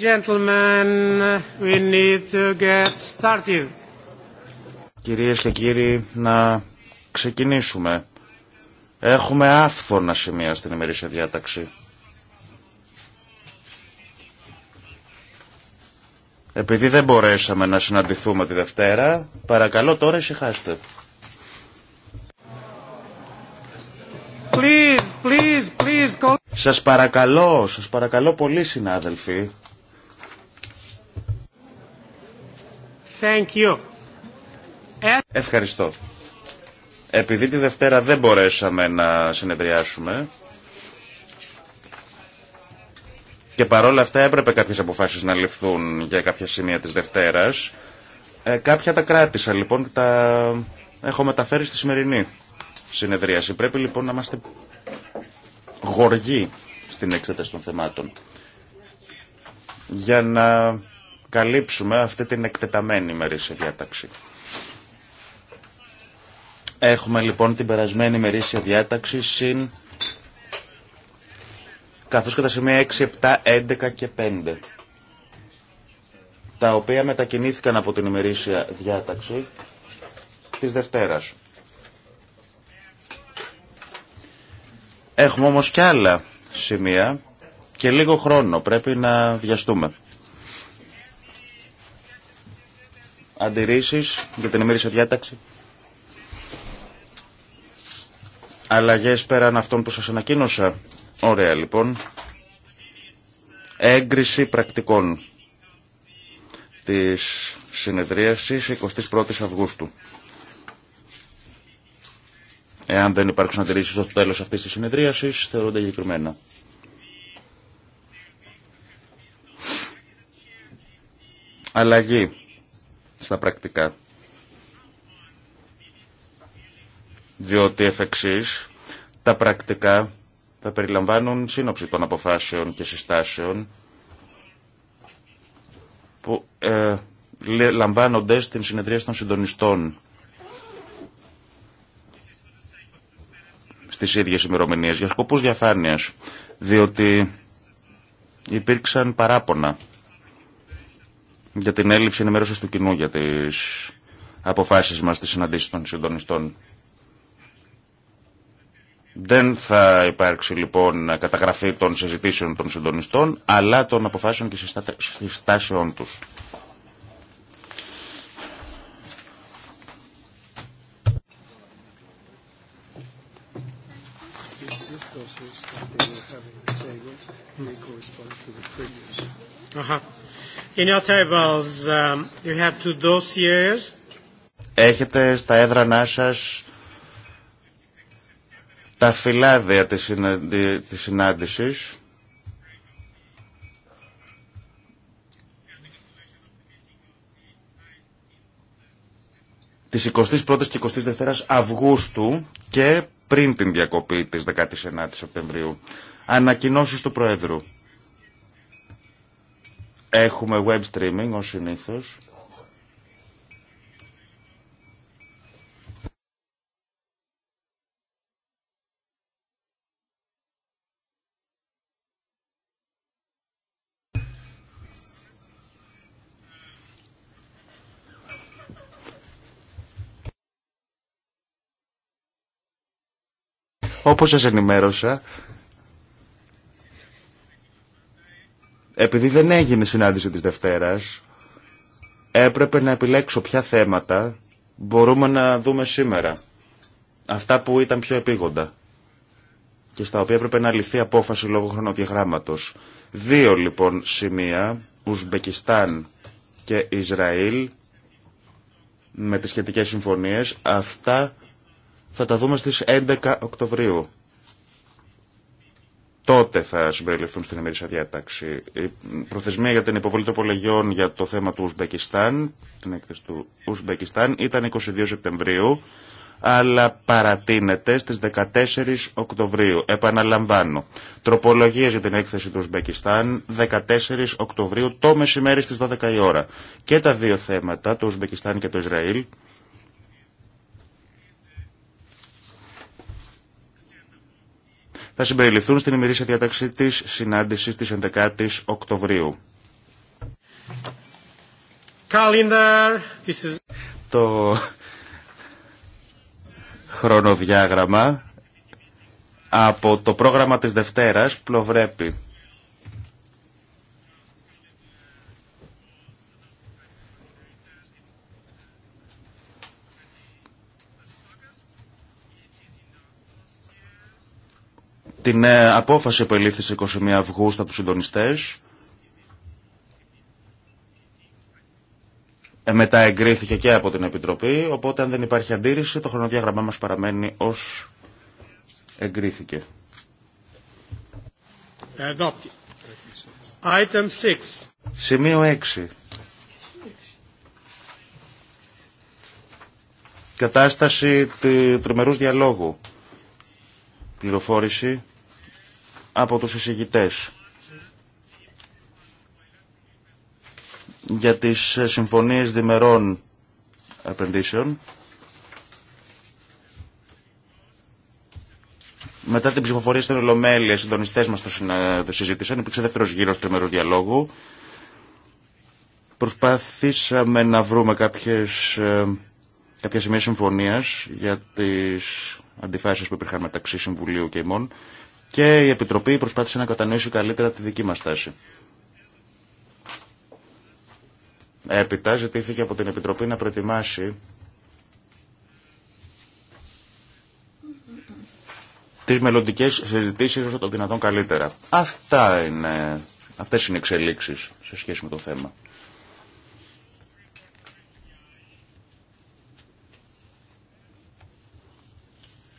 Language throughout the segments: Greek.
Gentlemen, Κυρίες και κύριοι, να ξεκινήσουμε. Έχουμε άφθονα σημεία στην ημερήσια διάταξη. Επειδή δεν μπορέσαμε να συναντηθούμε τη Δευτέρα, παρακαλώ τώρα ησυχάστε. Please, please, please. Σας παρακαλώ, σας παρακαλώ πολύ συνάδελφοι. Thank you. Ε- Ευχαριστώ. Επειδή τη Δευτέρα δεν μπορέσαμε να συνεδριάσουμε και παρόλα αυτά έπρεπε κάποιες αποφάσεις να ληφθούν για κάποια σημεία της Δευτέρας, ε, κάποια τα κράτησα λοιπόν και τα έχω μεταφέρει στη σημερινή συνεδρίαση. Πρέπει λοιπόν να είμαστε γοργοί στην εξέταση των θεμάτων για να καλύψουμε αυτή την εκτεταμένη μερίσια διάταξη. Έχουμε λοιπόν την περασμένη μερίσια διάταξη συν καθώς και τα σημεία 6, 7, 11 και 5 τα οποία μετακινήθηκαν από την ημερήσια διάταξη της Δευτέρας. Έχουμε όμως και άλλα σημεία και λίγο χρόνο πρέπει να βιαστούμε. Αντιρρήσεις για την ημερήσια διάταξη. Αλλαγές πέραν αυτών που σας ανακοίνωσα. Ωραία λοιπόν. Έγκριση πρακτικών της συνεδρίασης 21 Αυγούστου. Εάν δεν υπάρξουν αντιρρήσεις στο τέλος αυτής της συνεδρίασης, θεωρούνται εγκεκριμένα. Αλλαγή στα πρακτικά. Διότι εφ' εξής, τα πρακτικά θα περιλαμβάνουν σύνοψη των αποφάσεων και συστάσεων που ε, λαμβάνονται στην συνεδρία των συντονιστών στις ίδιες ημερομηνίες για σκοπούς διαφάνειας, διότι υπήρξαν παράπονα για την έλλειψη ενημέρωση του κοινού για τις αποφάσεις μας στις συναντήσει των συντονιστών. Δεν θα υπάρξει λοιπόν καταγραφή των συζητήσεων των συντονιστών, αλλά των αποφάσεων και συστάσεων τους. Uh Um, Έχετε στα έδρανά σας τα φυλάδια της, συνάντηση. της συνάντησης. της 21ης και 22ης Αυγούστου και πριν την διακοπή της 19ης Σεπτεμβρίου. Ανακοινώσεις του Προέδρου. Έχουμε web streaming ως συνήθως. Όπως σας ενημέρωσα, Επειδή δεν έγινε συνάντηση της Δευτέρας, έπρεπε να επιλέξω ποια θέματα μπορούμε να δούμε σήμερα. Αυτά που ήταν πιο επίγοντα και στα οποία έπρεπε να ληφθεί απόφαση λόγω χρονοδιαγράμματος. Δύο λοιπόν σημεία, Ουσμπεκιστάν και Ισραήλ, με τις σχετικές συμφωνίες, αυτά θα τα δούμε στις 11 Οκτωβρίου τότε θα συμπεριληφθούν στην ημερήσια διάταξη. Η προθεσμία για την υποβολή τροπολογιών για το θέμα του Ουσμπεκιστάν, την έκθεση του Ουσμπεκιστάν, ήταν 22 Σεπτεμβρίου, αλλά παρατείνεται στις 14 Οκτωβρίου. Επαναλαμβάνω, τροπολογίες για την έκθεση του Ουσμπεκιστάν 14 Οκτωβρίου το μεσημέρι στις 12 η ώρα. Και τα δύο θέματα, το Ουσμπεκιστάν και το Ισραήλ, θα συμπεριληφθούν στην ημερήσια διατάξη τη συνάντησης τη 11 η Οκτωβρίου. Calendar. is... Το χρονοδιάγραμμα από το πρόγραμμα της Δευτέρας πλοβρέπει την ε, απόφαση που ελήφθη 21 Αυγούστου από τους συντονιστές ε, μετά εγκρίθηκε και από την Επιτροπή, οπότε αν δεν υπάρχει αντίρρηση το χρονοδιάγραμμά μας παραμένει ως εγκρίθηκε. Adopted. Item 6. Σημείο 6. Κατάσταση του τριμερούς διαλόγου. Πληροφόρηση από τους εισηγητές για τις συμφωνίες διμερών επενδύσεων. Μετά την ψηφοφορία στην Ολομέλεια, οι συντονιστέ μα το συζήτησαν. Υπήρξε δεύτερο γύρο τριμερού διαλόγου. Προσπαθήσαμε να βρούμε κάποιες, ε, κάποια σημεία συμφωνία για τι αντιφάσει που υπήρχαν μεταξύ Συμβουλίου και ημών και η Επιτροπή προσπάθησε να κατανοήσει καλύτερα τη δική μας τάση. Έπειτα ζητήθηκε από την Επιτροπή να προετοιμάσει τις μελλοντικέ συζητήσεις όσο το δυνατόν καλύτερα. Αυτά είναι, αυτές είναι οι εξελίξεις σε σχέση με το θέμα.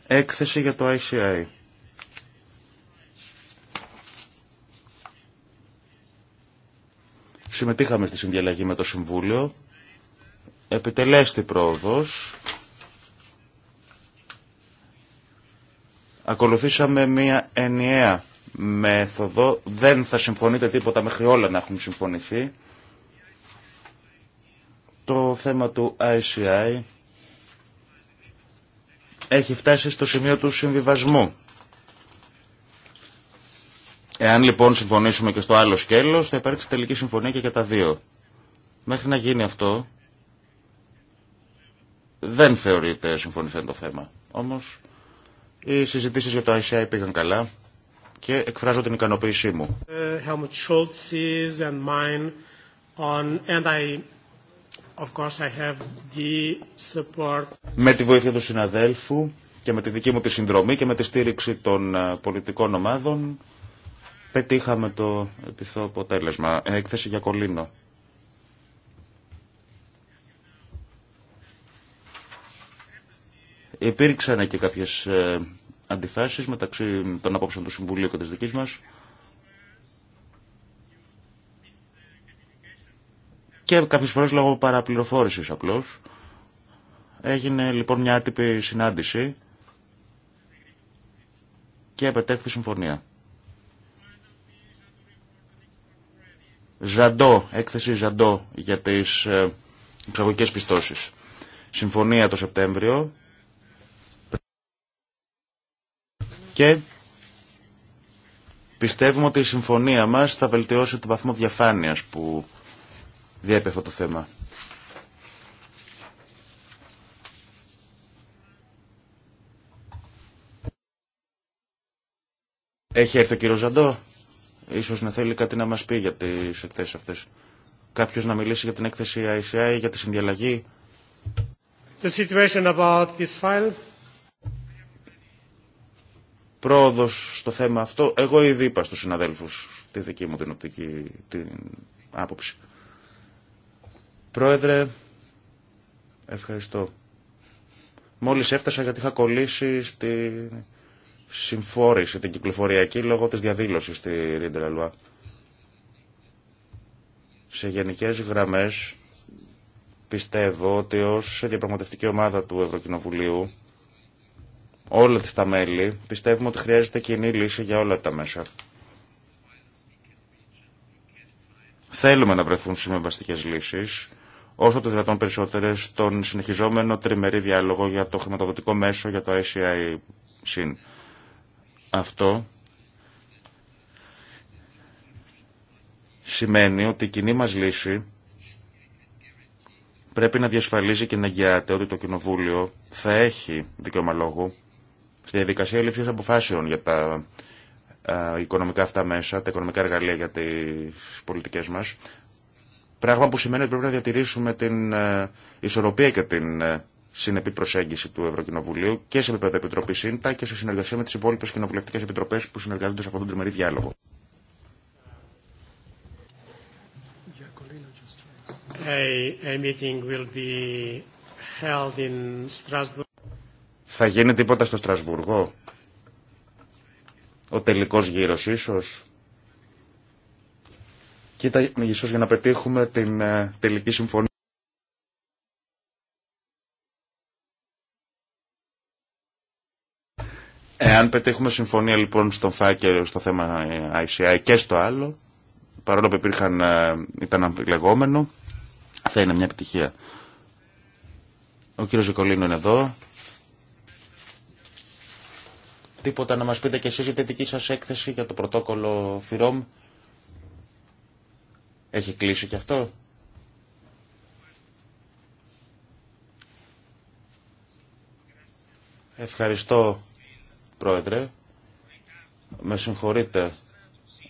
Έκθεση για το ICI. συμμετείχαμε στη συνδιαλλαγή με το Συμβούλιο, επιτελέστη πρόοδος, ακολουθήσαμε μία ενιαία μέθοδο, δεν θα συμφωνείτε τίποτα μέχρι όλα να έχουν συμφωνηθεί. Το θέμα του ICI έχει φτάσει στο σημείο του συμβιβασμού Εάν λοιπόν συμφωνήσουμε και στο άλλο σκέλος, θα υπάρξει τελική συμφωνία και για τα δύο. Μέχρι να γίνει αυτό, δεν θεωρείται συμφωνηθέν το θέμα. Όμως, οι συζητήσεις για το ICI πήγαν καλά και εκφράζω την ικανοποίησή μου. Ε, με τη βοήθεια του συναδέλφου και με τη δική μου τη συνδρομή και με τη στήριξη των ε, πολιτικών ομάδων πετύχαμε το επιθό αποτέλεσμα. Ε, έκθεση για κολλήνο. Υπήρξαν και κάποιες ε, αντιφάσεις μεταξύ των απόψεων του Συμβουλίου και της δικής μας. Και κάποιες φορές λόγω παραπληροφόρησης απλώς. Έγινε λοιπόν μια άτυπη συνάντηση και επετέχθη συμφωνία. Ζαντό, έκθεση Ζαντό για τις ψαγωγικές ε, πιστώσεις. Συμφωνία το Σεπτέμβριο και πιστεύουμε ότι η συμφωνία μας θα βελτιώσει το βαθμό διαφάνειας που διέπει αυτό το θέμα. Έχει έρθει ο κύριος Ζαντό. Ίσως να θέλει κάτι να μας πει για τις εκθέσεις αυτές. Κάποιος να μιλήσει για την έκθεση ICI, για τη συνδιαλλαγή. The Πρόοδος στο θέμα αυτό. Εγώ ήδη είπα στους συναδέλφους τη δική μου την οπτική την άποψη. Πρόεδρε, ευχαριστώ. Μόλις έφτασα γιατί είχα κολλήσει στη συμφόρηση την κυκλοφοριακή λόγω της διαδήλωσης στη Λουά. Σε γενικές γραμμές πιστεύω ότι ως διαπραγματευτική ομάδα του Ευρωκοινοβουλίου όλα τα μέλη πιστεύουμε ότι χρειάζεται κοινή λύση για όλα τα μέσα. Θέλουμε να βρεθούν συμμεβαστικές λύσεις όσο το δυνατόν περισσότερε στον συνεχιζόμενο τριμερή διάλογο για το χρηματοδοτικό μέσο για το ici αυτό σημαίνει ότι η κοινή μας λύση πρέπει να διασφαλίζει και να εγγυάται ότι το Κοινοβούλιο θα έχει δικαίωμα λόγου στη διαδικασία λήψης αποφάσεων για τα οικονομικά αυτά μέσα, τα οικονομικά εργαλεία για τις πολιτικές μας. Πράγμα που σημαίνει ότι πρέπει να διατηρήσουμε την ισορροπία και την συνεπή προσέγγιση του Ευρωκοινοβουλίου και σε επίπεδο Επιτροπή ΣΥΝΤΑ και σε συνεργασία με τι υπόλοιπε κοινοβουλευτικέ επιτροπέ που συνεργάζονται σε αυτόν τον τριμερή διάλογο. Θα γίνει τίποτα στο Στρασβούργο. Ο τελικός γύρος ίσως. Κοίτα ίσως για να πετύχουμε την ε, τελική συμφωνία. αν πετύχουμε συμφωνία λοιπόν στον ΦΑΚΕΡ στο θέμα ICI ε, και στο άλλο, παρόλο που υπήρχαν, ε, ήταν αμφιλεγόμενο, θα είναι μια επιτυχία. Ο κύριος Ζικολίνο είναι εδώ. Τίποτα να μας πείτε και εσείς για τη δική σας έκθεση για το πρωτόκολλο ΦΥΡΟΜ. Έχει κλείσει και αυτό. Ευχαριστώ Πρόεδρε, με συγχωρείτε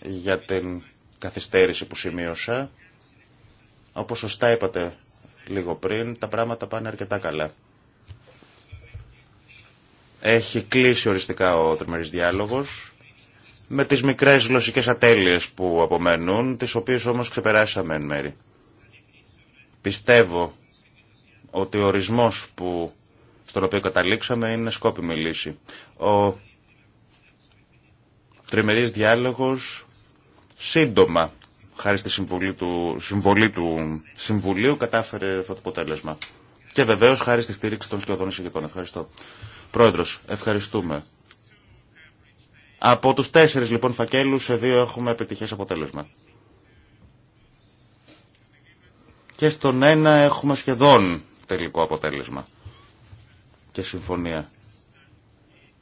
για την καθυστέρηση που σημείωσα. Όπως σωστά είπατε λίγο πριν, τα πράγματα πάνε αρκετά καλά. Έχει κλείσει οριστικά ο τριμερής διάλογος με τις μικρές γλωσσικές ατέλειες που απομένουν, τις οποίες όμως ξεπεράσαμε εν μέρη. Πιστεύω ότι ο ορισμός που στον οποίο καταλήξαμε είναι σκόπιμη λύση. Ο τριμερής διάλογος σύντομα, χάρη στη συμβολή του, Συμβουλίου, κατάφερε αυτό το αποτέλεσμα. Και βεβαίως χάρη στη στήριξη των σκιωδών εισηγητών. Ευχαριστώ. Πρόεδρος, ευχαριστούμε. Από τους τέσσερις λοιπόν φακέλους, σε δύο έχουμε επιτυχές αποτέλεσμα. Και στον ένα έχουμε σχεδόν τελικό αποτέλεσμα και συμφωνία.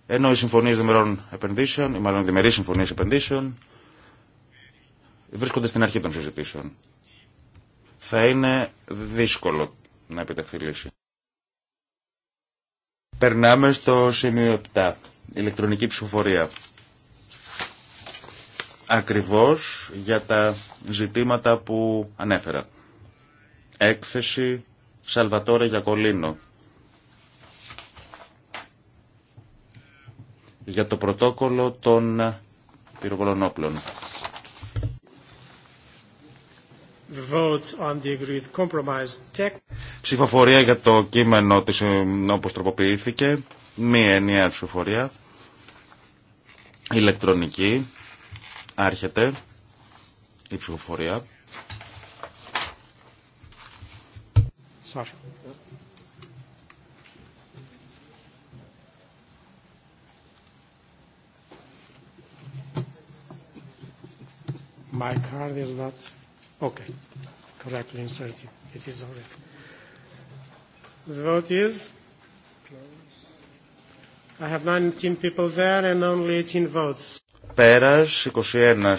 Ενώ οι συμφωνίε διμερών επενδύσεων, ή μάλλον διμερεί συμφωνίε επενδύσεων, βρίσκονται στην αρχή των συζητήσεων. Θα είναι δύσκολο να επιτευχθεί λύση. Περνάμε στο σημείο 7. Ηλεκτρονική ψηφοφορία. Ακριβώς για τα ζητήματα που ανέφερα. Έκθεση Σαλβατόρε Γιακολίνο. για το πρωτόκολλο των πυροβολών όπλων. Vote on the agreed compromise Ψηφοφορία για το κείμενο της, ε, όπως τροποποιήθηκε. Μία ενιαία ψηφοφορία. Ηλεκτρονική. Άρχεται η ψηφοφορία. Sorry. My card is not okay. Correctly inserted. It is already. The vote is. I have 19 people there and only 18 votes. Πέρας, 21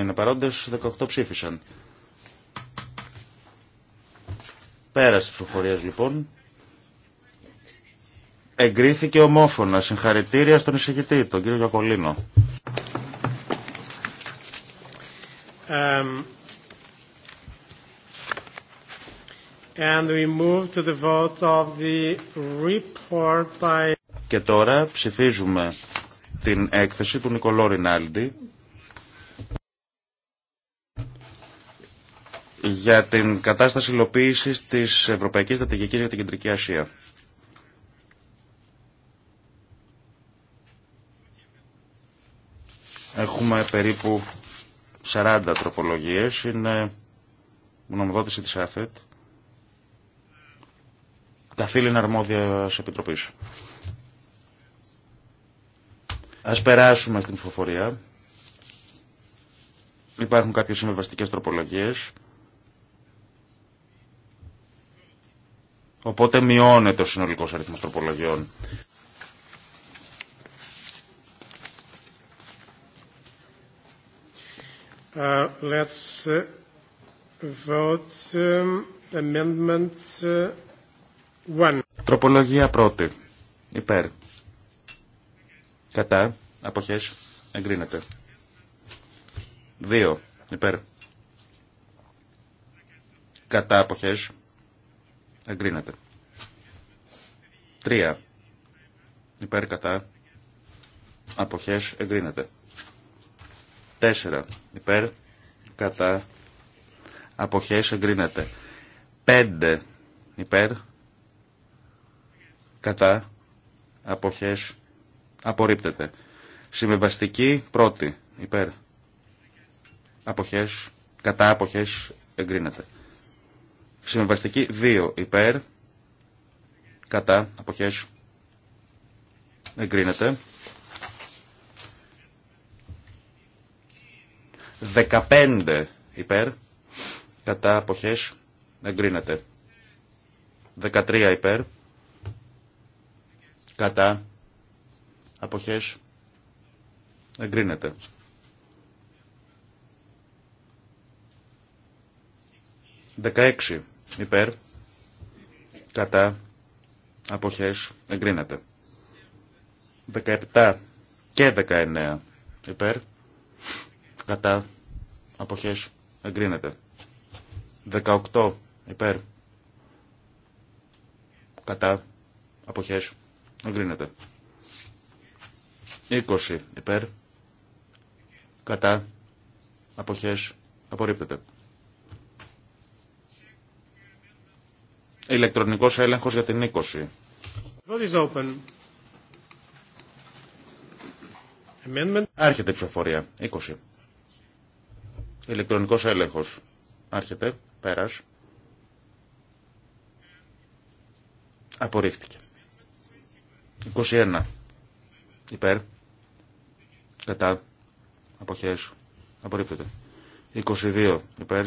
είναι παρόντες, 18 ψήφισαν. Πέρας της προφορίας λοιπόν. Εγκρίθηκε ομόφωνα. Συγχαρητήρια στον εισηγητή, τον κύριο Γιακολίνο. Και τώρα ψηφίζουμε την έκθεση του Νικολό Ρινάλντι για την κατάσταση υλοποίησης της Ευρωπαϊκής Στρατηγικής για την Κεντρική Ασία. Έχουμε περίπου 40 τροπολογίες είναι γνωμοδότηση της τα καθήλυνα αρμόδια επιτροπής. Ας περάσουμε στην ψηφοφορία. Υπάρχουν κάποιες συμβεβαστικές τροπολογίες. Οπότε μειώνεται ο συνολικός αριθμός τροπολογιών. Uh, let's uh, vote um, amendment 1. Uh, Τροπολογία πρώτη. Υπέρ. Κατά. Αποχές. Εγκρίνεται. 2. Υπέρ. Κατά. Αποχές. Εγκρίνεται. 3. Υπέρ. Κατά. Αποχές. Εγκρίνεται. 4 υπέρ κατά αποχές εγκρίνεται 5 υπέρ κατά αποχές απορρίπτεται συμβεβαστική πρώτη υπέρ αποχές κατά αποχές εγκρίνεται συμβεβαστική 2 υπέρ κατά αποχές εγκρίνεται 15 υπέρ, κατά αποχές εγκρίνεται. 13 υπέρ, κατά αποχές εγκρίνεται. 16 υπέρ, κατά αποχές εγκρίνεται. 17 και 19 υπέρ, κατά αποχές εγκρίνεται. 18 υπέρ κατά αποχές εγκρίνεται. 20 υπέρ κατά αποχές απορρίπτεται. Ηλεκτρονικός έλεγχος για την 20. Is open. Amendment. Άρχεται η ψηφοφορία. 20. Ηλεκτρονικός έλεγχος. Άρχεται. Πέρας. Απορρίφθηκε. 21. Υπέρ. Κατά. Αποχές. απορρίφθηκε. 22. Υπέρ.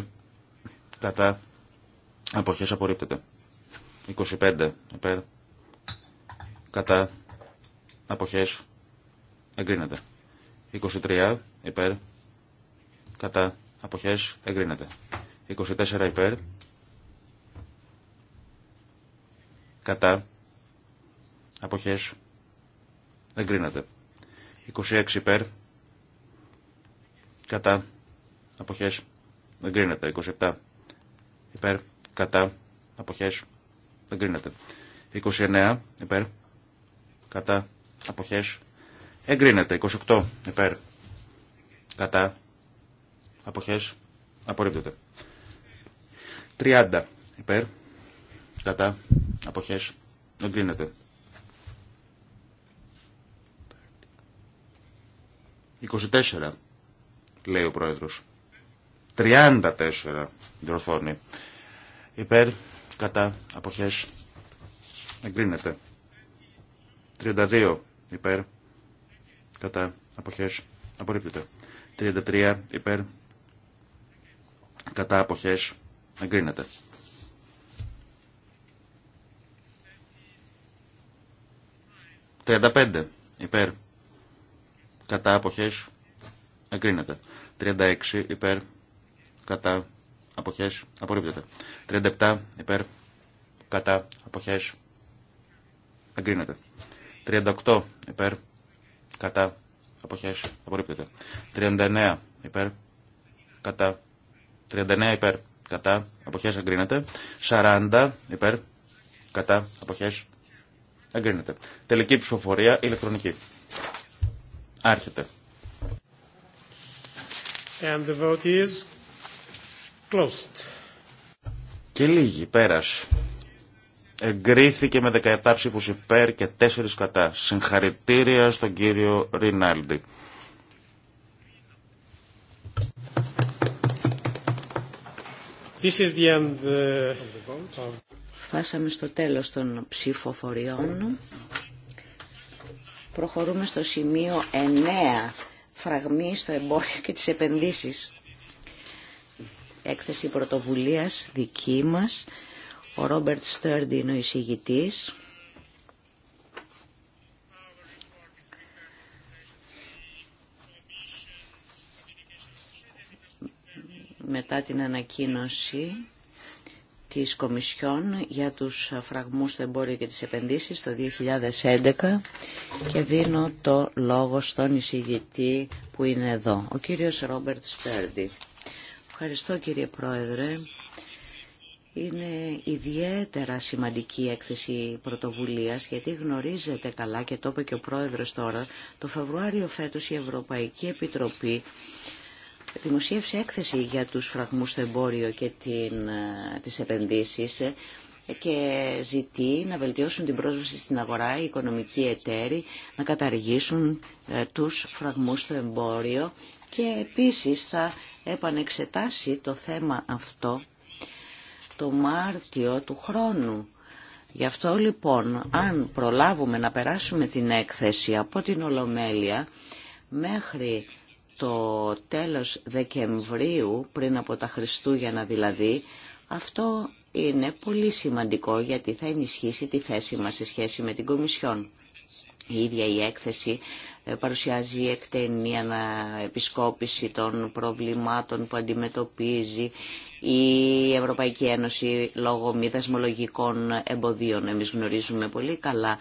Κατά. Αποχές απορρίφθηκε. 25. Υπέρ. Κατά. Αποχές. Εγκρίνεται. 23. Υπέρ. Κατά. Αποχές εγκρίνεται. 24 υπέρ. Κατά. Αποχές εγκρίνεται. 26 υπέρ. Κατά. Αποχές εγκρίνεται. 27 υπέρ. Κατά. Αποχές εγκρίνεται. 29 υπέρ. Κατά. Αποχές εγκρίνεται. 28 υπέρ. Κατά. Αποχές. Απορρίπτεται. 30 υπέρ. Κατά. Αποχές. Εγκρίνεται. 24 λέει ο πρόεδρο. 34 διορθώνει. Υπέρ, κατά, αποχές. Εγκρίνεται. 32 υπέρ, κατά, αποχές. Απορρίπτεται. 33 υπέρ, κατά αποχές εγκρίνεται. 35 υπέρ κατά αποχές εγκρίνεται. 36 υπέρ κατά αποχές απορρίπτεται. 37 υπέρ κατά αποχές εγκρίνεται. 38 υπέρ κατά αποχές απορρίπτεται. 39 υπέρ κατά 39 υπέρ κατά αποχές εγκρίνεται. 40 υπέρ κατά αποχές εγκρίνεται. Τελική ψηφοφορία ηλεκτρονική. Άρχεται. And the vote is closed. Και λίγη πέρας. Εγκρίθηκε με 17 ψήφους υπέρ και 4 κατά. Συγχαρητήρια στον κύριο Ρινάλντι. This uh, Φτάσαμε στο τέλος των ψηφοφοριών. Προχωρούμε στο σημείο 9, φραγμή στο εμπόριο και τις επενδύσεις. Έκθεση πρωτοβουλίας δική μας. Ο Ρόμπερτ Στέρντι είναι ο εισηγητής. μετά την ανακοίνωση της Κομισιόν για τους φραγμούς του εμπόριο και τις επενδύσεις το 2011 και δίνω το λόγο στον εισηγητή που είναι εδώ, ο κύριος Ρόμπερτ Στέρντι. Ευχαριστώ κύριε Πρόεδρε. Είναι ιδιαίτερα σημαντική η έκθεση πρωτοβουλίας γιατί γνωρίζετε καλά και το είπε και ο Πρόεδρος τώρα το Φεβρουάριο φέτος η Ευρωπαϊκή Επιτροπή δημοσίευσε έκθεση για τους φραγμούς στο εμπόριο και την, ε, τις επενδύσεις ε, και ζητεί να βελτιώσουν την πρόσβαση στην αγορά οι οικονομικοί εταίροι, να καταργήσουν ε, τους φραγμούς στο εμπόριο και επίσης θα επανεξετάσει το θέμα αυτό το Μάρτιο του χρόνου. Γι' αυτό λοιπόν, αν προλάβουμε να περάσουμε την έκθεση από την Ολομέλεια μέχρι το τέλος Δεκεμβρίου, πριν από τα Χριστούγεννα δηλαδή, αυτό είναι πολύ σημαντικό γιατί θα ενισχύσει τη θέση μας σε σχέση με την Κομισιόν. Η ίδια η έκθεση ε, παρουσιάζει εκτενή επισκόπηση των προβλημάτων που αντιμετωπίζει η Ευρωπαϊκή Ένωση λόγω μη δασμολογικών εμποδίων. Εμείς γνωρίζουμε πολύ καλά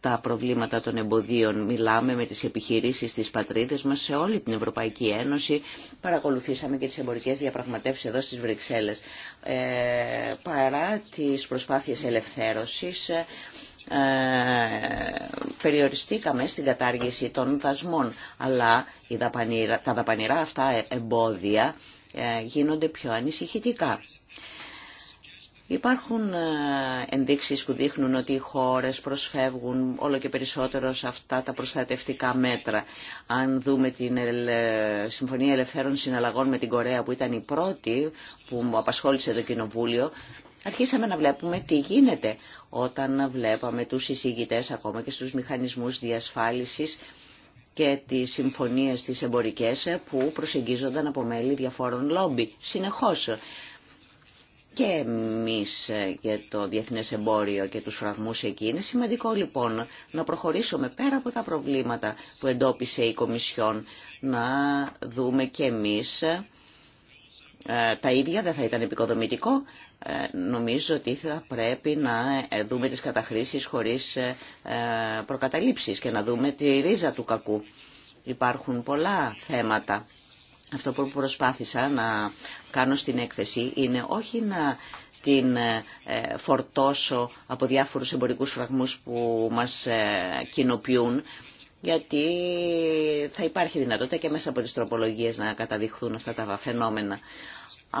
τα προβλήματα των εμποδίων. Μιλάμε με τις επιχειρήσεις στις πατρίδες μας σε όλη την Ευρωπαϊκή Ένωση. Παρακολουθήσαμε και τις εμπορικές διαπραγματεύσεις εδώ στις Βρυξέλλες. Ε, παρά τις προσπάθειες ελευθέρωσης, ε, περιοριστήκαμε στην κατάργηση των δασμών. Αλλά δαπανηρά, τα δαπανηρά αυτά εμπόδια ε, γίνονται πιο ανησυχητικά. Υπάρχουν ε, ενδείξεις που δείχνουν ότι οι χώρες προσφεύγουν όλο και περισσότερο σε αυτά τα προστατευτικά μέτρα. Αν δούμε την Συμφωνία Ελευθέρων Συναλλαγών με την Κορέα που ήταν η πρώτη που απασχόλησε το Κοινοβούλιο, αρχίσαμε να βλέπουμε τι γίνεται όταν βλέπαμε τους εισηγητές ακόμα και στους μηχανισμούς διασφάλισης και τις συμφωνίες τις εμπορικές που προσεγγίζονταν από μέλη διαφόρων λόμπι συνεχώς και εμείς για ε, το διεθνές εμπόριο και τους φραγμούς εκεί. Είναι σημαντικό λοιπόν να προχωρήσουμε πέρα από τα προβλήματα που εντόπισε η Κομισιόν, να δούμε και εμείς ε, τα ίδια, δεν θα ήταν επικοδομητικό. Ε, νομίζω ότι θα πρέπει να δούμε τις καταχρήσεις χωρίς προκαταλήψεις και να δούμε τη ρίζα του κακού. Υπάρχουν πολλά θέματα αυτό που προσπάθησα να κάνω στην έκθεση είναι όχι να την ε, φορτώσω από διάφορους εμπορικούς φραγμούς που μας ε, κοινοποιούν, γιατί θα υπάρχει δυνατότητα και μέσα από τις τροπολογίες να καταδειχθούν αυτά τα φαινόμενα. Α,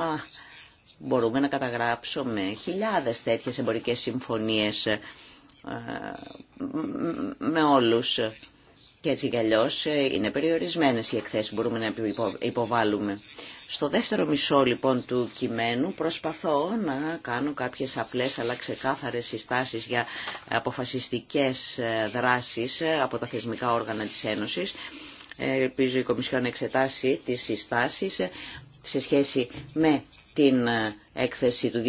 μπορούμε να καταγράψουμε χιλιάδες τέτοιες εμπορικές συμφωνίες ε, με όλους και έτσι κι ε, είναι περιορισμένε οι εκθέσει που μπορούμε να υποβάλουμε. Στο δεύτερο μισό λοιπόν του κειμένου προσπαθώ να κάνω κάποιες απλές αλλά ξεκάθαρες συστάσεις για αποφασιστικές ε, δράσεις ε, από τα θεσμικά όργανα της Ένωσης. Ελπίζω η Κομισιόν να εξετάσει τις συστάσεις σε σχέση με την έκθεση του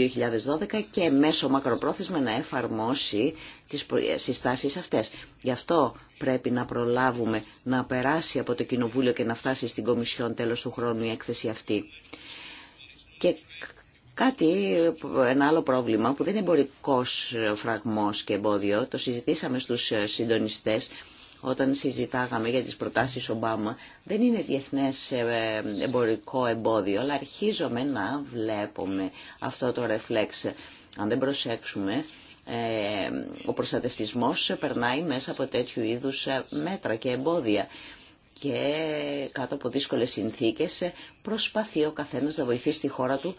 2012 και μέσω μακροπρόθεσμα να εφαρμόσει τις συστάσεις αυτές. Γι' αυτό πρέπει να προλάβουμε να περάσει από το Κοινοβούλιο και να φτάσει στην Κομισιόν τέλος του χρόνου η έκθεση αυτή. Και κάτι, ένα άλλο πρόβλημα που δεν είναι εμπορικός φραγμός και εμπόδιο, το συζητήσαμε στους συντονιστές όταν συζητάγαμε για τις προτάσεις Ομπάμα, δεν είναι διεθνές ε, εμπορικό εμπόδιο, αλλά αρχίζομαι να βλέπουμε αυτό το ρεφλέξ. Αν δεν προσέξουμε, ε, ο προστατευτισμός περνάει μέσα από τέτοιου είδους ε, μέτρα και εμπόδια και κάτω από δύσκολες συνθήκες ε, προσπαθεί ο καθένας να βοηθήσει τη χώρα του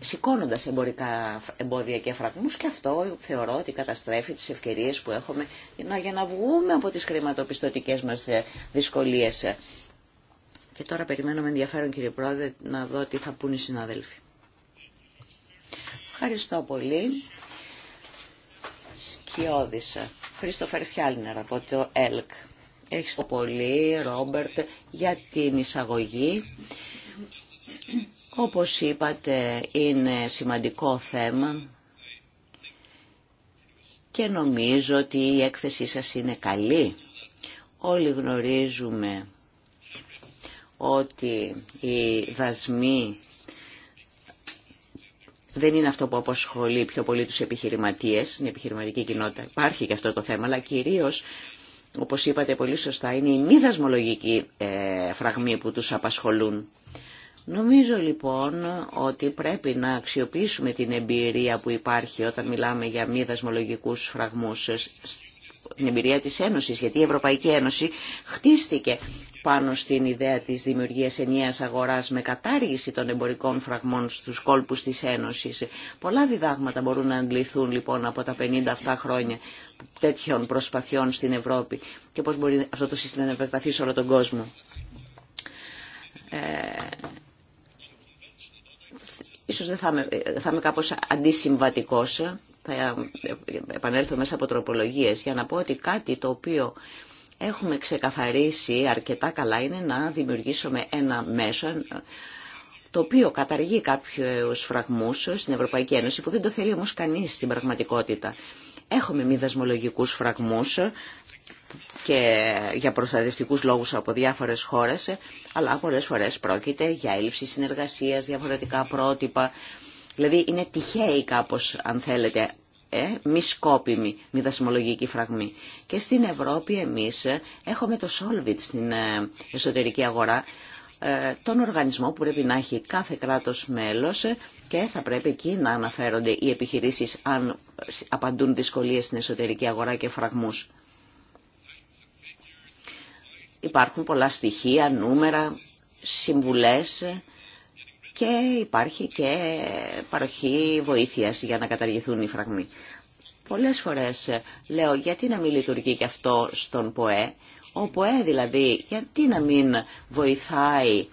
σηκώνοντα εμπορικά εμπόδια και φραγμούς και αυτό θεωρώ ότι καταστρέφει τις ευκαιρίες που έχουμε για να βγούμε από τις χρηματοπιστωτικές μας δυσκολίες. Και τώρα περιμένω με ενδιαφέρον κύριε Πρόεδρε να δω τι θα πούν οι συναδέλφοι. Ευχαριστώ πολύ. Σκιώδης. Φιάλνερ από το ΕΛΚ. Έχεις πολύ, Ρόμπερτ, για την εισαγωγή. Όπως είπατε, είναι σημαντικό θέμα και νομίζω ότι η έκθεσή σας είναι καλή. Όλοι γνωρίζουμε ότι οι δασμοί δεν είναι αυτό που απασχολεί πιο πολύ τους επιχειρηματίες, την επιχειρηματική κοινότητα. Υπάρχει και αυτό το θέμα, αλλά κυρίως, όπως είπατε πολύ σωστά, είναι οι μη δασμολογικοί ε, φραγμοί που τους απασχολούν. Νομίζω λοιπόν ότι πρέπει να αξιοποιήσουμε την εμπειρία που υπάρχει όταν μιλάμε για μη δασμολογικούς φραγμούς την εμπειρία της Ένωσης, γιατί η Ευρωπαϊκή Ένωση χτίστηκε πάνω στην ιδέα της δημιουργίας ενιαίας αγοράς με κατάργηση των εμπορικών φραγμών στους κόλπους της Ένωσης. Πολλά διδάγματα μπορούν να αντληθούν λοιπόν από τα 57 χρόνια τέτοιων προσπαθειών στην Ευρώπη και πώς μπορεί αυτό το σύστημα να επεκταθεί σε όλο τον κόσμο. Ε, ίσως δεν θα είμαι, θα είμαι κάπως αντισυμβατικός, θα επανέλθω μέσα από τροπολογίες για να πω ότι κάτι το οποίο έχουμε ξεκαθαρίσει αρκετά καλά είναι να δημιουργήσουμε ένα μέσο το οποίο καταργεί κάποιους φραγμούς στην Ευρωπαϊκή Ένωση που δεν το θέλει όμως κανείς στην πραγματικότητα. Έχουμε μη δασμολογικούς φραγμούς και για προστατευτικούς λόγους από διάφορες χώρες, αλλά πολλές φορές πρόκειται για έλλειψη συνεργασίας, διαφορετικά πρότυπα, Δηλαδή είναι τυχαίοι κάπως, αν θέλετε, ε, μη σκόπιμη, μη δασμολογική φραγμή. Και στην Ευρώπη εμείς ε, έχουμε το Solvit στην ε, εσωτερική αγορά, ε, τον οργανισμό που πρέπει να έχει κάθε κράτος μέλος και θα πρέπει εκεί να αναφέρονται οι επιχειρήσεις αν απαντούν δυσκολίες στην εσωτερική αγορά και φραγμούς. Υπάρχουν πολλά στοιχεία, νούμερα, συμβουλές και υπάρχει και παροχή βοήθειας για να καταργηθούν οι φραγμοί. Πολλές φορές λέω γιατί να μην λειτουργεί και αυτό στον ΠΟΕ, ο ΠΟΕ δηλαδή γιατί να μην βοηθάει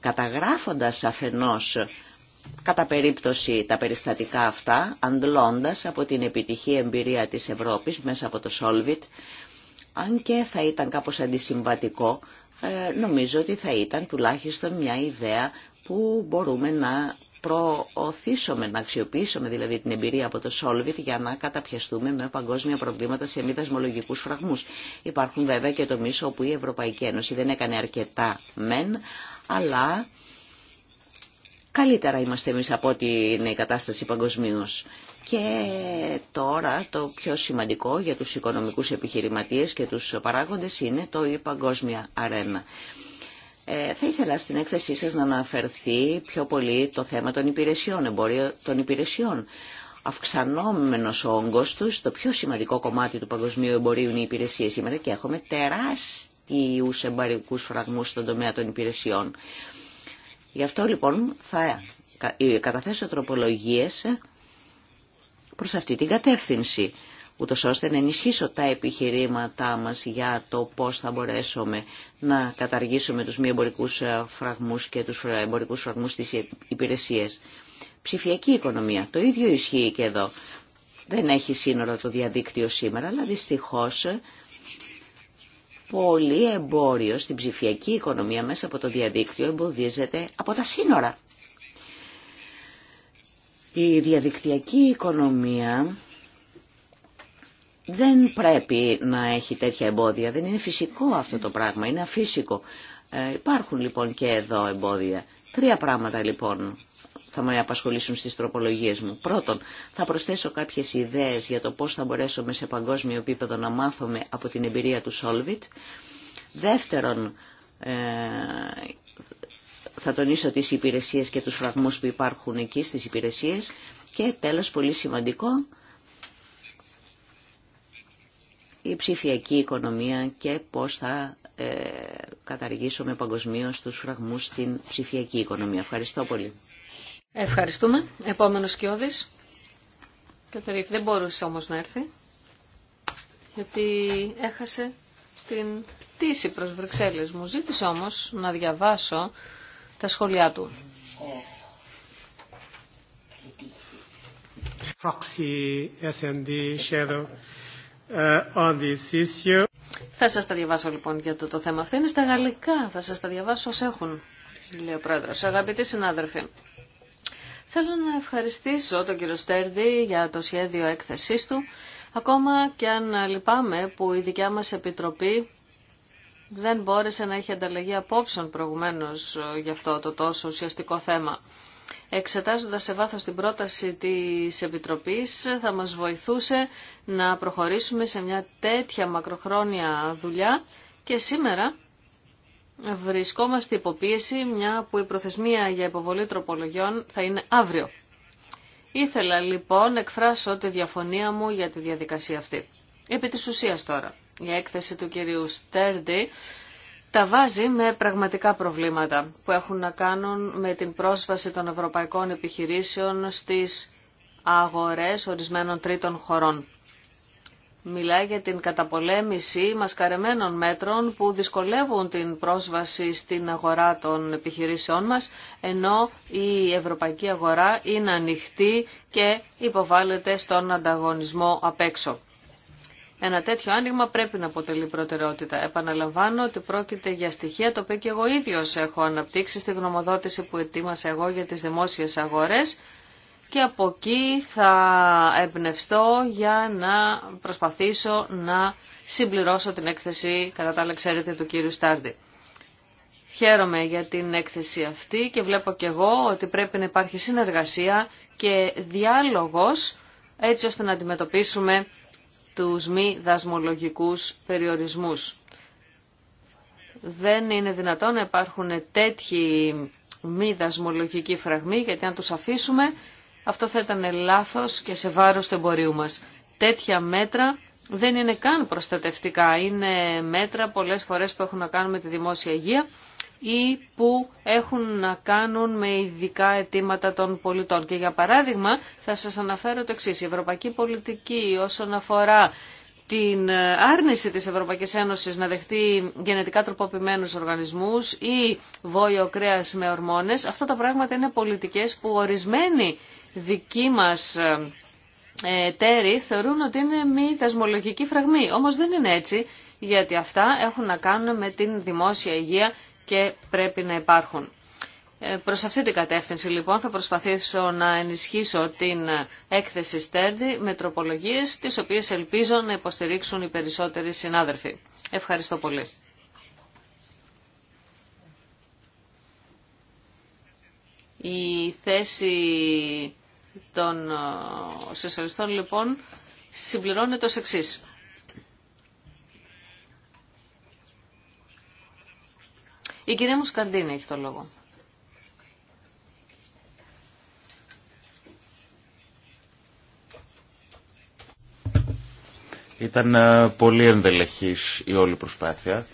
καταγράφοντας αφενός κατά περίπτωση τα περιστατικά αυτά, αντλώντας από την επιτυχή εμπειρία της Ευρώπης μέσα από το Solvit, αν και θα ήταν κάπως αντισυμβατικό, ε, νομίζω ότι θα ήταν τουλάχιστον μια ιδέα που μπορούμε να προωθήσουμε, να αξιοποιήσουμε δηλαδή την εμπειρία από το Solvit για να καταπιαστούμε με παγκόσμια προβλήματα σε μη δασμολογικού φραγμούς. Υπάρχουν βέβαια και τομεί όπου η Ευρωπαϊκή Ένωση δεν έκανε αρκετά μεν, αλλά καλύτερα είμαστε εμείς από ό,τι είναι η κατάσταση παγκοσμίω. Και τώρα το πιο σημαντικό για τους οικονομικούς επιχειρηματίες και τους παράγοντες είναι το η παγκόσμια αρένα. Ε, θα ήθελα στην έκθεσή σας να αναφερθεί πιο πολύ το θέμα των υπηρεσιών, εμπόριο των υπηρεσιών. Αυξανόμενος ο όγκος τους, το πιο σημαντικό κομμάτι του παγκοσμίου εμπορίου είναι οι υπηρεσίες σήμερα και έχουμε τεράστιους εμπαρικούς φραγμούς στον τομέα των υπηρεσιών. Γι' αυτό λοιπόν θα ε, καταθέσω τροπολογίες προς αυτή την κατεύθυνση ούτως ώστε να ενισχύσω τα επιχειρήματά μας για το πώς θα μπορέσουμε να καταργήσουμε τους μη εμπορικούς ε, φραγμούς και τους ε, εμπορικούς φραγμούς στις ε, υπηρεσίες. Ψηφιακή οικονομία. Το ίδιο ισχύει και εδώ. Δεν έχει σύνορα το διαδίκτυο σήμερα, αλλά δυστυχώς πολύ εμπόριο στην ψηφιακή οικονομία μέσα από το διαδίκτυο εμποδίζεται από τα σύνορα. Η διαδικτυακή οικονομία δεν πρέπει να έχει τέτοια εμπόδια. Δεν είναι φυσικό αυτό το πράγμα, είναι αφύσικο. Ε, υπάρχουν λοιπόν και εδώ εμπόδια. Τρία πράγματα λοιπόν θα με απασχολήσουν στις τροπολογίες μου. Πρώτον, θα προσθέσω κάποιες ιδέες για το πώς θα μπορέσουμε σε παγκόσμιο επίπεδο να μάθουμε από την εμπειρία του Solvit. Δεύτερον, ε, θα τονίσω τις υπηρεσίες και τους φραγμούς που υπάρχουν εκεί στις υπηρεσίες. Και τέλος, πολύ σημαντικό, η ψηφιακή οικονομία και πώς θα ε, καταργήσουμε παγκοσμίω τους φραγμούς στην ψηφιακή οικονομία. Ευχαριστώ πολύ. Ευχαριστούμε. Επόμενος Κιώδης. Καταρρίφ, δεν μπορούσε όμως να έρθει, γιατί έχασε την πτήση προς Βρυξέλλες. Μου ζήτησε όμως να διαβάσω τα σχόλιά του. Proxy, SND, Shadow. Ε, Θα σας τα διαβάσω λοιπόν για το, το θέμα αυτό. Είναι στα γαλλικά. Θα σας τα διαβάσω όσοι έχουν, λέει ο πρόεδρος. Αγαπητοί συνάδελφοι, θέλω να ευχαριστήσω τον κύριο Στέρντι για το σχέδιο έκθεσής του. Ακόμα και αν λυπάμαι που η δικιά μας Επιτροπή δεν μπόρεσε να έχει ανταλλαγή απόψεων προηγουμένως ε, για αυτό το τόσο ουσιαστικό θέμα εξετάζοντας σε βάθος την πρόταση της Επιτροπής, θα μας βοηθούσε να προχωρήσουμε σε μια τέτοια μακροχρόνια δουλειά και σήμερα βρισκόμαστε υποπίεση, μια που η προθεσμία για υποβολή τροπολογιών θα είναι αύριο. Ήθελα λοιπόν να εκφράσω τη διαφωνία μου για τη διαδικασία αυτή. Επί της ουσίας τώρα, η έκθεση του κυρίου Στέρντι τα βάζει με πραγματικά προβλήματα που έχουν να κάνουν με την πρόσβαση των ευρωπαϊκών επιχειρήσεων στις αγορές ορισμένων τρίτων χωρών. Μιλάει για την καταπολέμηση μασκαρεμένων μέτρων που δυσκολεύουν την πρόσβαση στην αγορά των επιχειρήσεών μας, ενώ η ευρωπαϊκή αγορά είναι ανοιχτή και υποβάλλεται στον ανταγωνισμό απ' έξω. Ένα τέτοιο άνοιγμα πρέπει να αποτελεί προτεραιότητα. Επαναλαμβάνω ότι πρόκειται για στοιχεία τα οποία και εγώ ίδιο έχω αναπτύξει στη γνωμοδότηση που ετοίμασα εγώ για τι δημόσιε αγορέ και από εκεί θα εμπνευστώ για να προσπαθήσω να συμπληρώσω την έκθεση, κατά τα άλλα ξέρετε, του κύριου Στάρντι. Χαίρομαι για την έκθεση αυτή και βλέπω και εγώ ότι πρέπει να υπάρχει συνεργασία και διάλογος έτσι ώστε να αντιμετωπίσουμε τους μη δασμολογικούς περιορισμούς. Δεν είναι δυνατόν να υπάρχουν τέτοιοι μη δασμολογικοί φραγμοί, γιατί αν τους αφήσουμε, αυτό θα ήταν λάθος και σε βάρος του εμπορίου μας. Τέτοια μέτρα δεν είναι καν προστατευτικά. Είναι μέτρα πολλές φορές που έχουν να κάνουν με τη δημόσια υγεία ή που έχουν να κάνουν με ειδικά αιτήματα των πολιτών. Και για παράδειγμα θα σας αναφέρω το εξής. Η ευρωπαϊκή πολιτική όσον αφορά την ε, άρνηση της Ευρωπαϊκής Ένωσης να δεχτεί γενετικά τροποποιημένους οργανισμούς ή βόλιο κρέας με ορμόνες, αυτά τα πράγματα είναι πολιτικές που ορισμένοι δικοί μας ε, ε, εταίροι θεωρούν ότι είναι μη δασμολογική φραγμή. Όμως δεν είναι έτσι, γιατί αυτά έχουν να κάνουν με την δημόσια υγεία και πρέπει να υπάρχουν. Ε, προς αυτή την κατεύθυνση λοιπόν θα προσπαθήσω να ενισχύσω την έκθεση Στέρντι με τροπολογίες τις οποίες ελπίζω να υποστηρίξουν οι περισσότεροι συνάδελφοι. Ευχαριστώ πολύ. Η θέση των ε, σοσιαλιστών λοιπόν συμπληρώνεται ως εξής. Η κυρία Μουσκαρντίνη έχει το λόγο. Ήταν ε, πολύ ενδελεχής η όλη προσπάθεια,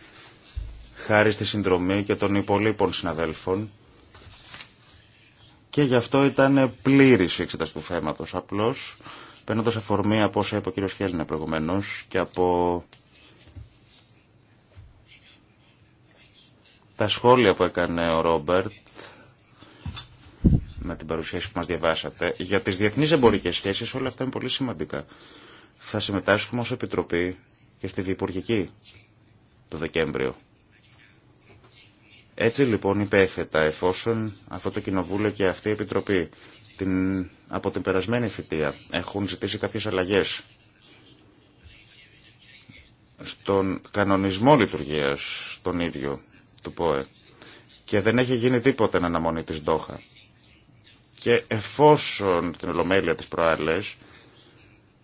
χάρη στη συνδρομή και των υπολείπων συναδέλφων και γι' αυτό ήταν πλήρης η εξέταση του θέματος. Απλώς, παίρνοντας αφορμή από όσα είπε ο κ. Χέλνε προηγουμένως και από τα σχόλια που έκανε ο Ρόμπερτ με την παρουσίαση που μας διαβάσατε για τις διεθνείς εμπορικές σχέσεις όλα αυτά είναι πολύ σημαντικά. Θα συμμετάσχουμε ως Επιτροπή και στη Διεπουργική το Δεκέμβριο. Έτσι λοιπόν υπέθετα εφόσον αυτό το Κοινοβούλιο και αυτή η Επιτροπή την, από την περασμένη θητεία έχουν ζητήσει κάποιες αλλαγές στον κανονισμό λειτουργίας τον ίδιο του ΠΟΕ και δεν έχει γίνει τίποτα εν αναμονή της Ντόχα. Και εφόσον την Ολομέλεια της προάλλες,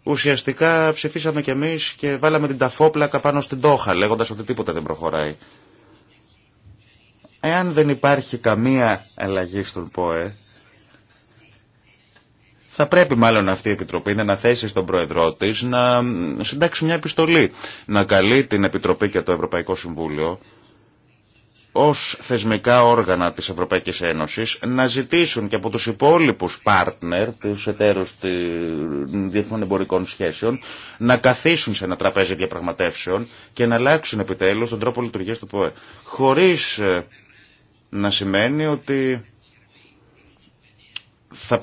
ουσιαστικά ψηφίσαμε κι εμείς και βάλαμε την ταφόπλακα πάνω στην Ντόχα, λέγοντας ότι τίποτα δεν προχωράει. Εάν δεν υπάρχει καμία αλλαγή στον ΠΟΕ, θα πρέπει μάλλον αυτή η Επιτροπή να αναθέσει στον Πρόεδρό τη να συντάξει μια επιστολή, να καλεί την Επιτροπή και το Ευρωπαϊκό Συμβούλιο ως θεσμικά όργανα της Ευρωπαϊκής Ένωσης να ζητήσουν και από τους υπόλοιπους partner, τους εταίρους των διεθνών εμπορικών σχέσεων, να καθίσουν σε ένα τραπέζι διαπραγματεύσεων και να αλλάξουν επιτέλους τον τρόπο λειτουργίας του ΠΟΕ. Χωρίς ε, να σημαίνει ότι θα,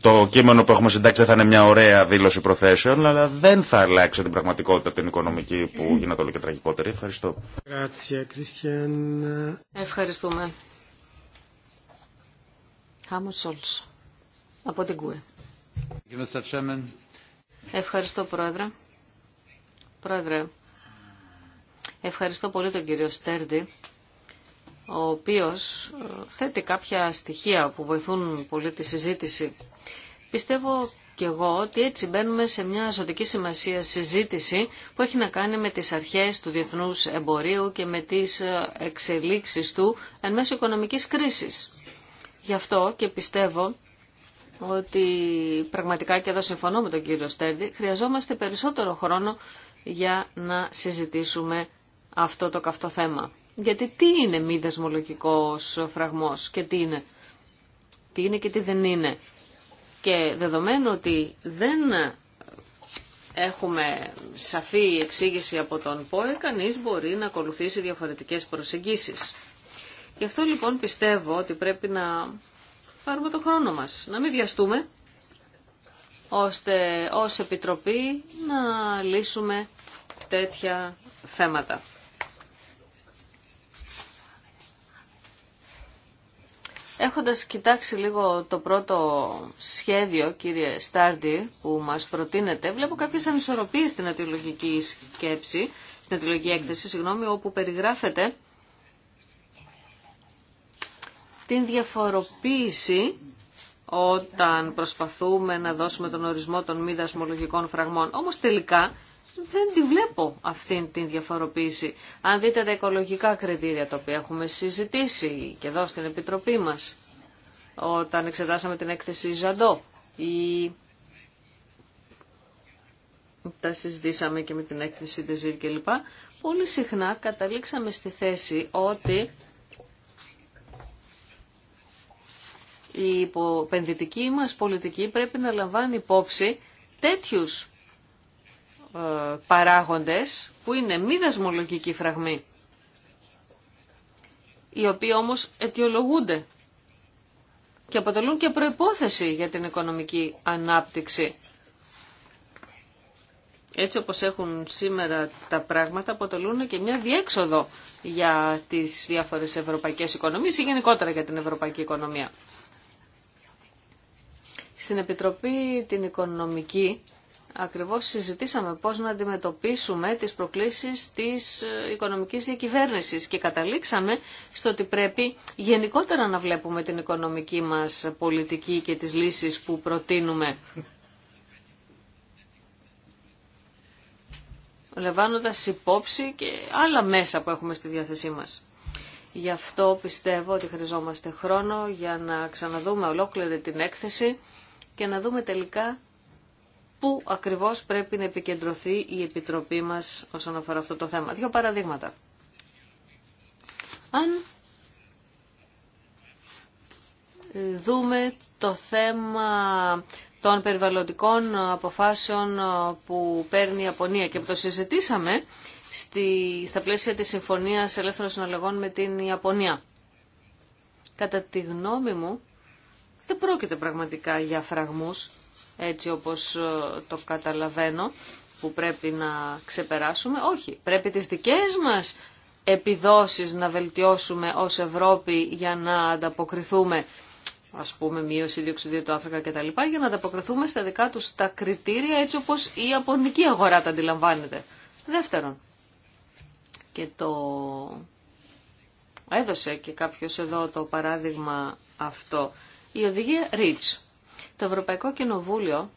το κείμενο που έχουμε συντάξει θα είναι μια ωραία δήλωση προθέσεων, αλλά δεν θα αλλάξει την πραγματικότητα την οικονομική που γίνεται όλο και τραγικότερη. Ευχαριστώ. Ευχαριστούμε. Χάμος από την ΚΟΕ. Ευχαριστώ, Πρόεδρε. Πρόεδρε, ευχαριστώ πολύ τον κύριο Στέρντι ο οποίος ε, θέτει κάποια στοιχεία που βοηθούν πολύ τη συζήτηση. Πιστεύω και εγώ ότι έτσι μπαίνουμε σε μια ζωτική σημασία συζήτηση που έχει να κάνει με τις αρχές του διεθνούς εμπορίου και με τις ε, εξελίξεις του εν μέσω οικονομικής κρίσης. Γι' αυτό και πιστεύω ότι πραγματικά και εδώ συμφωνώ με τον κύριο Στέρντι, χρειαζόμαστε περισσότερο χρόνο για να συζητήσουμε αυτό το καυτό θέμα. Γιατί τι είναι μη δεσμολογικό φραγμός και τι είναι. Τι είναι και τι δεν είναι. Και δεδομένου ότι δεν έχουμε σαφή εξήγηση από τον ΠΟΕ, κανείς μπορεί να ακολουθήσει διαφορετικές προσεγγίσεις. Γι' αυτό λοιπόν πιστεύω ότι πρέπει να πάρουμε το χρόνο μας, να μην βιαστούμε, ώστε ως Επιτροπή να λύσουμε τέτοια θέματα. Έχοντας κοιτάξει λίγο το πρώτο σχέδιο, κύριε Στάρντι, που μας προτείνεται, βλέπω κάποιες ανισορροπίες στην αιτιολογική σκέψη, στην αιτιολογική έκθεση, συγγνώμη, όπου περιγράφεται την διαφοροποίηση όταν προσπαθούμε να δώσουμε τον ορισμό των μη δασμολογικών φραγμών. Όμως τελικά δεν τη βλέπω αυτήν την διαφοροποίηση. Αν δείτε τα οικολογικά κριτήρια τα οποία έχουμε συζητήσει και εδώ στην Επιτροπή μας, όταν εξετάσαμε την έκθεση Ζαντό, ή... τα συζητήσαμε και με την έκθεση της κλπ, πολύ συχνά καταλήξαμε στη θέση ότι η επενδυτική μας πολιτική πρέπει να λαμβάνει υπόψη τέτοιους ε, παράγοντες που είναι μη δεσμολογικοί φραγμοί, οι οποίοι όμως αιτιολογούνται και αποτελούν και προϋπόθεση για την οικονομική ανάπτυξη. Έτσι όπως έχουν σήμερα τα πράγματα αποτελούν και μια διέξοδο για τις διάφορες ευρωπαϊκές οικονομίες ή γενικότερα για την ευρωπαϊκή οικονομία. Στην Επιτροπή την Οικονομική ακριβώς συζητήσαμε πώς να αντιμετωπίσουμε τις προκλήσεις της ε, οικονομικής διακυβέρνησης και καταλήξαμε στο ότι πρέπει γενικότερα να βλέπουμε την οικονομική μας πολιτική και τις λύσεις που προτείνουμε. Λεβάνοντας υπόψη και άλλα μέσα που έχουμε στη διάθεσή μας. Γι' αυτό πιστεύω ότι χρειαζόμαστε χρόνο για να ξαναδούμε ολόκληρη την έκθεση και να δούμε τελικά πού ακριβώς πρέπει να επικεντρωθεί η Επιτροπή μας όσον αφορά αυτό το θέμα. Δύο παραδείγματα. Αν ε, δούμε το θέμα των περιβαλλοντικών αποφάσεων ε, που παίρνει η Ιαπωνία και που το συζητήσαμε στη, στα πλαίσια της Συμφωνίας Ελεύθερων Συναλλαγών με την Ιαπωνία. Κατά τη γνώμη μου, δεν πρόκειται πραγματικά για φραγμούς, έτσι όπως ε, το καταλαβαίνω, που πρέπει να ξεπεράσουμε. Όχι, πρέπει τις δικές μας επιδόσεις να βελτιώσουμε ως Ευρώπη για να ανταποκριθούμε ας πούμε μείωση διοξιδίου του άνθρακα κτλ. για να ανταποκριθούμε στα δικά τους τα κριτήρια έτσι όπως η απορνική αγορά τα αντιλαμβάνεται. Δεύτερον, και το έδωσε και κάποιος εδώ το παράδειγμα αυτό, η οδηγία REACH το Ευρωπαϊκό Κοινοβούλιο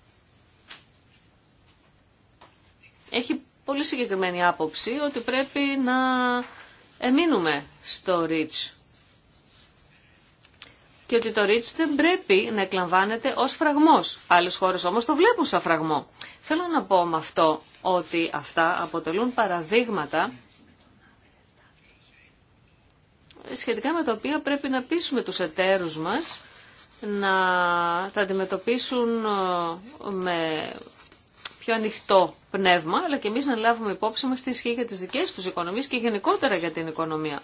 έχει πολύ συγκεκριμένη άποψη ότι πρέπει να εμείνουμε στο REACH και ότι το REACH δεν πρέπει να εκλαμβάνεται ως φραγμός. Άλλες χώρες όμως το βλέπουν σαν φραγμό. Θέλω να πω με αυτό ότι αυτά αποτελούν παραδείγματα σχετικά με τα οποία πρέπει να πείσουμε τους εταίρους μας να τα αντιμετωπίσουν ε, με πιο ανοιχτό πνεύμα, αλλά και εμείς να λάβουμε υπόψη μας τι ισχύει για τις δικές τους οικονομίες και γενικότερα για την οικονομία.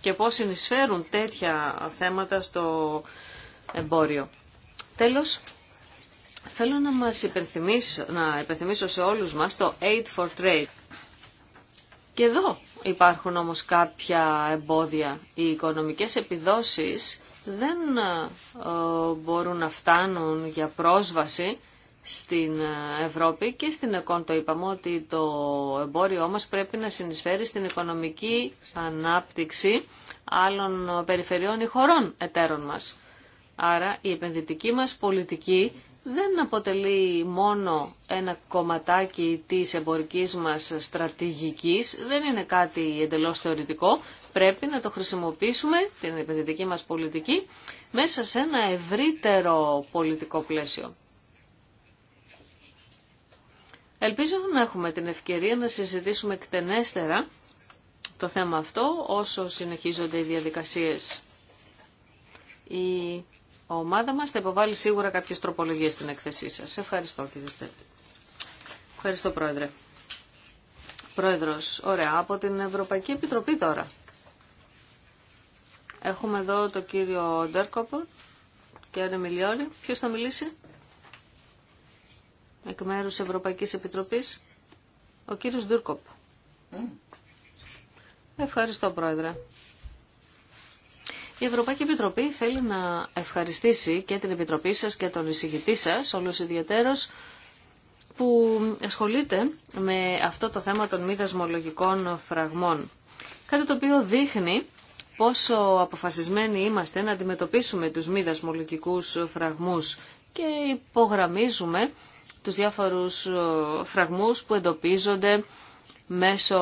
Και πώς συνεισφέρουν τέτοια θέματα στο εμπόριο. Τέλος, θέλω να μας υπενθυμίσω, να υπενθυμίσω σε όλους μας το Aid for Trade. Και εδώ Υπάρχουν όμως κάποια εμπόδια. Οι οικονομικές επιδόσεις δεν ε, μπορούν να φτάνουν για πρόσβαση στην ε, Ευρώπη και στην ΕΚΟΝ το είπαμε ότι το εμπόριό μας πρέπει να συνεισφέρει στην οικονομική ανάπτυξη άλλων περιφερειών ή χωρών εταίρων μας. Άρα η επενδυτική μας πολιτική δεν αποτελεί μόνο ένα κομματάκι της εμπορικής μας στρατηγικής, δεν είναι κάτι εντελώς θεωρητικό, πρέπει να το χρησιμοποιήσουμε, την επενδυτική μας πολιτική, μέσα σε ένα ευρύτερο πολιτικό πλαίσιο. Ελπίζω να έχουμε την ευκαιρία να συζητήσουμε εκτενέστερα το θέμα αυτό όσο συνεχίζονται οι διαδικασίες ομάδα μας θα υποβάλει σίγουρα κάποιες τροπολογίες στην έκθεσή σας. Ευχαριστώ κύριε Στέπη. Ευχαριστώ πρόεδρε. Πρόεδρος, ωραία, από την Ευρωπαϊκή Επιτροπή τώρα. Έχουμε εδώ τον κύριο Ντέρκοπο και ο Ποιος θα μιλήσει? Εκ μέρους Ευρωπαϊκής Επιτροπής, ο κύριος Ντούρκοπ. Mm. Ευχαριστώ πρόεδρε. Η Ευρωπαϊκή Επιτροπή θέλει να ευχαριστήσει και την Επιτροπή σας και τον εισηγητή σας, όλους ιδιαίτερος, που ασχολείται με αυτό το θέμα των μη δασμολογικών φραγμών. Κάτι το οποίο δείχνει πόσο αποφασισμένοι είμαστε να αντιμετωπίσουμε τους μη δασμολογικούς φραγμούς και υπογραμμίζουμε τους διάφορους φραγμούς που εντοπίζονται μέσω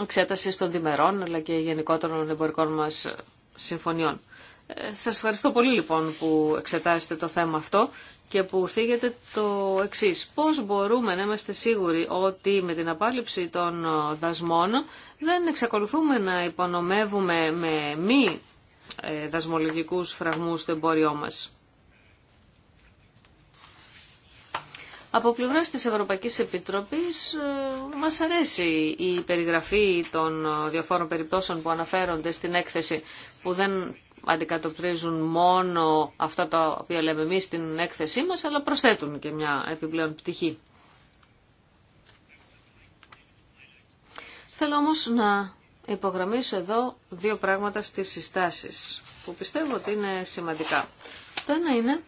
εξέταση των διμερών αλλά και γενικότερων εμπορικών μας συμφωνιών. Ε, σας ευχαριστώ πολύ λοιπόν που εξετάζετε το θέμα αυτό και που θίγετε το εξής. Πώς μπορούμε να είμαστε σίγουροι ότι με την απάλληψη των δασμών δεν εξακολουθούμε να υπονομεύουμε με μη ε, δασμολογικούς φραγμούς το εμπόριό μας. Από πλευράς της Ευρωπαϊκής Επιτροπής ε, μα αρέσει η περιγραφή των ε, διαφόρων περιπτώσεων που αναφέρονται στην έκθεση που δεν αντικατοπτρίζουν μόνο αυτά τα οποία λέμε εμείς στην έκθεσή μας, αλλά προσθέτουν και μια επιπλέον πτυχή. Θέλω όμως να υπογραμμίσω εδώ δύο πράγματα στις συστάσεις, που πιστεύω ότι είναι σημαντικά. Το ένα είναι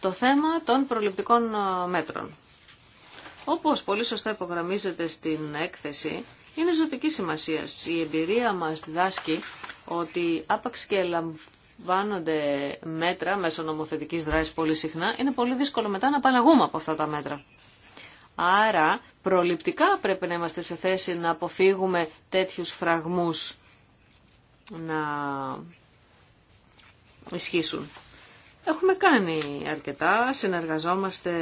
το θέμα των προληπτικών ε, μέτρων. Όπως πολύ σωστά υπογραμμίζεται στην έκθεση, είναι ζωτική σημασία. Η εμπειρία μας διδάσκει ότι άπαξ και λαμβάνονται μέτρα μέσω νομοθετικής δράσης πολύ συχνά, είναι πολύ δύσκολο μετά να απαλλαγούμε από αυτά τα μέτρα. Άρα προληπτικά πρέπει να είμαστε σε θέση να αποφύγουμε τέτοιους φραγμούς να ισχύσουν. Έχουμε κάνει αρκετά, συνεργαζόμαστε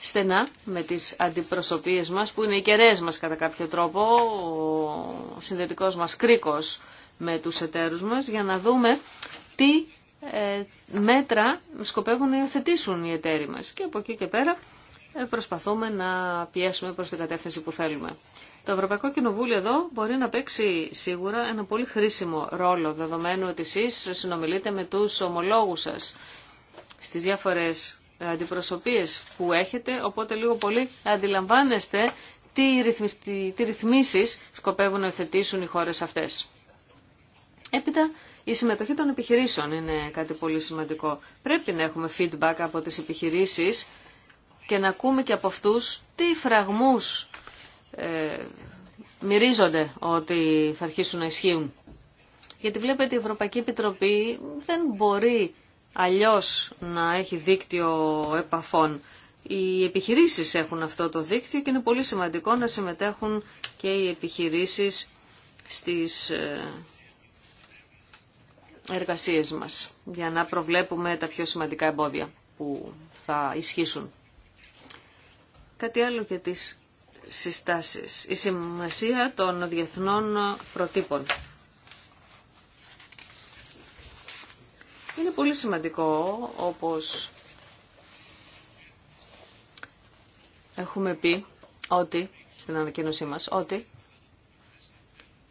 στενά με τις αντιπροσωπείες μας που είναι οι κεραίες μας κατά κάποιο τρόπο, ο συνδετικός μας κρίκος με τους εταίρους μας για να δούμε τι ε, μέτρα σκοπεύουν να υιοθετήσουν οι εταίροι μας και από εκεί και πέρα ε, προσπαθούμε να πιέσουμε προς την κατεύθυνση που θέλουμε. Το Ευρωπαϊκό Κοινοβούλιο εδώ μπορεί να παίξει σίγουρα ένα πολύ χρήσιμο ρόλο, δεδομένου ότι εσείς συνομιλείτε με τους ομολόγους σας στις διάφορες αντιπροσωπείες που έχετε, οπότε λίγο πολύ αντιλαμβάνεστε τι, ρυθμίσει τι ρυθμίσεις σκοπεύουν να θετήσουν οι χώρες αυτές. Έπειτα, η συμμετοχή των επιχειρήσεων είναι κάτι πολύ σημαντικό. Πρέπει να έχουμε feedback από τις επιχειρήσεις και να ακούμε και από αυτούς τι φραγμούς ε, μυρίζονται ότι θα αρχίσουν να ισχύουν. Γιατί βλέπετε η Ευρωπαϊκή Επιτροπή δεν μπορεί αλλιώς να έχει δίκτυο επαφών. Οι επιχειρήσεις έχουν αυτό το δίκτυο και είναι πολύ σημαντικό να συμμετέχουν και οι επιχειρήσεις στις ε, εργασίες μας για να προβλέπουμε τα πιο σημαντικά εμπόδια που θα ισχύσουν. Κάτι άλλο για τις συστάσεις. Η σημασία των διεθνών προτύπων. Είναι πολύ σημαντικό, όπως έχουμε πει, ότι, στην ανακοίνωσή μας, ότι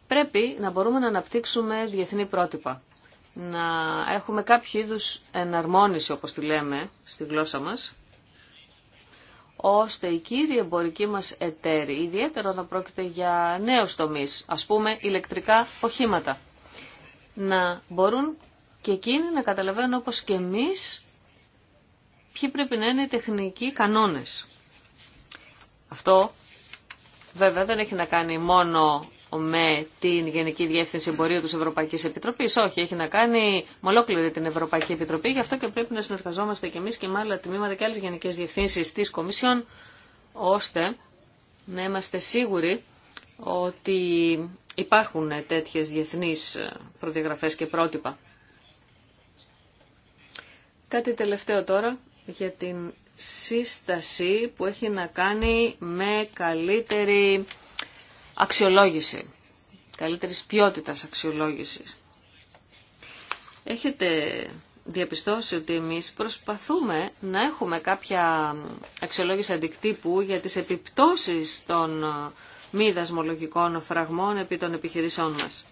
πρέπει να μπορούμε να αναπτύξουμε διεθνή πρότυπα. Να έχουμε κάποιο είδους εναρμόνιση, όπως τη λέμε, στη γλώσσα μας, ώστε οι κύριοι εμπορικοί μας εταίροι, ιδιαίτερα όταν πρόκειται για νέους τομείς, ας πούμε ηλεκτρικά οχήματα, να μπορούν και εκείνοι να καταλαβαίνουν όπως και εμείς ποιοι πρέπει να είναι οι τεχνικοί κανόνες. Αυτό βέβαια δεν έχει να κάνει μόνο με την Γενική Διεύθυνση Εμπορίου τη Ευρωπαϊκή Επιτροπής. Όχι, έχει να κάνει με ολόκληρη την Ευρωπαϊκή Επιτροπή. Γι' αυτό και πρέπει να συνεργαζόμαστε κι εμείς και με άλλα τμήματα και άλλε γενικές διευθύνσει τη Κομισιόν, ώστε να είμαστε σίγουροι ότι υπάρχουν τέτοιε διεθνεί προδιαγραφέ και πρότυπα. Κάτι τελευταίο τώρα για την σύσταση που έχει να κάνει με καλύτερη αξιολόγηση, καλύτερης ποιότητας αξιολόγησης. Έχετε διαπιστώσει ότι εμείς προσπαθούμε να έχουμε κάποια αξιολόγηση αντικτύπου για τις επιπτώσεις των ε, μη δασμολογικών φραγμών επί των επιχειρήσεών μας.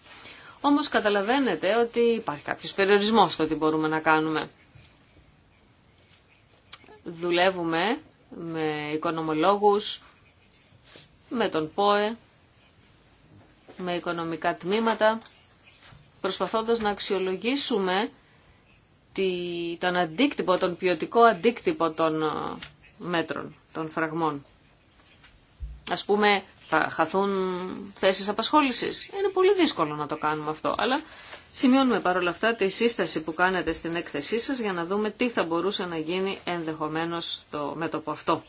Όμως καταλαβαίνετε ότι υπάρχει κάποιος περιορισμός στο τι μπορούμε να κάνουμε. Δουλεύουμε με οικονομολόγους, με τον ΠΟΕ, με οικονομικά τμήματα, προσπαθώντας να αξιολογήσουμε τον αντίκτυπο, τον ποιοτικό αντίκτυπο των ε, μέτρων, των φραγμών. Ας πούμε, θα χαθούν θέσεις απασχόλησης. Είναι πολύ δύσκολο να το κάνουμε αυτό, αλλά σημειώνουμε παρόλα αυτά τη σύσταση που κάνετε στην έκθεσή σας για να δούμε τι θα μπορούσε να γίνει ενδεχομένως το μέτωπο αυτό.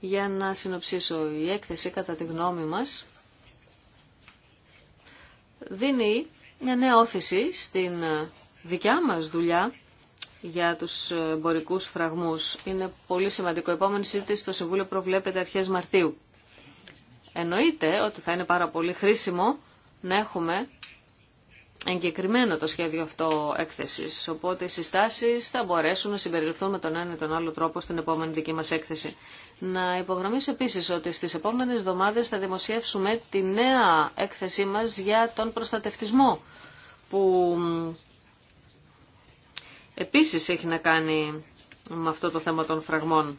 Για να συνοψίσω, η έκθεση κατά τη γνώμη μας δίνει μια νέα όθηση στην δικιά μας δουλειά για τους εμπορικούς φραγμούς. Είναι πολύ σημαντικό. Η επόμενη συζήτηση στο Συμβούλιο προβλέπεται αρχές Μαρτίου. Εννοείται ότι θα είναι πάρα πολύ χρήσιμο να έχουμε εγκεκριμένο το σχέδιο αυτό έκθεσης, οπότε οι συστάσεις θα μπορέσουν να συμπεριληφθούν με τον ένα ή τον άλλο τρόπο στην επόμενη δική μα έκθεση. Να υπογραμμίσω επίσης ότι στις επόμενες εβδομάδε θα δημοσιεύσουμε τη νέα έκθεσή μας για τον προστατευτισμό, που επίσης έχει να κάνει με αυτό το θέμα των φραγμών.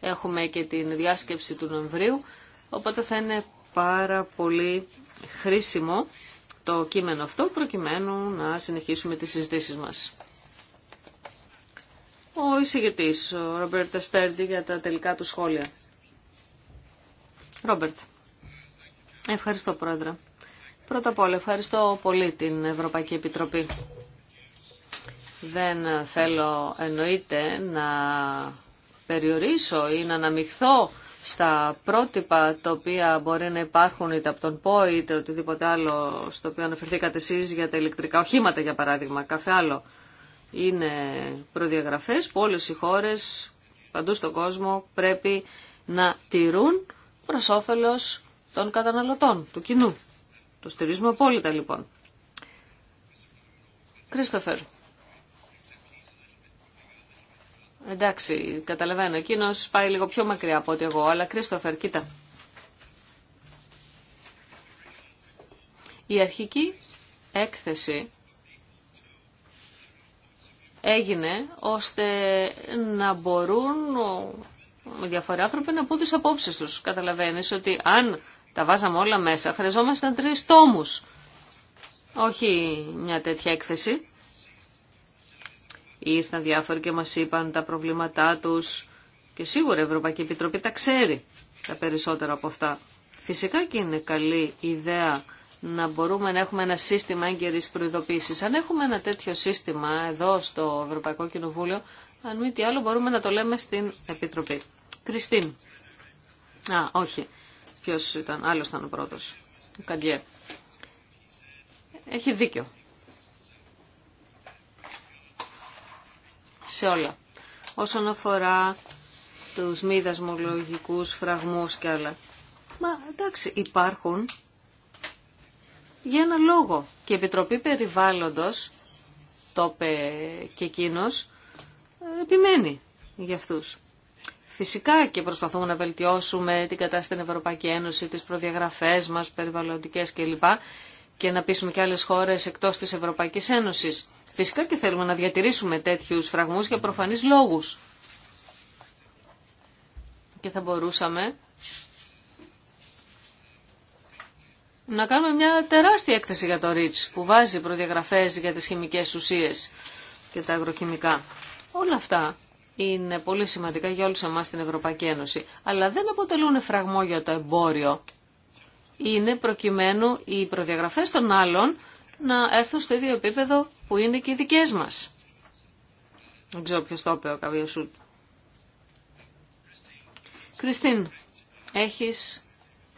Έχουμε και την διάσκεψη του Νοεμβρίου, οπότε θα είναι πάρα πολύ χρήσιμο το κείμενο αυτό προκειμένου να συνεχίσουμε τις συζητήσεις μας. Ο εισηγητής, ο Ρομπέρτ Αστέρντι, για τα τελικά του σχόλια. Ρόμπερτ. Ευχαριστώ, Πρόεδρε. Πρώτα απ' όλα, ευχαριστώ πολύ την Ευρωπαϊκή Επιτροπή. Δεν θέλω εννοείται να περιορίσω ή να αναμειχθώ στα πρότυπα τα οποία μπορεί να υπάρχουν είτε από τον ΠΟΗ είτε οτιδήποτε άλλο στο οποίο αναφερθήκατε εσείς για τα ηλεκτρικά οχήματα για παράδειγμα, κάθε άλλο είναι προδιαγραφές που όλες οι χώρες παντού στον κόσμο πρέπει να τηρούν προς όφελος των καταναλωτών, του κοινού. Το στηρίζουμε απόλυτα λοιπόν. Κρίστοφερ, Εντάξει, καταλαβαίνω. Εκείνο πάει λίγο πιο μακριά από ό,τι εγώ, αλλά Κρίστοφερ, κοίτα. Η αρχική έκθεση έγινε ώστε να μπορούν διαφορετικοί άνθρωποι να πούν τις απόψεις τους. Καταλαβαίνεις ότι αν τα βάζαμε όλα μέσα χρειαζόμασταν τρεις τόμους. Όχι μια τέτοια έκθεση. Ήρθαν διάφοροι και μας είπαν τα προβλήματά τους και σίγουρα η Ευρωπαϊκή Επιτροπή τα ξέρει τα περισσότερα από αυτά. Φυσικά και είναι καλή ιδέα να μπορούμε να έχουμε ένα σύστημα έγκαιρης προειδοποίησης. Αν έχουμε ένα τέτοιο σύστημα εδώ στο Ευρωπαϊκό Κοινοβούλιο, αν μη τι άλλο μπορούμε να το λέμε στην Επιτροπή. Κριστίν. Α, όχι. Ποιος ήταν, άλλος ήταν ο πρώτος. Ο Καντιέ. Έχει δίκιο. σε όλα. Όσον αφορά τους μη δασμολογικούς φραγμούς και άλλα. Μα εντάξει, υπάρχουν για ένα λόγο. Και η Επιτροπή Περιβάλλοντος, το είπε και εκείνο, επιμένει για αυτούς. Φυσικά και προσπαθούμε να βελτιώσουμε την κατάσταση στην Ευρωπαϊκή Ένωση, τις προδιαγραφές μας, περιβαλλοντικές κλπ. Και να πείσουμε και άλλες χώρες εκτός της Ευρωπαϊκής Ένωσης. Φυσικά και θέλουμε να διατηρήσουμε τέτοιους φραγμούς για προφανείς λόγους. Και θα μπορούσαμε να κάνουμε μια τεράστια έκθεση για το ΡΙΤΣ, που βάζει προδιαγραφές για τις χημικές ουσίες και τα αγροχημικά. Όλα αυτά είναι πολύ σημαντικά για όλους εμάς στην Ευρωπαϊκή Ένωση, αλλά δεν αποτελούν φραγμό για το εμπόριο. Είναι προκειμένου οι προδιαγραφές των άλλων να έρθουν στο ίδιο επίπεδο που είναι και οι δικές μας. Δεν ξέρω ποιος το είπε ο Κριστίν, έχεις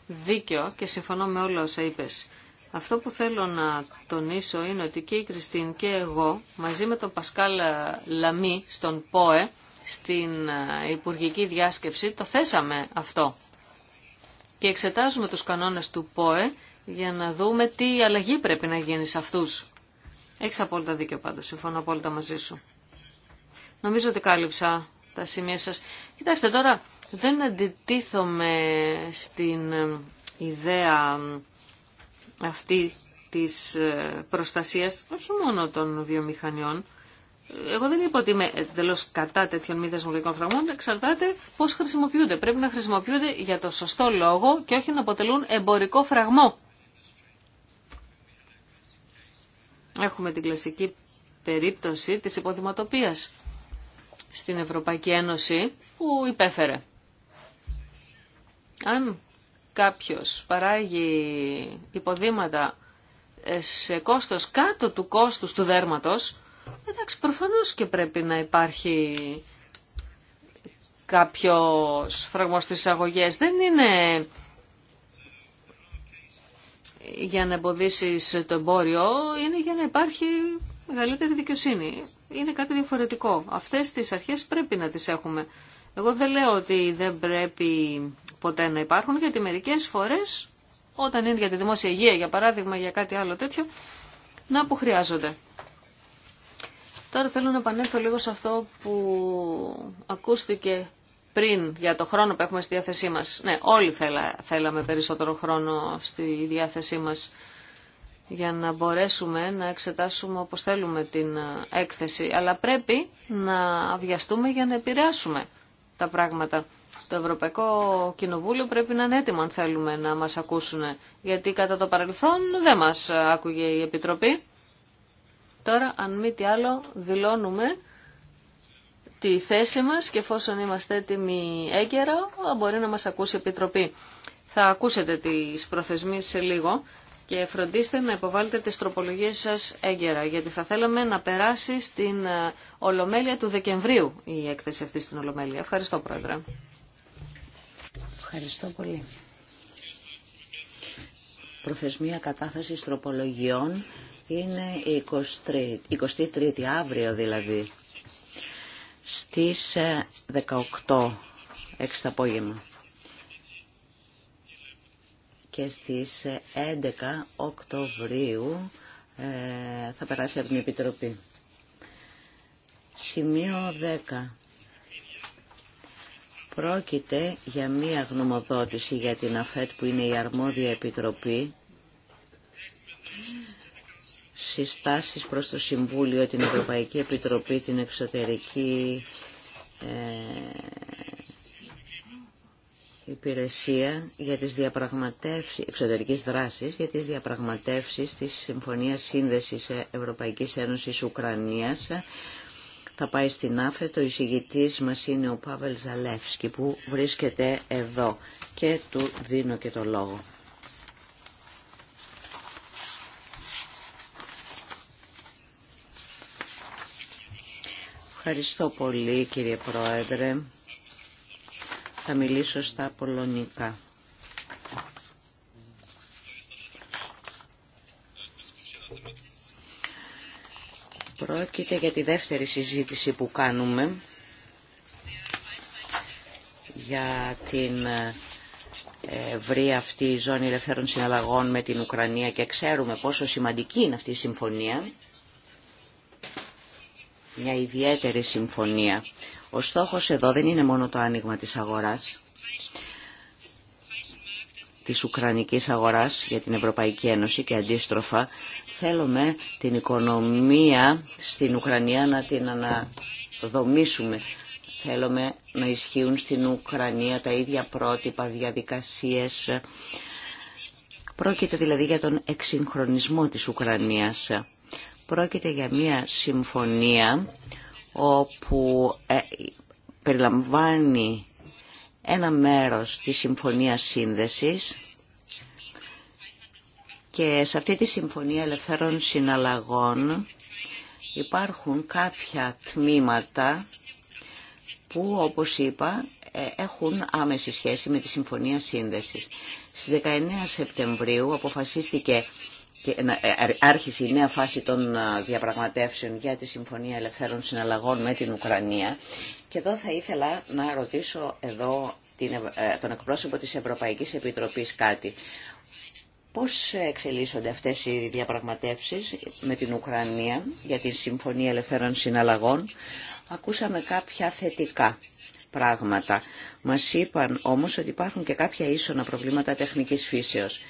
δίκιο και συμφωνώ με όλα όσα είπες. Αυτό που θέλω να τονίσω είναι ότι και η Κριστίν και εγώ, μαζί με τον Πασκάλ Λαμί στον ΠΟΕ, στην ε, Υπουργική Διάσκεψη, το θέσαμε αυτό. Και εξετάζουμε τους κανόνες του ΠΟΕ για να δούμε τι αλλαγή πρέπει να γίνει σε αυτούς. Έχεις απόλυτα δίκιο πάντως, συμφωνώ απόλυτα μαζί σου. Νομίζω ότι κάλυψα τα σημεία σας. Κοιτάξτε τώρα, δεν αντιτίθομαι στην ε, ιδέα ε, αυτή της ε, προστασίας, όχι μόνο των βιομηχανιών. Εγώ δεν είπα ότι είμαι εντελώ κατά τέτοιων μη δεσμολογικών φραγμών, εξαρτάται πώ χρησιμοποιούνται. Πρέπει να χρησιμοποιούνται για το σωστό λόγο και όχι να αποτελούν εμπορικό φραγμό. Έχουμε την κλασική περίπτωση της υποδηματοποίησης στην Ευρωπαϊκή Ένωση που υπέφερε. Αν κάποιος παράγει υποδήματα ε, σε κόστος κάτω του κόστους του δέρματος, εντάξει προφανώς και πρέπει να υπάρχει κάποιος φραγμός στις αγωγές. Δεν είναι για να εμποδίσεις το εμπόριο είναι για να υπάρχει μεγαλύτερη δικαιοσύνη. Είναι κάτι διαφορετικό. Αυτές τις αρχές πρέπει να τις έχουμε. Εγώ δεν λέω ότι δεν πρέπει ποτέ να υπάρχουν, γιατί μερικές φορές, όταν είναι για τη δημόσια υγεία, για παράδειγμα, για κάτι άλλο τέτοιο, να που Τώρα θέλω να επανέλθω λίγο σε αυτό που ακούστηκε πριν για το χρόνο που έχουμε στη διάθεσή μας. Ναι, όλοι θέλα, θέλαμε περισσότερο χρόνο στη διάθεσή μας για να μπορέσουμε να εξετάσουμε όπως θέλουμε την ε, έκθεση. Αλλά πρέπει να βιαστούμε για να επηρεάσουμε τα πράγματα. Το Ευρωπαϊκό Κοινοβούλιο πρέπει να είναι έτοιμο αν θέλουμε να μας ακούσουν. Γιατί κατά το παρελθόν δεν μας άκουγε η Επιτροπή. Τώρα, αν μη τι άλλο, δηλώνουμε τη θέση μας και εφόσον είμαστε έτοιμοι έγκαιρα μπορεί να μας ακούσει η Επιτροπή. Θα ακούσετε τις προθεσμίες σε λίγο και φροντίστε να υποβάλλετε τις τροπολογίες σας έγκαιρα γιατί θα θέλαμε να περάσει στην ε, Ολομέλεια του Δεκεμβρίου η έκθεση αυτή στην Ολομέλεια. Ευχαριστώ Πρόεδρε. Ευχαριστώ πολύ. Προθεσμία κατάθεσης τροπολογιών είναι 23, 23η αύριο δηλαδή στις 18, ε, 6 το απόγευμα. Και στις 11 ε, Οκτωβρίου ε, θα περάσει από την Επιτροπή. Σημείο 10. Πρόκειται για μία γνωμοδότηση για την ΑΦΕΤ που είναι η αρμόδια επιτροπή συστάσεις προς το Συμβούλιο, την Ευρωπαϊκή Επιτροπή, την Εξωτερική ε, Υπηρεσία για τις διαπραγματεύσεις, εξωτερικής δράσης για τις διαπραγματεύσεις της Συμφωνίας Σύνδεσης Ευρωπαϊκής Ένωσης Ουκρανίας. Θα πάει στην άφετο ο εισηγητής μας είναι ο Πάβελ Ζαλεύσκη που βρίσκεται εδώ και του δίνω και το λόγο. Ευχαριστώ πολύ κύριε Πρόεδρε. Θα μιλήσω στα πολωνικά. Πρόκειται για τη δεύτερη συζήτηση που κάνουμε για την ε, βρία αυτή ζώνη ελευθέρων συναλλαγών με την Ουκρανία και ξέρουμε πόσο σημαντική είναι αυτή η συμφωνία μια ιδιαίτερη συμφωνία. Ο στόχος εδώ δεν είναι μόνο το άνοιγμα της αγοράς, της Ουκρανικής αγοράς για την Ευρωπαϊκή Ένωση και αντίστροφα θέλουμε την οικονομία στην Ουκρανία να την αναδομήσουμε. Θέλουμε να ισχύουν στην Ουκρανία τα ίδια πρότυπα, διαδικασίες. Πρόκειται δηλαδή για τον εξυγχρονισμό της Ουκρανίας. Πρόκειται για μια συμφωνία όπου ε, περιλαμβάνει ένα μέρος της συμφωνίας σύνδεσης και σε αυτή τη συμφωνία ελευθέρων συναλλαγών υπάρχουν κάποια τμήματα που όπως είπα ε, έχουν άμεση σχέση με τη Συμφωνία Σύνδεσης. Στις 19 Σεπτεμβρίου αποφασίστηκε ε, ε, άρχισε η νέα φάση των ε, διαπραγματεύσεων για τη Συμφωνία Ελευθέρων Συναλλαγών με την Ουκρανία. Και εδώ θα ήθελα να ρωτήσω εδώ τον εκπρόσωπο της Ευρωπαϊκής Επιτροπής κάτι. Πώς εξελίσσονται αυτές οι διαπραγματεύσεις με την Ουκρανία για τη Συμφωνία Ελευθέρων Συναλλαγών. Ακούσαμε κάποια θετικά πράγματα. Μας είπαν όμως ότι υπάρχουν και κάποια ίσονα προβλήματα τεχνικής φύσεως.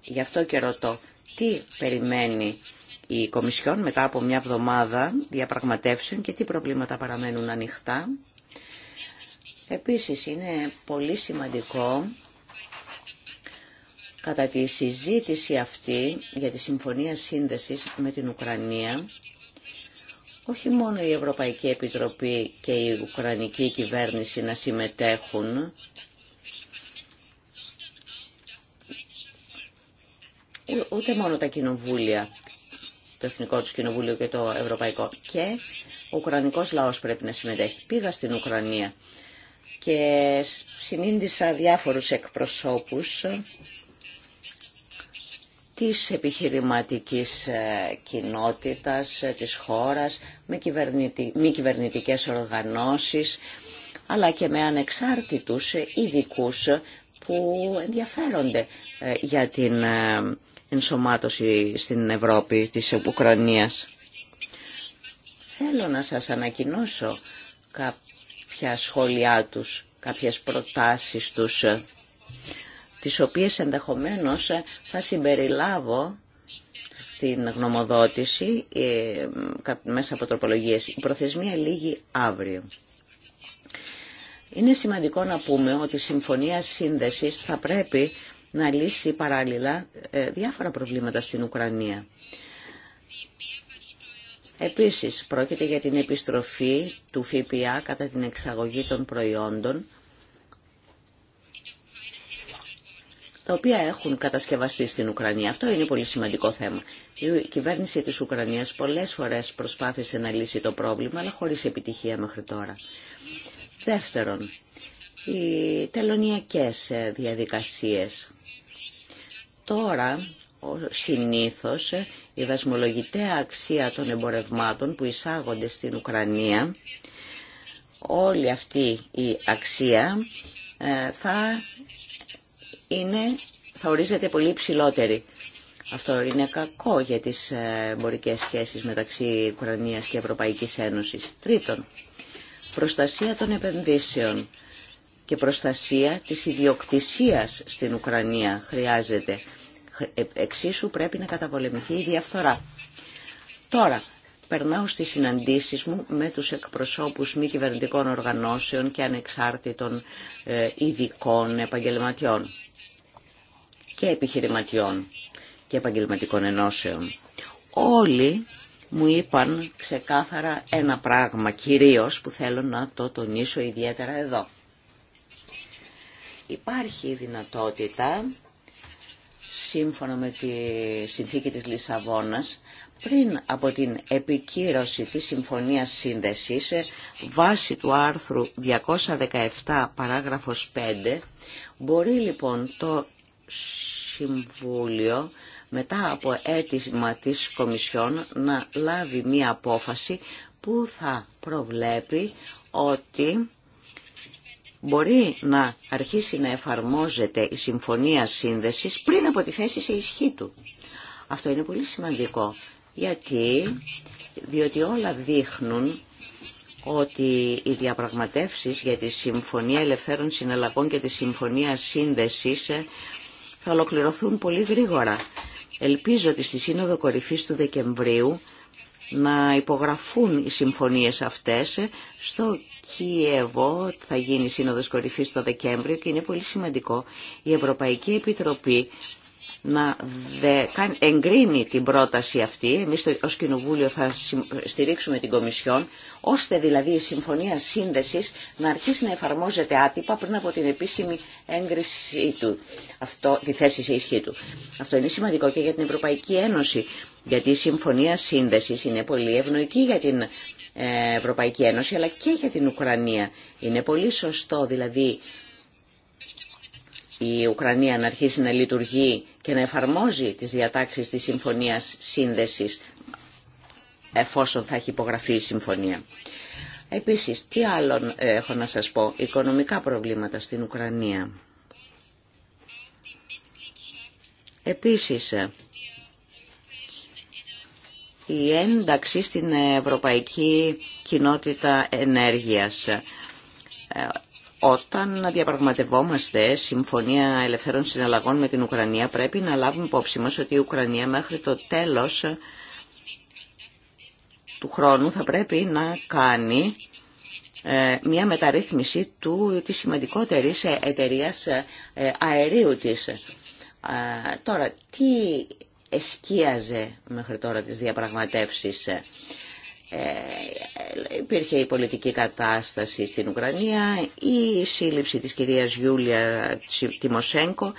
Γι' αυτό και ρωτώ, τι περιμένει η Κομισιόν μετά από μια εβδομάδα διαπραγματεύσεων και τι προβλήματα παραμένουν ανοιχτά. Επίσης είναι πολύ σημαντικό κατά τη συζήτηση αυτή για τη Συμφωνία Σύνδεσης με την Ουκρανία όχι μόνο η Ευρωπαϊκή Επιτροπή και η Ουκρανική Κυβέρνηση να συμμετέχουν ούτε μόνο τα κοινοβούλια, το Εθνικό του Κοινοβούλιο και το Ευρωπαϊκό. Και ο Ουκρανικός λαός πρέπει να συμμετέχει. Πήγα στην Ουκρανία και συνήντησα διάφορους εκπροσώπους της επιχειρηματικής ε, κοινότητας ε, της χώρας, με κυβερνητι... μη κυβερνητικές οργανώσεις, αλλά και με ανεξάρτητους ειδικού που ενδιαφέρονται ε, για την ενσωμάτωση στην Ευρώπη της Ουκρανίας. Θέλω να σας ανακοινώσω κάποια σχόλιά τους, κάποιες προτάσεις τους, τις οποίες ενδεχομένως θα συμπεριλάβω την γνωμοδότηση ε, μέσα από τροπολογίες. Η προθεσμία λίγη αύριο. Είναι σημαντικό να πούμε ότι η Συμφωνία Σύνδεσης θα πρέπει να λύσει παράλληλα ε, διάφορα προβλήματα στην Ουκρανία. Επίσης, πρόκειται για την επιστροφή του ΦΠΑ κατά την εξαγωγή των προϊόντων, τα οποία έχουν κατασκευαστεί στην Ουκρανία. Αυτό είναι πολύ σημαντικό θέμα. Η κυβέρνηση της Ουκρανίας πολλές φορές προσπάθησε να λύσει το πρόβλημα, αλλά χωρίς επιτυχία μέχρι τώρα. Δεύτερον, οι τελωνιακές ε, διαδικασίες Τώρα, συνήθως, ε, η δασμολογητέα αξία των εμπορευμάτων που εισάγονται στην Ουκρανία, όλη αυτή η αξία ε, θα, είναι, θα ορίζεται πολύ ψηλότερη. Αυτό είναι κακό για τις ε, εμπορικές σχέσεις μεταξύ Ουκρανίας και Ευρωπαϊκής Ένωσης. Τρίτον, προστασία των επενδύσεων και προστασία της ιδιοκτησίας στην Ουκρανία χρειάζεται. Ε, εξίσου πρέπει να καταπολεμηθεί η διαφθορά. Τώρα, περνάω στις συναντήσεις μου με τους εκπροσώπους μη κυβερνητικών οργανώσεων και ανεξάρτητων ε, ειδικών επαγγελματιών και επιχειρηματιών και επαγγελματικών ενώσεων. Όλοι μου είπαν ξεκάθαρα ένα πράγμα κυρίως που θέλω να το τονίσω ιδιαίτερα εδώ. Υπάρχει η δυνατότητα, σύμφωνα με τη συνθήκη της Λισαβόνας, πριν από την επικύρωση της Συμφωνίας Σύνδεσης, βάση του άρθρου 217 παράγραφος 5, μπορεί λοιπόν το Συμβούλιο μετά από αίτημα της Κομισιόν να λάβει μία απόφαση που θα προβλέπει ότι μπορεί να αρχίσει να εφαρμόζεται η συμφωνία σύνδεσης πριν από τη θέση σε ισχύ του. Αυτό είναι πολύ σημαντικό. Γιατί, διότι όλα δείχνουν ότι οι διαπραγματεύσεις για τη Συμφωνία Ελευθέρων Συναλλαγών και τη Συμφωνία Σύνδεσης ε, θα ολοκληρωθούν πολύ γρήγορα. Ελπίζω ότι στη Σύνοδο Κορυφής του Δεκεμβρίου να υπογραφούν οι συμφωνίες αυτές. Στο Κίεβο θα γίνει σύνοδος κορυφής το Δεκέμβριο και είναι πολύ σημαντικό η Ευρωπαϊκή Επιτροπή να εγκρίνει την πρόταση αυτή. Εμείς ως Κοινοβούλιο θα στηρίξουμε την Κομισιόν, ώστε δηλαδή η Συμφωνία Σύνδεσης να αρχίσει να εφαρμόζεται άτυπα πριν από την επίσημη έγκριση του, αυτό, τη θέση σε ισχύ του. Αυτό είναι σημαντικό και για την Ευρωπαϊκή Ένωση γιατί η Συμφωνία Σύνδεσης είναι πολύ ευνοϊκή για την ε, Ευρωπαϊκή Ένωση αλλά και για την Ουκρανία. Είναι πολύ σωστό δηλαδή η Ουκρανία να αρχίσει να λειτουργεί και να εφαρμόζει τις διατάξεις της Συμφωνίας Σύνδεσης εφόσον θα έχει υπογραφεί η Συμφωνία. Επίσης, τι άλλο έχω να σας πω, οικονομικά προβλήματα στην Ουκρανία. Επίσης, η ένταξη στην Ευρωπαϊκή Κοινότητα Ενέργειας. Ε, όταν διαπραγματευόμαστε συμφωνία ελευθερών συναλλαγών με την Ουκρανία πρέπει να λάβουμε υπόψη μας ότι η Ουκρανία μέχρι το τέλος του χρόνου θα πρέπει να κάνει ε, μια μεταρρύθμιση του, της σημαντικότερης εταιρείας ε, αερίου της. Τώρα, τι εσκίαζε μέχρι τώρα τις διαπραγματεύσεις. Ε, ε, υπήρχε η πολιτική κατάσταση στην Ουκρανία, η σύλληψη της κυρίας Γιούλια Τιμοσέγκο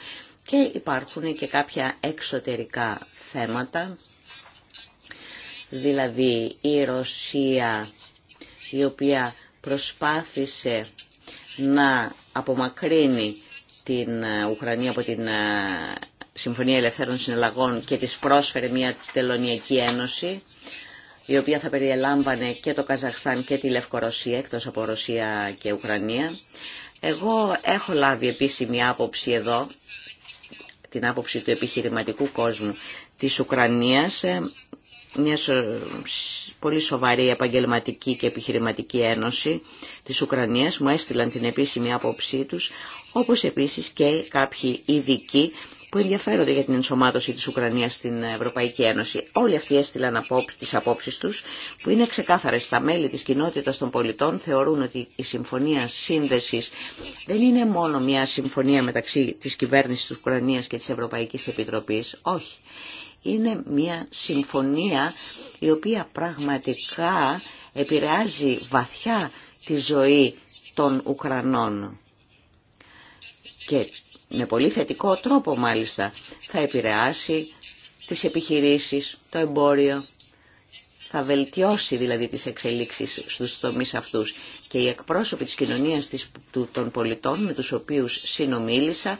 και υπάρχουν και κάποια εξωτερικά θέματα, δηλαδή η Ρωσία η οποία προσπάθησε να απομακρύνει την ε, Ουκρανία από την Συμφωνία Ελευθέρων Συναλλαγών και της πρόσφερε μια τελωνιακή ένωση η οποία θα περιελάμβανε και το Καζαχστάν και τη Λευκορωσία εκτός από Ρωσία και Ουκρανία. Εγώ έχω λάβει επίσημη άποψη εδώ, την άποψη του επιχειρηματικού κόσμου της Ουκρανίας, ε, μια πολύ σοβαρή επαγγελματική και επιχειρηματική ένωση της Ουκρανίας μου έστειλαν την επίσημη άποψή τους, όπως επίσης και κάποιοι ειδικοί που ενδιαφέρονται για την ενσωμάτωση της Ουκρανίας στην Ευρωπαϊκή Ένωση. Όλοι αυτοί έστειλαν τις απόψεις τους που είναι ξεκάθαρες. Τα μέλη της κοινότητας των πολιτών θεωρούν ότι η Συμφωνία Σύνδεσης δεν είναι μόνο μια συμφωνία μεταξύ της κυβέρνησης της Ουκρανίας και της Ευρωπαϊκής Επιτροπής. Όχι. Είναι μια συμφωνία η οποία πραγματικά επηρεάζει βαθιά τη ζωή των Ουκρανών. Και με πολύ θετικό τρόπο μάλιστα, θα επηρεάσει τις επιχειρήσεις, το εμπόριο, θα βελτιώσει δηλαδή τις εξελίξεις στους τομείς αυτούς. Και οι εκπρόσωποι της κοινωνίας των πολιτών με τους οποίους συνομίλησα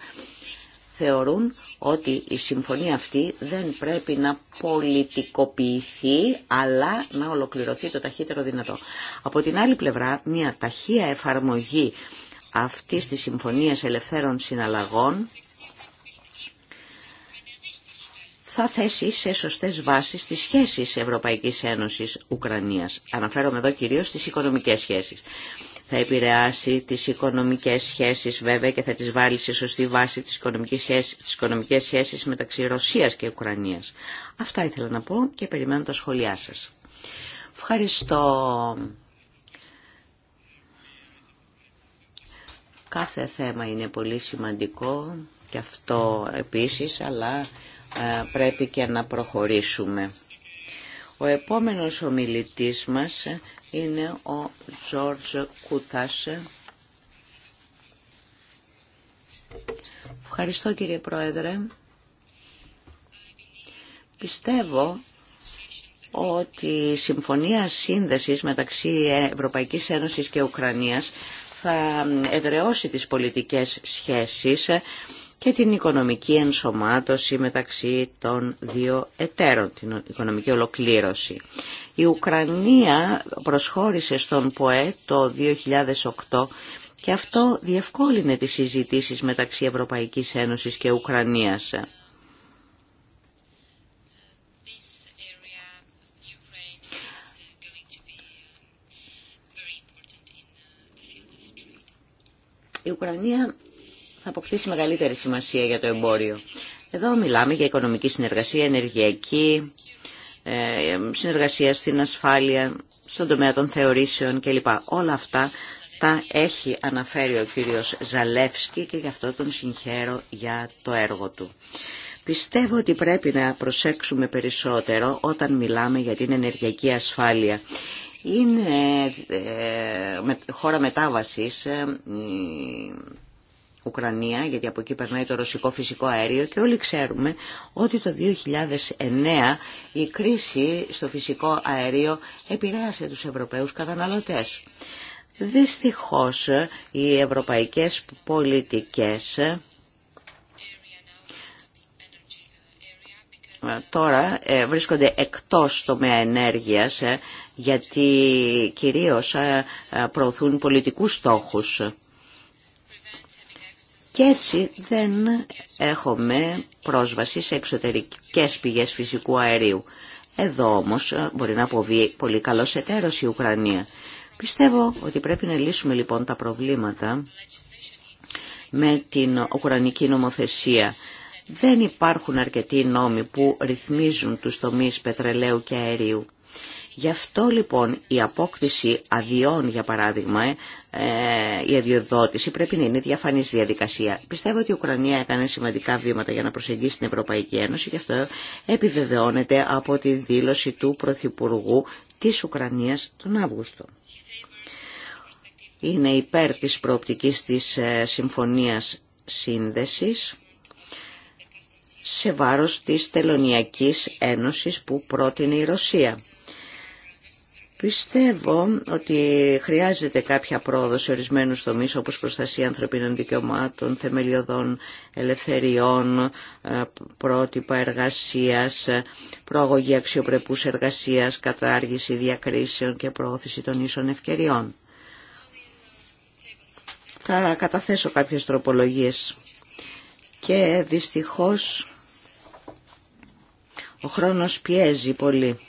θεωρούν ότι η συμφωνία αυτή δεν πρέπει να πολιτικοποιηθεί αλλά να ολοκληρωθεί το ταχύτερο δυνατό. Από την άλλη πλευρά μια ταχεία εφαρμογή αυτής της Συμφωνίας Ελευθέρων Συναλλαγών θα θέσει σε σωστές βάσεις τις σχέσεις Ευρωπαϊκής Ένωσης Ουκρανίας. Αναφέρομαι εδώ κυρίως στις οικονομικές σχέσεις. Θα επηρεάσει τις οικονομικές σχέσεις βέβαια και θα τις βάλει σε σωστή βάση τις οικονομικές σχέσεις, τις οικονομικές σχέσεις μεταξύ Ρωσίας και Ουκρανίας. Αυτά ήθελα να πω και περιμένω τα σχόλιά σας. Ευχαριστώ. Κάθε θέμα είναι πολύ σημαντικό και αυτό επίσης, αλλά ε, πρέπει και να προχωρήσουμε. Ο επόμενος ομιλητής μας είναι ο Τζόρτζ Κούτας. Ευχαριστώ κύριε Πρόεδρε. Πιστεύω ότι η συμφωνία σύνδεσης μεταξύ Ευρωπαϊκής Ένωσης και Ουκρανίας θα εδρεώσει τις πολιτικές σχέσεις και την οικονομική ενσωμάτωση μεταξύ των δύο εταίρων, την οικονομική ολοκλήρωση. Η Ουκρανία προσχώρησε στον ΠΟΕ το 2008 και αυτό διευκόλυνε τις συζητήσεις μεταξύ Ευρωπαϊκής Ένωσης και Ουκρανίας. η Ουκρανία θα αποκτήσει μεγαλύτερη σημασία για το εμπόριο. Εδώ μιλάμε για οικονομική συνεργασία, ενεργειακή, ε, συνεργασία στην ασφάλεια, στον τομέα των θεωρήσεων κλπ. Όλα αυτά τα έχει αναφέρει ο κύριος Ζαλεύσκη και γι' αυτό τον συγχαίρω για το έργο του. Πιστεύω ότι πρέπει να προσέξουμε περισσότερο όταν μιλάμε για την ενεργειακή ασφάλεια. Είναι ε, χώρα μετάβασης ε, η Ουκρανία, γιατί από εκεί περνάει το ρωσικό φυσικό αέριο και όλοι ξέρουμε ότι το 2009 η κρίση στο φυσικό αέριο επηρέασε τους Ευρωπαίους καταναλωτές. Δυστυχώς οι ευρωπαϊκές πολιτικές ε, τώρα βρίσκονται εκτός τομέα ενέργειας γιατί κυρίως ε, ε, προωθούν πολιτικούς στόχους. Και έτσι δεν έχουμε πρόσβαση σε εξωτερικές πηγές φυσικού αερίου. Εδώ όμως ε, μπορεί να αποβεί πολύ καλό εταίρος η Ουκρανία. Πιστεύω ότι πρέπει να λύσουμε λοιπόν τα προβλήματα με την Ουκρανική νομοθεσία. Δεν υπάρχουν αρκετοί νόμοι που ρυθμίζουν τους τομείς πετρελαίου και αερίου. Γι' αυτό λοιπόν η απόκτηση αδειών, για παράδειγμα, ε, ε, η αδειοδότηση πρέπει να είναι διαφανή διαδικασία. Πιστεύω ότι η Ουκρανία έκανε σημαντικά βήματα για να προσεγγίσει την Ευρωπαϊκή Ένωση, και αυτό επιβεβαιώνεται από τη δήλωση του Πρωθυπουργού της Ουκρανίας τον Αύγουστο. Είναι υπέρ της προοπτικής της ε, συμφωνίας σύνδεσης σε βάρος της Τελωνιακής Ένωσης που πρότεινε η Ρωσία Πιστεύω ότι χρειάζεται κάποια πρόοδο σε ορισμένους τομείς όπως προστασία ανθρωπίνων δικαιωμάτων, θεμελιωδών ελευθεριών, ε, πρότυπα εργασίας, προαγωγή αξιοπρεπούς εργασίας, κατάργηση διακρίσεων και προώθηση των ίσων ευκαιριών. Θα καταθέσω κάποιες τροπολογίες και δυστυχώς ο χρόνος πιέζει πολύ.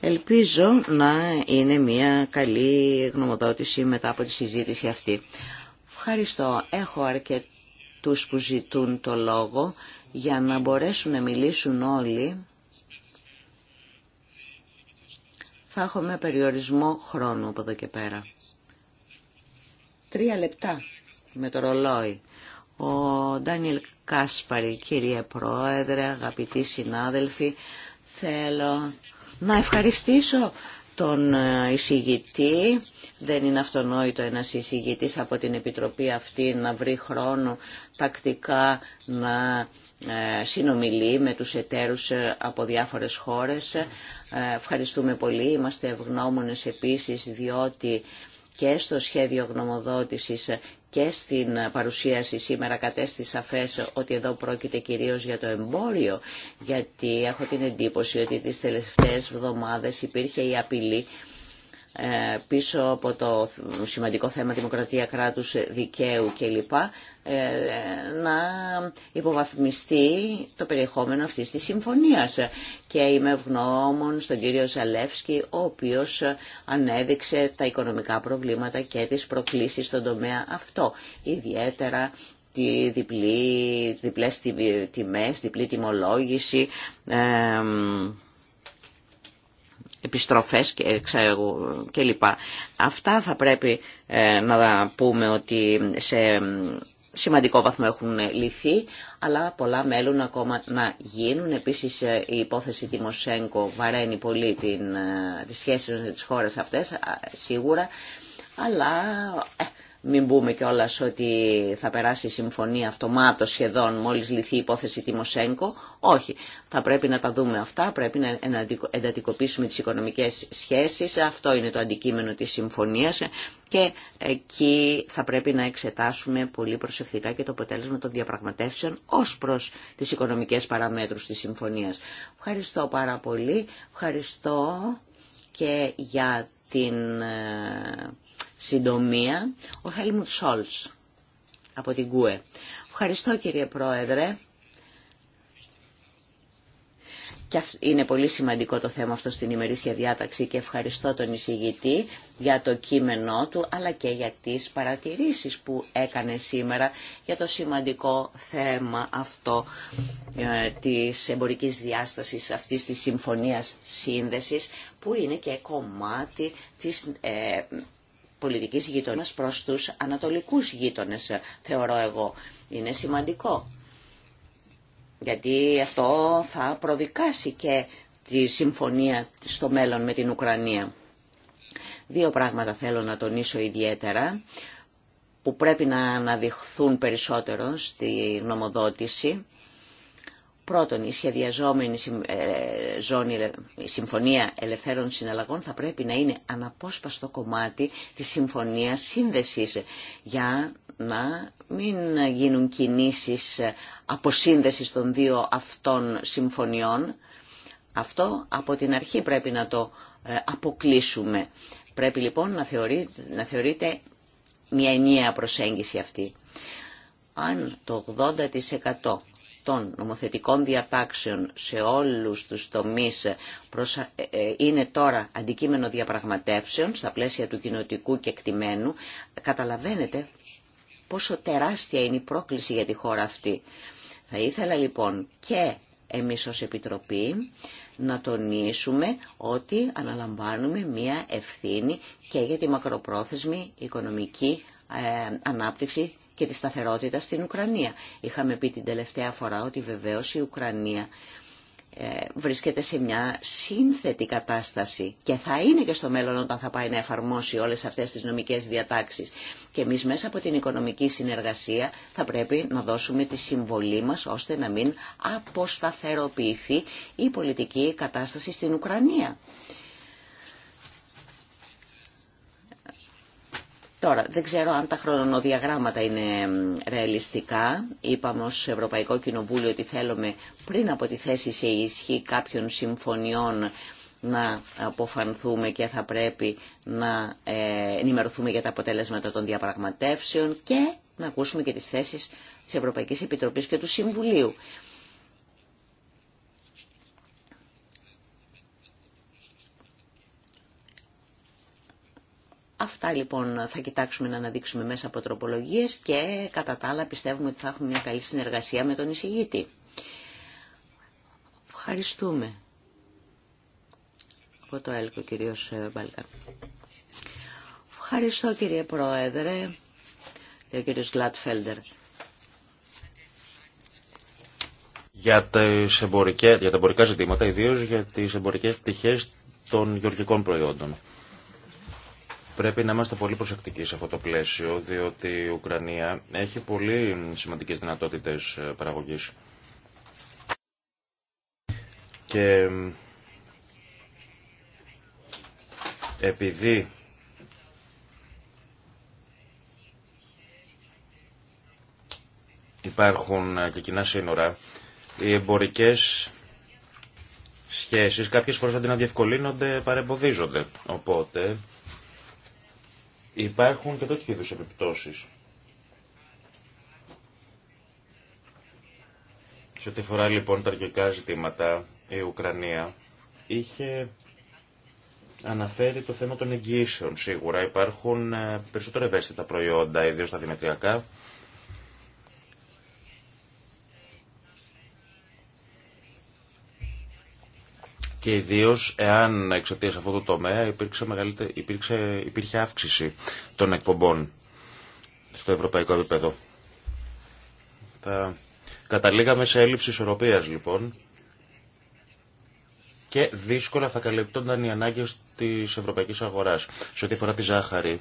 Ελπίζω να είναι μια καλή γνωμοδότηση μετά από τη συζήτηση αυτή. Ευχαριστώ. Έχω αρκετούς που ζητούν το λόγο για να μπορέσουν να μιλήσουν όλοι. Θα έχουμε περιορισμό χρόνου από εδώ και πέρα. Τρία λεπτά με το ρολόι. Ο Ντάνιελ Κάσπαρη, κύριε Πρόεδρε, αγαπητοί συνάδελφοι, θέλω να ευχαριστήσω τον ε, εισηγητή. Δεν είναι αυτονόητο ένας εισηγητής από την Επιτροπή αυτή να βρει χρόνο τακτικά να ε, συνομιλεί με τους εταίρους ε, από διάφορες χώρες. Ευχαριστούμε πολύ. Είμαστε ευγνώμονες επίσης διότι και στο σχέδιο γνωμοδότησης και στην παρουσίαση σήμερα κατέστη σαφές ότι εδώ πρόκειται κυρίως για το εμπόριο, γιατί έχω την εντύπωση ότι τις τελευταίες εβδομάδες υπήρχε η απειλή ε, πίσω από το σημαντικό θέμα δημοκρατία κράτους δικαίου κλπ. Ε, να υποβαθμιστεί το περιεχόμενο αυτής της συμφωνίας. Και είμαι ευγνώμων στον κύριο Ζαλεύσκη ο οποίος ανέδειξε τα οικονομικά προβλήματα και τις προκλήσεις στον τομέα αυτό. Ιδιαίτερα τη διπλή, διπλές τιμές, διπλή τιμολόγηση, ε, επιστροφές και, και λοιπά. Αυτά θα πρέπει ε, να πούμε ότι σε σημαντικό βαθμό έχουν λυθεί, αλλά πολλά μέλουν ακόμα να γίνουν. Επίσης ε, η υπόθεση Τιμοσέγκο βαραίνει πολύ την, ε, τις σχέσεις με τις χώρες αυτές, σίγουρα, αλλά μην πούμε κιόλα ότι θα περάσει η συμφωνία αυτομάτως σχεδόν μόλι λυθεί η υπόθεση Τιμοσέγκο. Όχι. Θα πρέπει να τα δούμε αυτά, πρέπει να εντατικοποιήσουμε τι οικονομικέ σχέσει. Αυτό είναι το αντικείμενο τη συμφωνία. και εκεί θα πρέπει να εξετάσουμε πολύ προσεκτικά και το αποτέλεσμα των διαπραγματεύσεων ω προ τι οικονομικέ παραμέτρου τη συμφωνία. Ευχαριστώ πάρα πολύ. Ευχαριστώ και για την ε, συντομία, ο Χέλμουντ Σόλτς από την ΚΟΕ. Ευχαριστώ κύριε Πρόεδρε. Και είναι πολύ σημαντικό το θέμα αυτό στην ημερήσια διάταξη και ευχαριστώ τον εισηγητή για το κείμενό του αλλά και για τις παρατηρήσεις που έκανε σήμερα για το σημαντικό θέμα αυτό ε, της εμπορικής διάστασης αυτής της συμφωνίας σύνδεσης που είναι και κομμάτι της ε, Πολιτική γείτονα προ του ανατολικούς γείτονε, θεωρώ εγώ. Είναι σημαντικό. Γιατί αυτό θα προδικάσει και τη συμφωνία στο μέλλον με την Ουκρανία. Δύο πράγματα θέλω να τονίσω ιδιαίτερα που πρέπει να αναδειχθούν περισσότερο στη νομοδότηση. Πρώτον, η σχεδιαζόμενη ε, ζώνη, η Συμφωνία Ελευθέρων Συναλλαγών θα πρέπει να είναι αναπόσπαστο κομμάτι της Συμφωνίας Σύνδεσης για να μην γίνουν κινήσεις αποσύνδεσης των δύο αυτών συμφωνιών. Αυτό από την αρχή πρέπει να το ε, αποκλείσουμε. Πρέπει λοιπόν να, θεωρεί, να θεωρείται μια ενιαία προσέγγιση αυτή. Αν το 80% των νομοθετικών διατάξεων σε όλους τους τομείς ε, ε, είναι τώρα αντικείμενο διαπραγματεύσεων στα πλαίσια του κοινοτικού εκτιμένου, καταλαβαίνετε πόσο τεράστια είναι η πρόκληση για τη χώρα αυτή. Θα ήθελα λοιπόν και εμείς ως Επιτροπή να τονίσουμε ότι αναλαμβάνουμε μία ευθύνη και για τη μακροπρόθεσμη οικονομική ε, ανάπτυξη και τη σταθερότητα στην Ουκρανία. Είχαμε πει την τελευταία φορά ότι βεβαίως η Ουκρανία ε, βρίσκεται σε μια σύνθετη κατάσταση και θα είναι και στο μέλλον όταν θα πάει να εφαρμόσει όλες αυτές τις νομικές διατάξεις. Και εμείς μέσα από την οικονομική συνεργασία θα πρέπει να δώσουμε τη συμβολή μας ώστε να μην αποσταθεροποιηθεί η πολιτική κατάσταση στην Ουκρανία. Τώρα, δεν ξέρω αν τα χρονοδιαγράμματα είναι ρεαλιστικά. Είπαμε ως Ευρωπαϊκό Κοινοβούλιο ότι θέλουμε πριν από τη θέση σε ισχύ κάποιων συμφωνιών να αποφανθούμε και θα πρέπει να ε, ενημερωθούμε για τα αποτέλεσματα των διαπραγματεύσεων και να ακούσουμε και τις θέσεις της Ευρωπαϊκής Επιτροπής και του Συμβουλίου. Αυτά λοιπόν θα κοιτάξουμε να αναδείξουμε μέσα από τροπολογίες και κατά τα άλλα πιστεύουμε ότι θα έχουμε μια καλή συνεργασία με τον εισηγήτη. Ευχαριστούμε. Από το ΕΛΚΟ κυρίως ε, Ευχαριστώ κύριε Πρόεδρε, ο κύριος Γκλάτφελντερ. Για, για τα εμπορικά ζητήματα, ιδίως για τις εμπορικές πτυχές των γεωργικών προϊόντων. Πρέπει να είμαστε πολύ προσεκτικοί σε αυτό το πλαίσιο, διότι η Ουκρανία έχει πολύ σημαντικές δυνατότητες ε, παραγωγής. Και επειδή υπάρχουν ε, και κοινά σύνορα, οι εμπορικές σχέσεις κάποιες φορές αντί να διευκολύνονται παρεμποδίζονται. Οπότε Υπάρχουν και τέτοιου είδου επιπτώσει. Σε ό,τι φορά λοιπόν τα αρχικά ζητήματα, η Ουκρανία είχε αναφέρει το θέμα των εγγύσεων. σίγουρα. Υπάρχουν ε, περισσότερο ευαίσθητα προϊόντα, ιδίω τα δημετριακά. και ιδίω εάν εξαιτία αυτού του τομέα υπήρξε, υπήρξε, υπήρχε αύξηση των εκπομπών στο ευρωπαϊκό επίπεδο. Θα καταλήγαμε σε έλλειψη ισορροπία λοιπόν και δύσκολα θα καλυπτόνταν οι ανάγκε τη Ευρωπαϊκή Αγορά, Σε ό,τι αφορά τη ζάχαρη,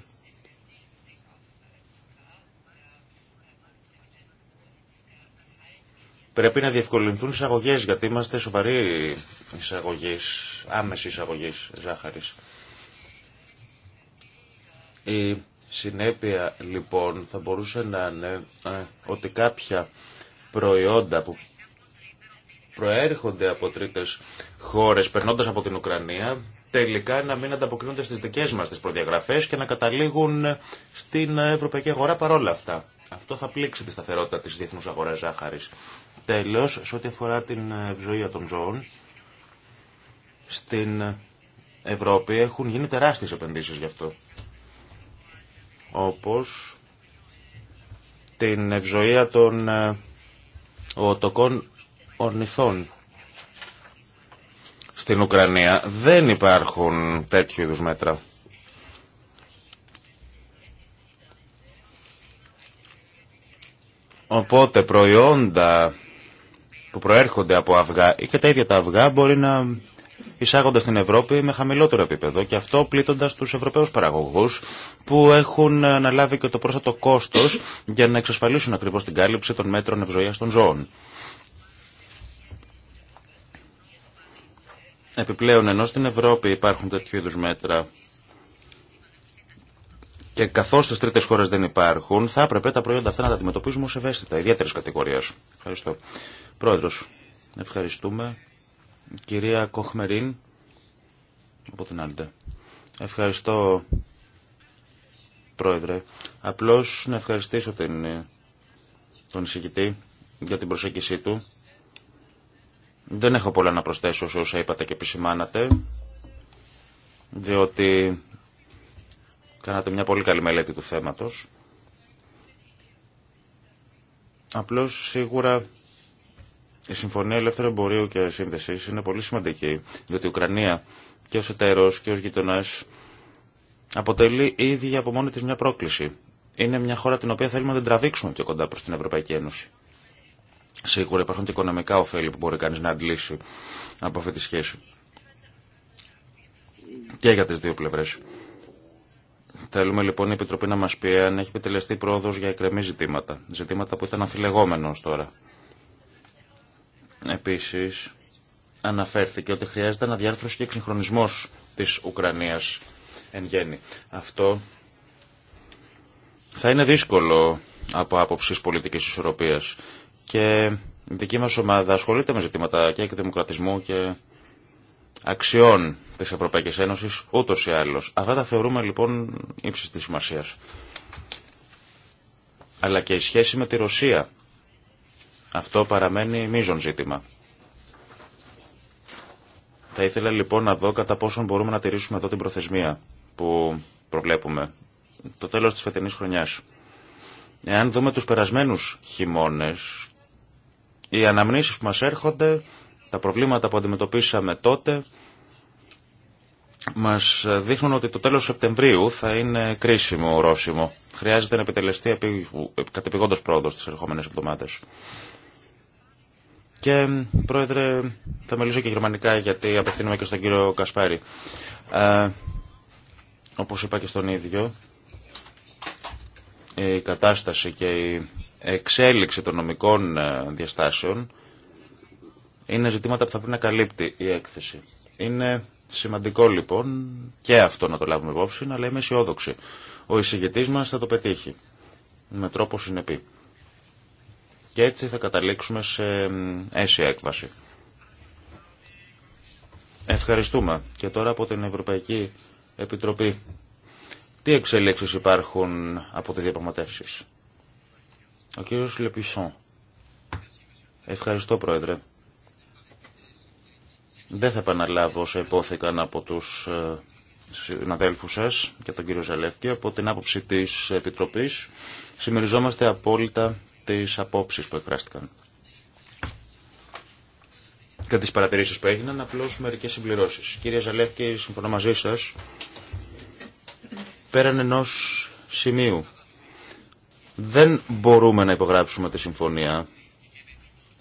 Πρέπει να διευκολυνθούν εισαγωγέ, γιατί είμαστε σοβαροί εισαγωγή, άμεση εισαγωγή ζάχαρη. Η συνέπεια λοιπόν θα μπορούσε να είναι ε, ότι κάποια προϊόντα που προέρχονται από τρίτες χώρες περνώντας από την Ουκρανία τελικά να μην ανταποκρίνονται στις δικές μας τις προδιαγραφές και να καταλήγουν στην ευρωπαϊκή αγορά παρόλα αυτά. Αυτό θα πλήξει τη σταθερότητα της διεθνούς αγοράς ζάχαρης. Τέλος, σε ό,τι αφορά την ευζοία των ζώων, στην Ευρώπη έχουν γίνει τεράστιες επενδύσεις γι' αυτό. Όπως την ευζοία των ε, οτοκών ορνηθών στην Ουκρανία. Δεν υπάρχουν τέτοιου είδους μέτρα. Οπότε προϊόντα που προέρχονται από αυγά ή και τα ίδια τα αυγά μπορεί να εισάγονται στην Ευρώπη με χαμηλότερο επίπεδο και αυτό πλήττοντας τους Ευρωπαίους παραγωγούς που έχουν αναλάβει και το πρόσθετο κόστος για να εξασφαλίσουν ακριβώς την κάλυψη των μέτρων ευζοίας των ζώων. Επιπλέον ενώ στην Ευρώπη υπάρχουν τέτοιου είδους μέτρα και καθώ στι τρίτε χώρε δεν υπάρχουν, θα έπρεπε τα προϊόντα αυτά να τα αντιμετωπίζουμε ω ευαίσθητα, ιδιαίτερη κατηγορία. Ευχαριστώ. Πρόεδρο, ευχαριστούμε. Κυρία Κοχμερίν, από την Άλντε. Ευχαριστώ, Πρόεδρε. Απλώ να ευχαριστήσω την, τον εισηγητή για την προσέγγιση του. Δεν έχω πολλά να προσθέσω σε όσα είπατε και επισημάνατε, διότι Κάνατε μια πολύ καλή μελέτη του θέματος. Απλώς σίγουρα η Συμφωνία Ελεύθερου Εμπορίου και Σύνδεση είναι πολύ σημαντική, διότι η Ουκρανία και ως εταίρος και ως γειτονές αποτελεί ήδη από μόνη της μια πρόκληση. Είναι μια χώρα την οποία θέλουμε να την τραβήξουμε πιο κοντά προς την Ευρωπαϊκή Ένωση. Σίγουρα υπάρχουν και οικονομικά ωφέλη που μπορεί κανείς να αντλήσει από αυτή τη σχέση. Και για τις δύο πλευρές. Θέλουμε λοιπόν η Επιτροπή να μας πει αν έχει επιτελεστεί πρόοδο για εκκρεμή ζητήματα. Ζητήματα που ήταν αφιλεγόμενο τώρα. Επίσης, αναφέρθηκε ότι χρειάζεται αναδιάρθρωση και εξυγχρονισμό της Ουκρανίας εν γέννη. Αυτό θα είναι δύσκολο από άποψη πολιτικής ισορροπία. Και η δική μα ομάδα ασχολείται με ζητήματα και εκδημοκρατισμού και αξιών της Ευρωπαϊκής Ένωσης ούτως ή άλλως. Αυτά τα θεωρούμε λοιπόν ύψης της σημασίας. Αλλά και η σχέση με τη Ρωσία. Αυτό παραμένει μείζον ζήτημα. Θα ήθελα λοιπόν να δω κατά πόσον μπορούμε να τηρήσουμε εδώ την προθεσμία που προβλέπουμε. Το τέλος της φετινής χρονιάς. Εάν δούμε τους περασμένους χειμώνες, οι αναμνήσεις που μας έρχονται τα προβλήματα που αντιμετωπίσαμε τότε μας δείχνουν ότι το τέλος Σεπτεμβρίου θα είναι κρίσιμο ορόσημο. Χρειάζεται να επιτελεστεί επί... κατεπηγόντως πρόοδος τις ερχόμενες εβδομάδες. Και, Πρόεδρε, θα μιλήσω και γερμανικά γιατί απευθύνομαι και στον κύριο Κασπάρη. Ε, όπως είπα και στον ίδιο, η κατάσταση και η εξέλιξη των νομικών ε, διαστάσεων είναι ζητήματα που θα πρέπει να καλύπτει η έκθεση. Είναι σημαντικό λοιπόν και αυτό να το λάβουμε υπόψη, αλλά είμαι αισιόδοξη. Ο εισηγητή μα θα το πετύχει με τρόπο συνεπή. Και έτσι θα καταλήξουμε σε αίσια έκβαση. Ευχαριστούμε. Και τώρα από την Ευρωπαϊκή Επιτροπή. Τι εξελίξεις υπάρχουν από τις διαπραγματεύσεις. Ο κύριος Λεπισόν. Ευχαριστώ, Πρόεδρε. Δεν θα επαναλάβω όσα υπόθηκαν από τους ε, συναδέλφους σας και τον κύριο Ζαλεύκη. Από την άποψη της Επιτροπής συμμεριζόμαστε απόλυτα τις απόψεις που εκφράστηκαν. Και τις παρατηρήσεις που έγιναν, απλώς μερικές συμπληρώσεις. Κύριε Ζαλεύκη, συμφωνώ μαζί σας, πέραν ενός σημείου. Δεν μπορούμε να υπογράψουμε τη συμφωνία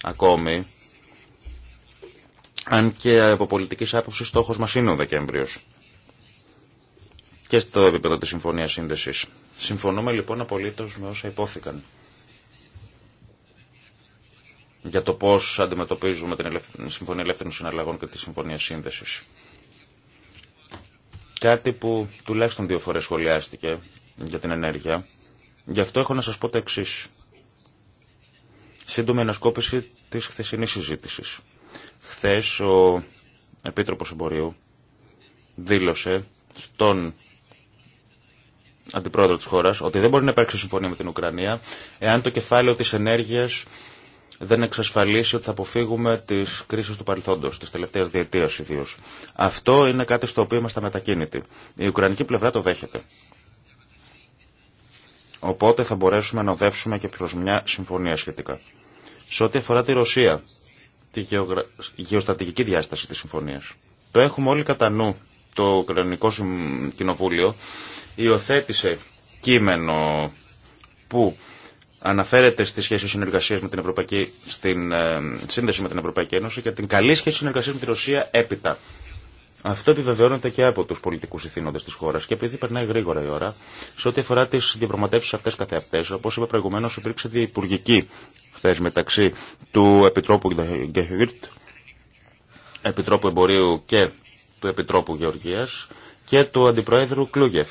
ακόμη αν και από πολιτικής άποψη στόχο μας είναι ο Δεκέμβριο. και στο επίπεδο της Συμφωνίας Σύνδεσης. Συμφωνούμε λοιπόν απολύτω με όσα υπόθηκαν για το πώς αντιμετωπίζουμε την Συμφωνία Ελεύθερων Συναλλαγών και τη Συμφωνία Σύνδεσης. Κάτι που τουλάχιστον δύο φορέ σχολιάστηκε για την ενέργεια. Γι' αυτό έχω να σα πω το εξή. Σύντομη ανασκόπηση τη χθεσινή συζήτηση. Χθες ο Επίτροπος Εμπορίου δήλωσε στον αντιπρόεδρο της χώρας ότι δεν μπορεί να υπάρξει συμφωνία με την Ουκρανία εάν το κεφάλαιο της ενέργειας δεν εξασφαλίσει ότι θα αποφύγουμε τις κρίσεις του παρελθόντος, της τελευταίας διετίας ιδίως. Αυτό είναι κάτι στο οποίο είμαστε μετακίνητοι. Η Ουκρανική πλευρά το δέχεται. Οπότε θα μπορέσουμε να οδεύσουμε και προς μια συμφωνία σχετικά. Σε ό,τι αφορά τη Ρωσία, τη γεωγρα... γεωστρατηγική διάσταση της συμφωνίας. Το έχουμε όλοι κατά νου. Το Ουκρανικό Κοινοβούλιο υιοθέτησε κείμενο που αναφέρεται στη σχέση συνεργασίας με την Ευρωπαϊκή, στην ε, σύνδεση με την Ευρωπαϊκή Ένωση και την καλή σχέση συνεργασίας με τη Ρωσία έπειτα. Αυτό επιβεβαιώνεται και από του πολιτικού ηθήνοντε τη χώρα. Και επειδή περνάει γρήγορα η ώρα, σε ό,τι αφορά τι διαπραγματεύσει αυτέ καθε αυτέ, όπω είπα προηγουμένω, υπήρξε διευπουργική χθε μεταξύ του Επιτρόπου Γκεχβίρτ, Επιτρόπου Εμπορίου και του Επιτρόπου Γεωργία και του Αντιπροέδρου Κλούγεφ.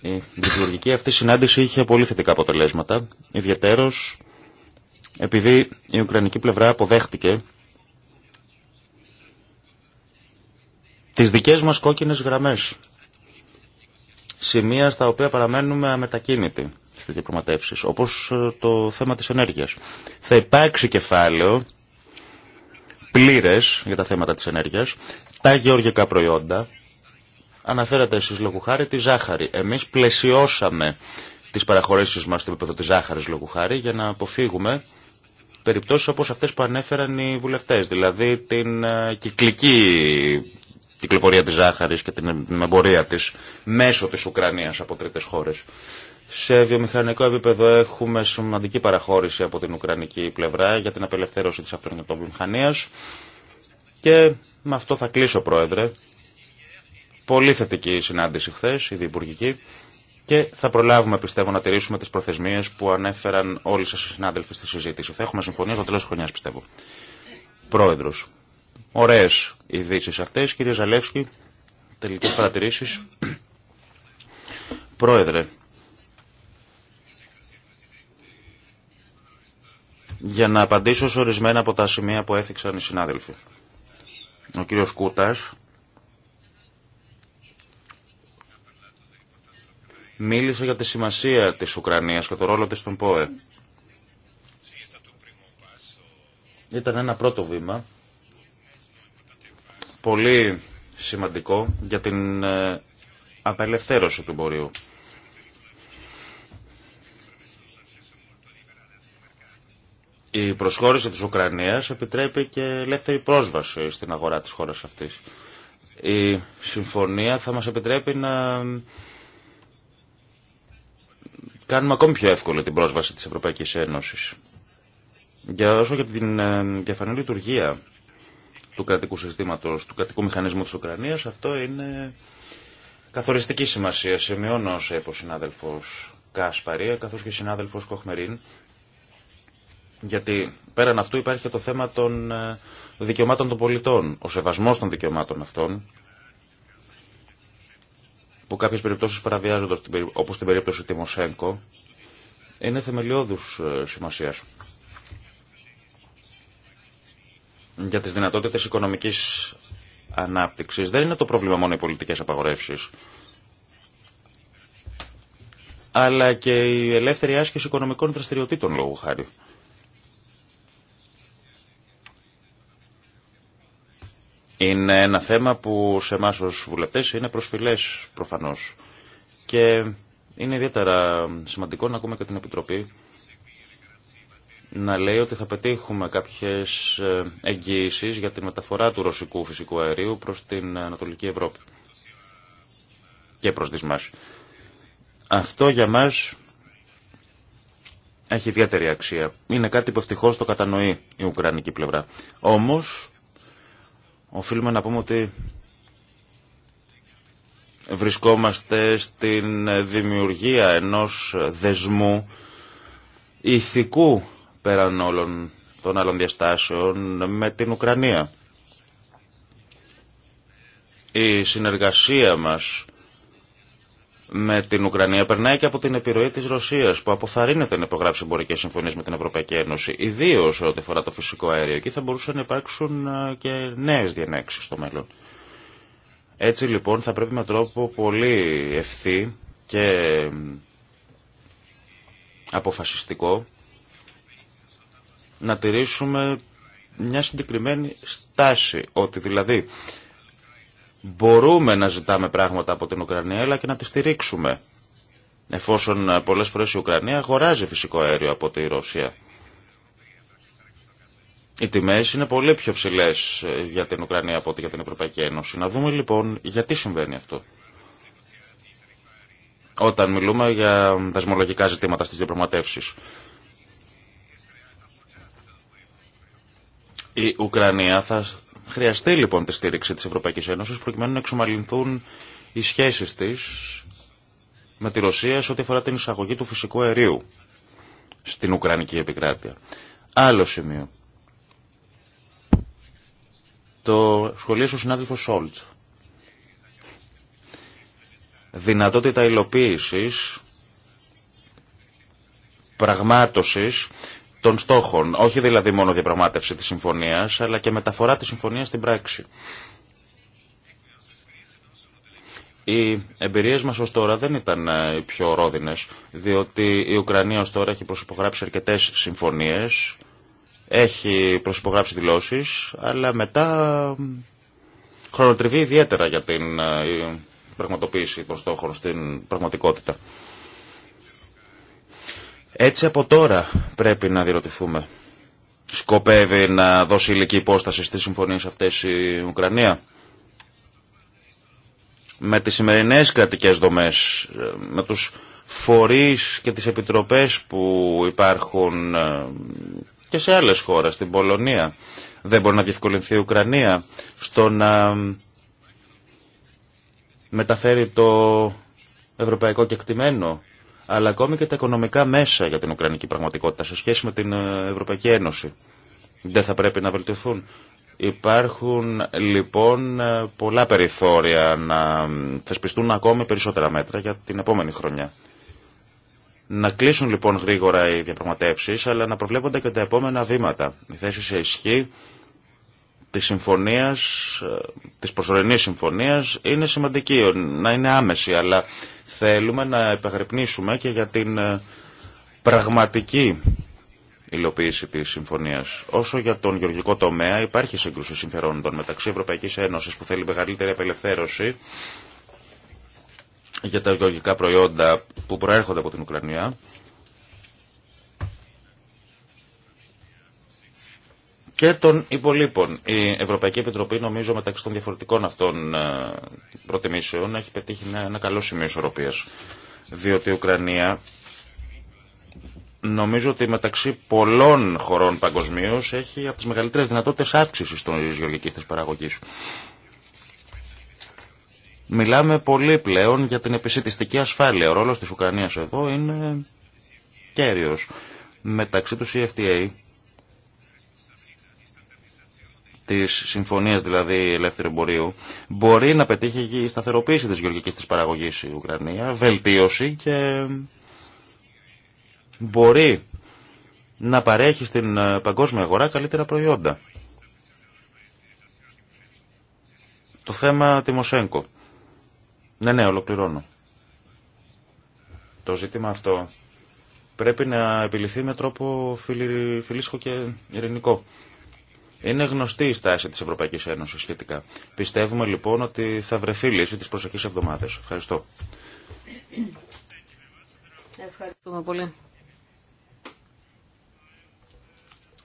Η διευπουργική αυτή συνάντηση είχε πολύ θετικά αποτελέσματα, ιδιαίτερω επειδή η Ουκρανική πλευρά αποδέχτηκε τις δικές μας κόκκινες γραμμές. Σημεία στα οποία παραμένουμε αμετακίνητοι στις διαπραγματεύσεις, όπως ε, το θέμα της ενέργειας. Θα υπάρξει κεφάλαιο πλήρες για τα θέματα της ενέργειας, τα γεωργικά προϊόντα, αναφέρατε εσείς λόγου χάρη τη ζάχαρη. Εμείς πλαισιώσαμε τις παραχωρήσεις μας στο επίπεδο της ζάχαρης λόγου χάρη για να αποφύγουμε περιπτώσεις όπως αυτές που ανέφεραν οι βουλευτές, δηλαδή την ε, κυκλική κυκλοφορία της ζάχαρης και την εμπορία της μέσω της Ουκρανίας από τρίτες χώρες. Σε βιομηχανικό επίπεδο έχουμε σημαντική παραχώρηση από την Ουκρανική πλευρά για την απελευθέρωση της αυτοκινητοβιομηχανίας και με αυτό θα κλείσω, Πρόεδρε. Πολύ θετική συνάντηση χθε, η διευπουργική, και θα προλάβουμε, πιστεύω, να τηρήσουμε τι προθεσμίε που ανέφεραν όλοι σα οι συνάδελφοι στη συζήτηση. Θα έχουμε συμφωνία στο τέλο τη χρονιά, πιστεύω. Πρόεδρο. Ωραίε ειδήσει αυτές. Κύριε Ζαλεύσκη, τελικές παρατηρήσεις. Πρόεδρε, για να απαντήσω σε ορισμένα από τα σημεία που έθιξαν οι συνάδελφοι. Ο κύριος Κούτας μίλησε για τη σημασία της Ουκρανίας και το ρόλο της στον ΠΟΕ. Ήταν ένα πρώτο βήμα πολύ σημαντικό για την ε, απελευθέρωση του εμπορίου. Η προσχώρηση της Ουκρανίας επιτρέπει και ελεύθερη πρόσβαση στην αγορά της χώρας αυτής. Η συμφωνία θα μας επιτρέπει να κάνουμε ακόμη πιο εύκολη την πρόσβαση της Ευρωπαϊκής Ένωσης. Για όσο για την διαφανή ε, λειτουργία του κρατικού συστήματος, του κρατικού μηχανισμού της Ουκρανίας, αυτό είναι καθοριστική σημασία. Σημειώνω σε είπε ο συνάδελφο Κασπαρία, καθώς και συνάδελφο Κοχμερίν, γιατί πέραν αυτού υπάρχει και το θέμα των ε, δικαιωμάτων των πολιτών, ο σεβασμός των δικαιωμάτων αυτών, που κάποιε περιπτώσεις παραβιάζονται, όπως στην περίπτωση Τιμοσέγκο, είναι θεμελιώδου ε, σημασία για τις δυνατότητες οικονομικής ανάπτυξης δεν είναι το πρόβλημα μόνο οι πολιτικές απαγορεύσεις αλλά και η ελεύθερη άσκηση οικονομικών δραστηριοτήτων λόγω χάρη. Είναι ένα θέμα που σε εμά ως βουλευτές είναι προσφυλέ προφανώς Και είναι ιδιαίτερα σημαντικό να ακούμε και την Επιτροπή να λέει ότι θα πετύχουμε κάποιες ε, εγγύησεις για τη μεταφορά του ρωσικού φυσικού αερίου προς την Ανατολική Ευρώπη και προς τις μας. Αυτό για μας έχει ιδιαίτερη αξία. Είναι κάτι που ευτυχώ το κατανοεί η Ουκρανική πλευρά. Όμως, οφείλουμε να πούμε ότι βρισκόμαστε στην δημιουργία ενός δεσμού ηθικού πέραν όλων των άλλων διαστάσεων με την Ουκρανία. Η συνεργασία μας με την Ουκρανία περνάει και από την επιρροή της Ρωσίας που αποθαρρύνεται να υπογράψει εμπορικές συμφωνίες με την Ευρωπαϊκή Ένωση, ιδίως ό,τι φορά το φυσικό αέριο. Εκεί θα μπορούσαν να υπάρξουν ε, και νέες διενέξεις στο μέλλον. Έτσι λοιπόν θα πρέπει με τρόπο πολύ ευθύ και αποφασιστικό να τηρήσουμε μια συγκεκριμένη στάση, ότι δηλαδή μπορούμε να ζητάμε πράγματα από την Ουκρανία, αλλά και να τη στηρίξουμε, εφόσον πολλές φορές η Ουκρανία αγοράζει φυσικό αέριο από τη Ρωσία. Οι τιμέ είναι πολύ πιο ψηλέ για την Ουκρανία από ό,τι για την Ευρωπαϊκή Ένωση. Να δούμε λοιπόν γιατί συμβαίνει αυτό. Όταν μιλούμε για δασμολογικά ζητήματα στις διαπραγματεύσει. Η Ουκρανία θα χρειαστεί λοιπόν τη στήριξη της Ευρωπαϊκής Ένωσης προκειμένου να εξομαλυνθούν οι σχέσεις της με τη Ρωσία σε ό,τι αφορά την εισαγωγή του φυσικού αερίου στην Ουκρανική επικράτεια. Άλλο σημείο. Το σχολείο ο συνάδελφο Σόλτ. Δυνατότητα υλοποίησης, πραγμάτωσης των στόχων. Όχι δηλαδή μόνο διαπραγμάτευση της συμφωνίας, αλλά και μεταφορά της συμφωνίας στην πράξη. Οι εμπειρίε μα ω τώρα δεν ήταν ε, οι πιο ρόδινε, διότι η Ουκρανία ω τώρα έχει προσυπογράψει αρκετέ συμφωνίε, έχει προσυπογράψει δηλώσει, αλλά μετά χρονοτριβεί ιδιαίτερα για την ε, πραγματοποίηση των στόχων στην πραγματικότητα. Έτσι από τώρα πρέπει να διερωτηθούμε. Σκοπεύει να δώσει ηλική υπόσταση στις συμφωνίες αυτές η Ουκρανία. Με τις σημερινές κρατικές δομές, ε, με τους φορείς και τις επιτροπές που υπάρχουν ε, και σε άλλες χώρες, στην Πολωνία, δεν μπορεί να διευκολυνθεί η Ουκρανία στο να μεταφέρει το ευρωπαϊκό κεκτημένο αλλά ακόμη και τα οικονομικά μέσα για την Ουκρανική πραγματικότητα σε σχέση με την ε, Ευρωπαϊκή Ένωση. Δεν θα πρέπει να βελτιωθούν. Υπάρχουν λοιπόν ε, πολλά περιθώρια να θεσπιστούν ακόμη περισσότερα μέτρα για την επόμενη χρονιά. Να κλείσουν λοιπόν γρήγορα οι διαπραγματεύσει, αλλά να προβλέπονται και τα επόμενα βήματα. Η θέση σε ισχύ της συμφωνίας, ε, της προσωρινής συμφωνίας είναι σημαντική, να είναι άμεση, αλλά θέλουμε να επαγρυπνήσουμε και για την ε, πραγματική υλοποίηση της συμφωνίας. Όσο για τον γεωργικό τομέα, υπάρχει σύγκρουση συμφερόντων μεταξύ Ευρωπαϊκής Ένωσης που θέλει μεγαλύτερη απελευθέρωση για τα γεωργικά προϊόντα που προέρχονται από την Ουκρανία και των υπολείπων. Η Ευρωπαϊκή Επιτροπή νομίζω μεταξύ των διαφορετικών αυτών ε, προτιμήσεων έχει πετύχει ένα καλό σημείο ισορροπίας. Διότι η Ουκρανία νομίζω ότι μεταξύ πολλών χωρών παγκοσμίω έχει από τι μεγαλύτερε δυνατότητε αύξηση των γεωργικής τη παραγωγή. Μιλάμε πολύ πλέον για την επισητιστική ασφάλεια. Ο ρόλο τη Ουκρανία εδώ είναι κέριο. Μεταξύ του CFTA τη συμφωνία δηλαδή ελεύθερου εμπορίου, μπορεί να πετύχει η σταθεροποίηση τη γεωργική τη παραγωγή η Ουκρανία, βελτίωση και μπορεί να παρέχει στην ε, παγκόσμια αγορά καλύτερα προϊόντα. Το θέμα Τιμοσέγκο. Ναι, ναι, ολοκληρώνω. Το ζήτημα αυτό πρέπει να επιληθεί με τρόπο φιλίσχο και ειρηνικό. Είναι γνωστή η στάση της Ευρωπαϊκής Ένωσης σχετικά. Πιστεύουμε λοιπόν ότι θα βρεθεί λύση τις προσεχείς εβδομάδες. Ευχαριστώ. Ευχαριστούμε πολύ.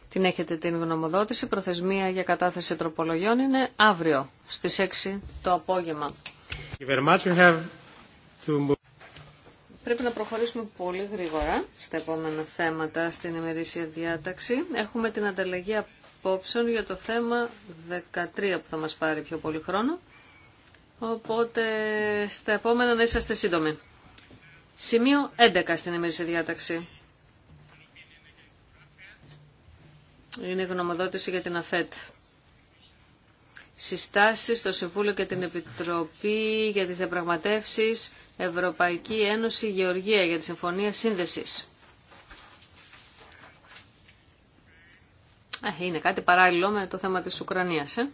Την έχετε την γνωμοδότηση. Προθεσμία για κατάθεση τροπολογιών είναι αύριο στις 6 το απόγευμα. Πρέπει να προχωρήσουμε πολύ γρήγορα στα επόμενα θέματα στην ημερήσια διάταξη. Έχουμε την ανταλλαγή για το θέμα 13 που θα μας πάρει πιο πολύ χρόνο. Οπότε στα επόμενα να είσαστε σύντομοι. Σημείο 11 στην ημερήσια διάταξη. Είναι γνωμοδότηση για την ΑΦΕΤ. Συστάσεις στο Συμβούλιο και την Επιτροπή για τις Διαπραγματεύσεις Ευρωπαϊκή Ένωση Γεωργία για τη Συμφωνία Σύνδεσης. Ε, είναι κάτι παράλληλο με το θέμα της Ουκρανίας. Ε?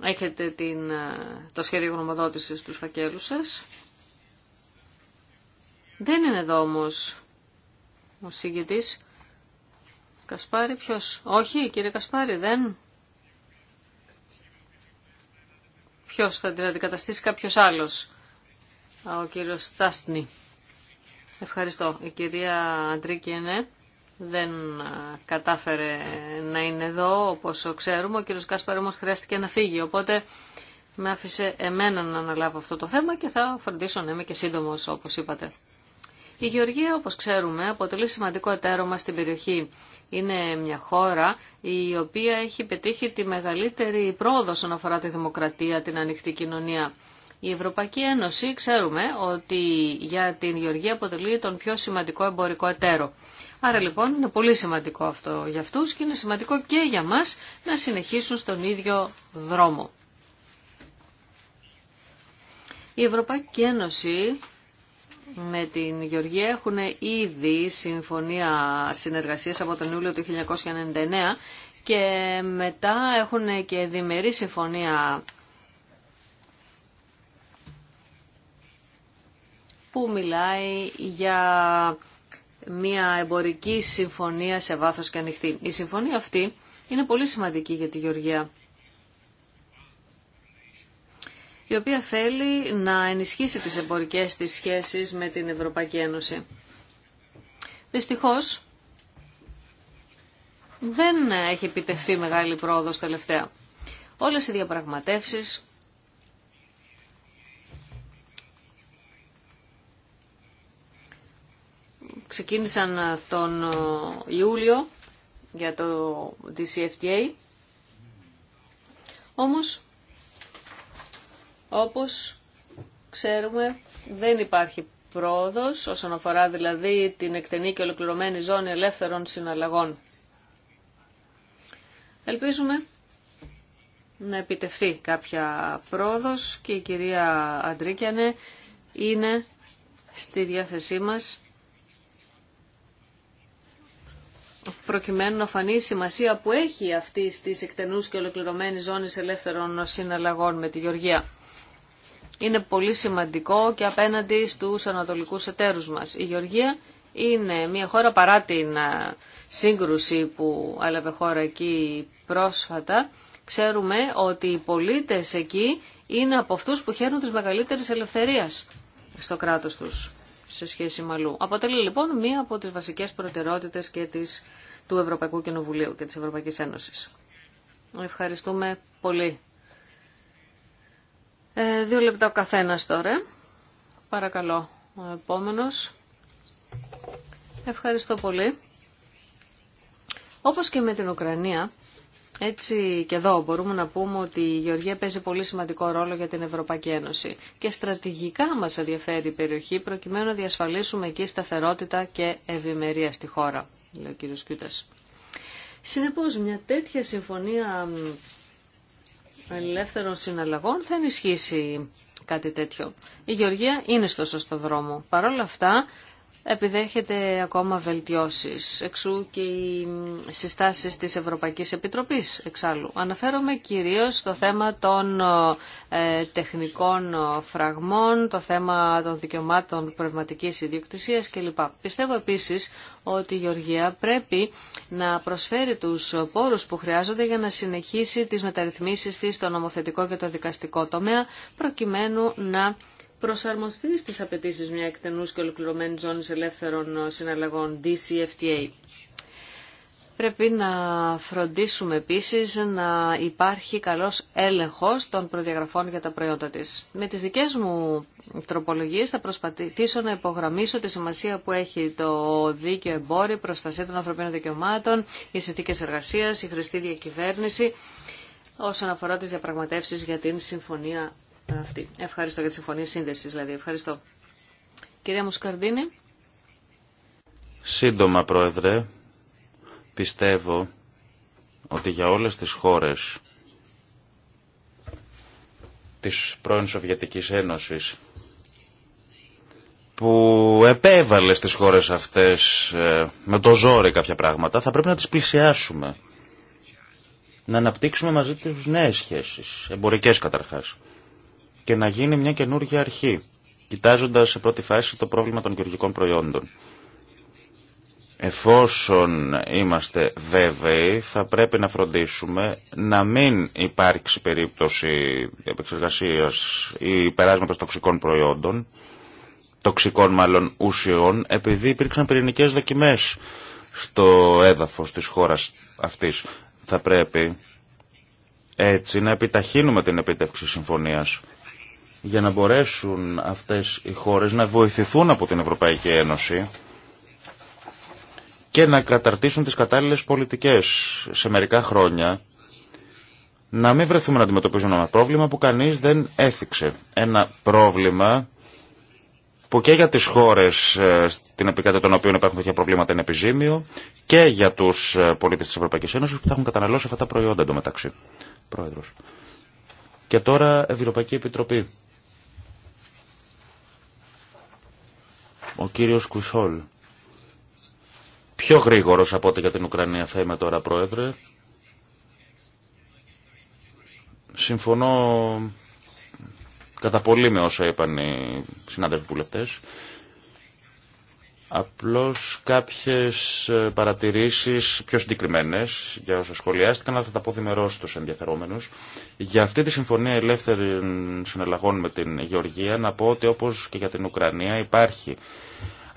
Έχετε την, ε, το σχέδιο γνωμοδότησης στους φακέλους σας. Δεν είναι εδώ όμως ο σύγκητής. Κασπάρη ποιος. Όχι κύριε Κασπάρη δεν. Ποιος θα την αντικαταστήσει κάποιος άλλος. Ο κύριος Στάστνη. Ευχαριστώ. Η κυρία Αντρίκιενε δεν κατάφερε να είναι εδώ, όπως ξέρουμε. Ο κύριος Κάσπαρ όμως χρειάστηκε να φύγει, οπότε με άφησε εμένα να αναλάβω αυτό το θέμα και θα φροντίσω να είμαι και σύντομος, όπως είπατε. Η Γεωργία, όπως ξέρουμε, αποτελεί σημαντικό εταίρο στην περιοχή. Είναι μια χώρα η οποία έχει πετύχει τη μεγαλύτερη πρόοδο όσον αφορά τη δημοκρατία, την ανοιχτή κοινωνία. Η Ευρωπαϊκή Ένωση ξέρουμε ότι για την Γεωργία αποτελεί τον πιο σημαντικό εμπορικό εταίρο. Άρα λοιπόν είναι πολύ σημαντικό αυτό για αυτούς και είναι σημαντικό και για μας να συνεχίσουν στον ίδιο δρόμο. Η Ευρωπαϊκή Ένωση με την Γεωργία έχουν ήδη συμφωνία συνεργασίας από τον Ιούλιο του 1999 και μετά έχουν και διμερή συμφωνία που μιλάει για μια εμπορική συμφωνία σε βάθος και ανοιχτή. Η συμφωνία αυτή είναι πολύ σημαντική για τη Γεωργία, η οποία θέλει να ενισχύσει τις εμπορικές της σχέσεις με την Ευρωπαϊκή Ένωση. Δυστυχώς, δεν έχει επιτευχθεί μεγάλη πρόοδος τελευταία. Όλες οι διαπραγματεύσεις ξεκίνησαν ε, τον ε, Ιούλιο για το DCFTA. Όμως, όπως ξέρουμε, δεν υπάρχει πρόοδος όσον αφορά δηλαδή την εκτενή και ολοκληρωμένη ζώνη ελεύθερων συναλλαγών. Ελπίζουμε να επιτευθεί κάποια πρόοδος και η κυρία Αντρίκιανε είναι στη διάθεσή μας προκειμένου να φανεί η σημασία που έχει αυτή τη εκτενούς και ολοκληρωμένη ζώνη ελεύθερων συναλλαγών με τη Γεωργία. Είναι πολύ σημαντικό και απέναντι στους ανατολικούς εταίρου μας. Η Γεωργία είναι μια χώρα παρά την σύγκρουση που έλαβε χώρα εκεί πρόσφατα. Ξέρουμε ότι οι πολίτες εκεί είναι από αυτούς που χαίρουν τις μεγαλύτερες ελευθερίες στο κράτος τους σε σχέση με αλλού. Αποτελεί λοιπόν μία από τις βασικές προτεραιότητες και της, του Ευρωπαϊκού Κοινοβουλίου και της Ευρωπαϊκής Ένωσης. Ευχαριστούμε πολύ. Ε, δύο λεπτά ο καθένας τώρα. Παρακαλώ, ο επόμενος. Ευχαριστώ πολύ. Όπως και με την Ουκρανία, έτσι και εδώ μπορούμε να πούμε ότι η Γεωργία παίζει πολύ σημαντικό ρόλο για την Ευρωπαϊκή Ένωση και στρατηγικά μας ενδιαφέρει η περιοχή προκειμένου να διασφαλίσουμε εκεί σταθερότητα και ευημερία στη χώρα, λέει ο κύριος Κιούτας. Συνεπώς μια τέτοια συμφωνία ελεύθερων συναλλαγών θα ενισχύσει κάτι τέτοιο. Η Γεωργία είναι στο σωστό δρόμο. Παρ' αυτά επιδέχεται ακόμα βελτιώσεις. Εξού και οι συστάσεις της Ευρωπαϊκής Επιτροπής εξάλλου. Αναφέρομαι κυρίως στο θέμα των ε, τεχνικών φραγμών, το θέμα των δικαιωμάτων πνευματικής ιδιοκτησίας κλπ. Πιστεύω επίσης ότι η Γεωργία πρέπει να προσφέρει τους πόρους που χρειάζονται για να συνεχίσει τις μεταρρυθμίσεις της στο νομοθετικό και το δικαστικό τομέα, προκειμένου να προσαρμοστεί στι απαιτήσει μια εκτενού και ολοκληρωμένη ζώνη ελεύθερων συναλλαγών DCFTA. Πρέπει να φροντίσουμε επίσης να υπάρχει καλός έλεγχος των προδιαγραφών για τα προϊόντα της. Με τις δικές μου τροπολογίες θα προσπαθήσω να υπογραμμίσω τη σημασία που έχει το δίκαιο εμπόριο, προστασία των ανθρωπίνων δικαιωμάτων, οι συνθήκε εργασίας, η χρηστή διακυβέρνηση όσον αφορά τις διαπραγματεύσεις για την Συμφωνία αυτή. Ευχαριστώ για τη συμφωνία σύνδεση, δηλαδή. Ευχαριστώ. Κυρία Μουσκαρδίνη. Σύντομα, Πρόεδρε, πιστεύω ότι για όλες τις χώρες της πρώην Σοβιετικής Ένωσης που επέβαλε στις χώρες αυτές ε, με το ζόρι κάποια πράγματα, θα πρέπει να τις πλησιάσουμε. Να αναπτύξουμε μαζί τους νέες σχέσεις, εμπορικές καταρχάς και να γίνει μια καινούργια αρχή, κοιτάζοντας σε πρώτη φάση το πρόβλημα των γεωργικών προϊόντων. Εφόσον είμαστε βέβαιοι, θα πρέπει να φροντίσουμε να μην υπάρξει περίπτωση επεξεργασίας ή περάσματος τοξικών προϊόντων, τοξικών μάλλον ουσιών, επειδή υπήρξαν πυρηνικές δοκιμές στο έδαφος της χώρας αυτής. Θα πρέπει έτσι να επιταχύνουμε την επίτευξη συμφωνίας για να μπορέσουν αυτές οι χώρες να βοηθηθούν από την Ευρωπαϊκή Ένωση και να καταρτήσουν τις κατάλληλες πολιτικές σε μερικά χρόνια να μην βρεθούμε να αντιμετωπίζουμε ένα πρόβλημα που κανείς δεν έθιξε. Ένα πρόβλημα που και για τις χώρες ε, στην επικράτεια των οποίων υπάρχουν τέτοια προβλήματα είναι επιζήμιο και για τους ε, πολίτες της Ευρωπαϊκής Ένωσης που θα έχουν καταναλώσει αυτά τα προϊόντα εντωμεταξύ. Πρόεδρος. Και τώρα Ευρωπαϊκή Επιτροπή. Ο κύριος Κουσόλ. Πιο γρήγορος από ό,τι για την Ουκρανία θα είμαι τώρα, Πρόεδρε. Συμφωνώ κατά πολύ με όσα είπαν οι συνάδελφοι βουλευτές. Απλώς κάποιες ε, παρατηρήσεις πιο συγκεκριμένες για όσα σχολιάστηκαν, αλλά θα τα πω δημερώς τους ενδιαφερόμενους. Για αυτή τη συμφωνία ελεύθερων συναλλαγών με την Γεωργία, να πω ότι όπως και για την Ουκρανία υπάρχει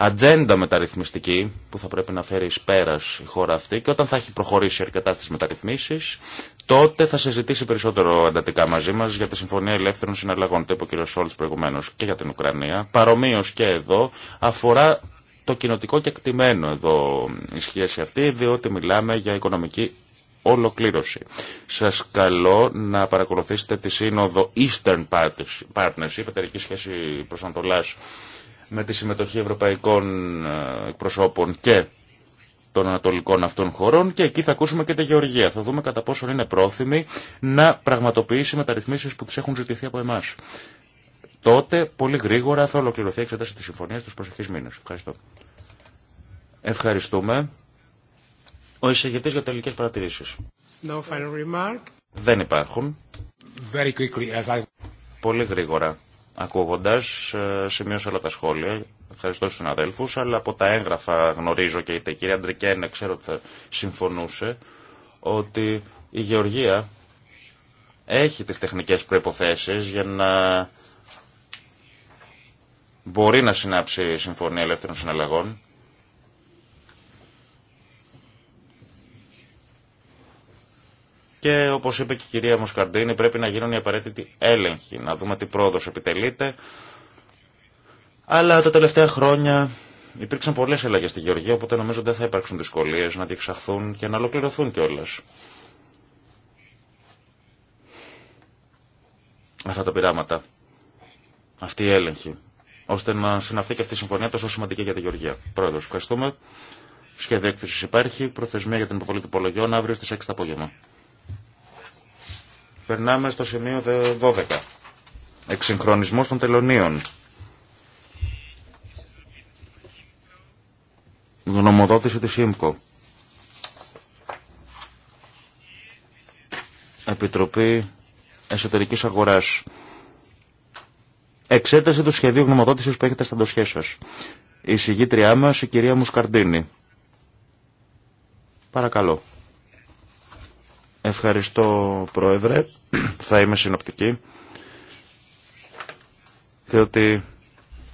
ατζέντα μεταρρυθμιστική που θα πρέπει να φέρει εις πέρας η χώρα αυτή και όταν θα έχει προχωρήσει αρκετά στις μεταρρυθμίσεις, τότε θα συζητήσει περισσότερο εντατικά μαζί μας για τη Συμφωνία Ελεύθερων Συναλλαγών, το είπε ο κ. Σόλτς προηγουμένως και για την Ουκρανία. Παρομοίως και εδώ αφορά το κοινοτικό και εκτιμένο εδώ η σχέση αυτή, διότι μιλάμε για οικονομική ολοκλήρωση. Σας καλώ να παρακολουθήσετε τη σύνοδο Eastern Partnership, εταιρική σχέση προς με τη συμμετοχή ευρωπαϊκών ε, εκπροσώπων και των ανατολικών αυτών χωρών και εκεί θα ακούσουμε και τη Γεωργία. Θα δούμε κατά πόσο είναι πρόθυμη να πραγματοποιήσει μεταρρυθμίσεις που τις έχουν ζητηθεί από εμάς. Τότε πολύ γρήγορα θα ολοκληρωθεί η εξέταση της συμφωνίας τους προσεχείς μήνες. Ευχαριστώ. Ευχαριστούμε. Ο εισηγητής για τελικές παρατηρήσεις. No Δεν υπάρχουν. Very quickly, as I... Πολύ γρήγορα. Ακούγοντα, ε, σημείωσα όλα τα σχόλια. Ευχαριστώ στου συναδέλφου, αλλά από τα έγγραφα γνωρίζω και η κυρία Αντρικένε, ξέρω ότι θα συμφωνούσε, ότι η Γεωργία έχει τις τεχνικές προϋποθέσεις για να μπορεί να συνάψει συμφωνία ελεύθερων συναλλαγών Και όπω είπε και η κυρία Μοσκαρντίνη, πρέπει να γίνουν οι απαραίτητοι έλεγχοι, να δούμε τι πρόοδο επιτελείται. Αλλά τα τελευταία χρόνια υπήρξαν πολλέ έλεγχε στη Γεωργία, οπότε νομίζω δεν θα υπάρξουν δυσκολίε να διεξαχθούν και να ολοκληρωθούν κιόλα. Αυτά τα πειράματα, αυτή η έλεγχη, ώστε να συναυθεί και αυτή η συμφωνία τόσο σημαντική για τη Γεωργία. Πρόεδρο ευχαριστούμε. Σχέδιο έκθεση υπάρχει. Προθεσμία για την υποβολή του υπολογιών αύριο στι 6 το απόγευμα. Περνάμε στο σημείο 12. Εξυγχρονισμός των τελωνίων. Γνωμοδότηση της ΥΜΚΟ. Επιτροπή Εσωτερικής Αγοράς. Εξέταση του σχεδίου γνωμοδότησης που έχετε στα ντοσχέ σας. Η συγγήτριά μας, η κυρία Μουσκαρντίνη. Παρακαλώ. Ευχαριστώ, Πρόεδρε θα είμαι συνοπτική, διότι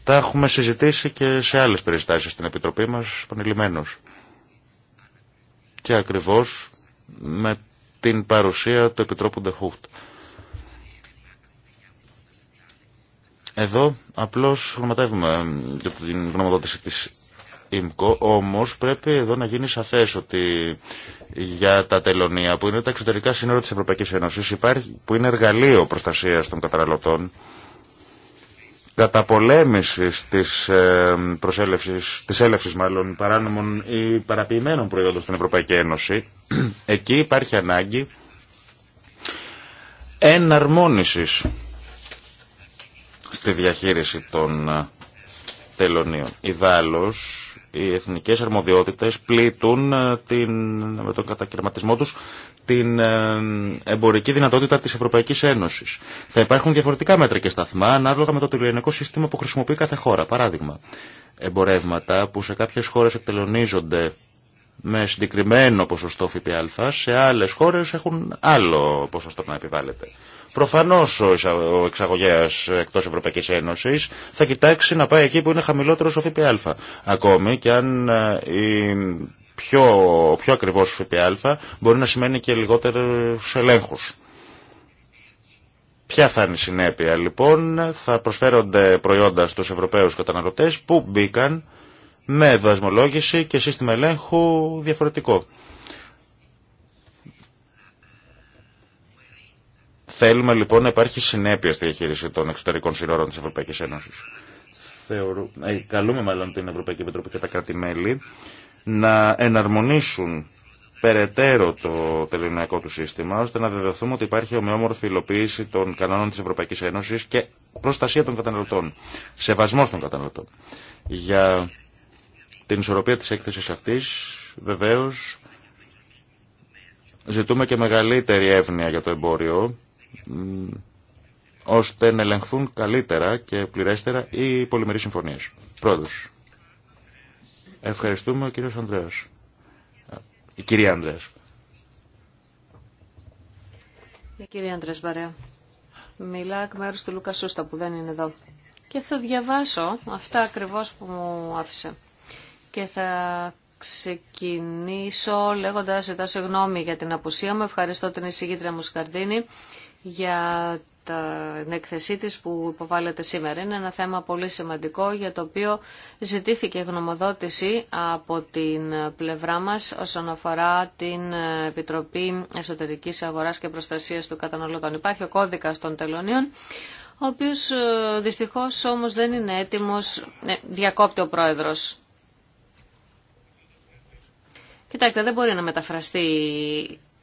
τα έχουμε συζητήσει και σε άλλες περιστάσεις στην Επιτροπή μας πανελειμμένως. Και ακριβώς με την παρουσία του Επιτρόπου Ντεχούχτ. Εδώ απλώς γνωματεύουμε ε, για την γνωμοδότηση της ΙΜΚΟ, όμως πρέπει εδώ να γίνει σαφές ότι για τα τελωνία που είναι τα εξωτερικά σύνορα της Ευρωπαϊκής Ένωσης υπάρχει, που είναι εργαλείο προστασίας των καταναλωτών καταπολέμησης της ε, προσέλευσης, της έλευσης μάλλον παράνομων ή παραποιημένων προϊόντων στην Ευρωπαϊκή Ένωση εκεί υπάρχει ανάγκη εναρμόνισης στη διαχείριση των ε, τελωνίων. Ιδάλλως οι εθνικές αρμοδιότητες πλήττουν ε, την, με τον κατακαιρματισμό τους την ε, εμπορική δυνατότητα της Ευρωπαϊκής Ένωσης. Θα υπάρχουν διαφορετικά μέτρα και σταθμά ανάλογα με το τελειωνικό σύστημα που χρησιμοποιεί κάθε χώρα. Παράδειγμα, εμπορεύματα που σε κάποιες χώρες εκτελονίζονται με συγκεκριμένο ποσοστό ΦΠΑ, σε άλλες χώρες έχουν άλλο ποσοστό να επιβάλλεται. Προφανώ ο εξαγωγέα εκτό Ευρωπαϊκή Ένωση θα κοιτάξει να πάει εκεί που είναι χαμηλότερο ο ΦΠΑ. Ακόμη και αν ε, η πιο, ο πιο ακριβώ ΦΠΑ μπορεί να σημαίνει και λιγότερου ελέγχου. Ποια θα είναι η συνέπεια λοιπόν, θα προσφέρονται προϊόντα στους Ευρωπαίους καταναλωτές που μπήκαν με δασμολόγηση και σύστημα ελέγχου διαφορετικό. Θέλουμε λοιπόν να υπάρχει συνέπεια στη διαχείριση των εξωτερικών συνόρων της Ευρωπαϊκής Ένωσης. Ε, καλούμε μάλλον την Ευρωπαϊκή Επιτροπή και τα κράτη-μέλη να εναρμονίσουν περαιτέρω το τελωνιακό του σύστημα, ώστε να βεβαιωθούμε ότι υπάρχει ομοιόμορφη υλοποίηση των κανόνων της Ευρωπαϊκής Ένωσης και προστασία των καταναλωτών, σεβασμός των καταναλωτών. Για την ισορροπία της έκθεσης αυτής, βεβαίως, ζητούμε και μεγαλύτερη εύνοια για το εμπόριο, ώστε να ελεγχθούν καλύτερα και πληρέστερα οι πολυμερείς συμφωνίες. Πρόεδρος. Ευχαριστούμε ο κύριος Ανδρέας. Η κυρία Ανδρέας. Η κυρία Ανδρέας Βαρέα. Μιλά εκ μέρους του Λούκα Σούστα που δεν είναι εδώ. Και θα διαβάσω αυτά ακριβώς που μου άφησε. Και θα ξεκινήσω λέγοντας, ζητά γνώμη για την απουσία μου. Ευχαριστώ την εισηγήτρια μου Σκαρδίνη για την έκθεσή της που υποβάλλεται σήμερα. Είναι ένα θέμα πολύ σημαντικό για το οποίο ζητήθηκε γνωμοδότηση από την πλευρά μας όσον αφορά την Επιτροπή Εσωτερικής Αγοράς και Προστασίας του Καταναλωτών. Υπάρχει ο κώδικας των τελωνίων ο οποίος ε, δυστυχώς όμως δεν είναι έτοιμος, ναι, διακόπτει ο πρόεδρος. Κοιτάξτε, δεν μπορεί να μεταφραστεί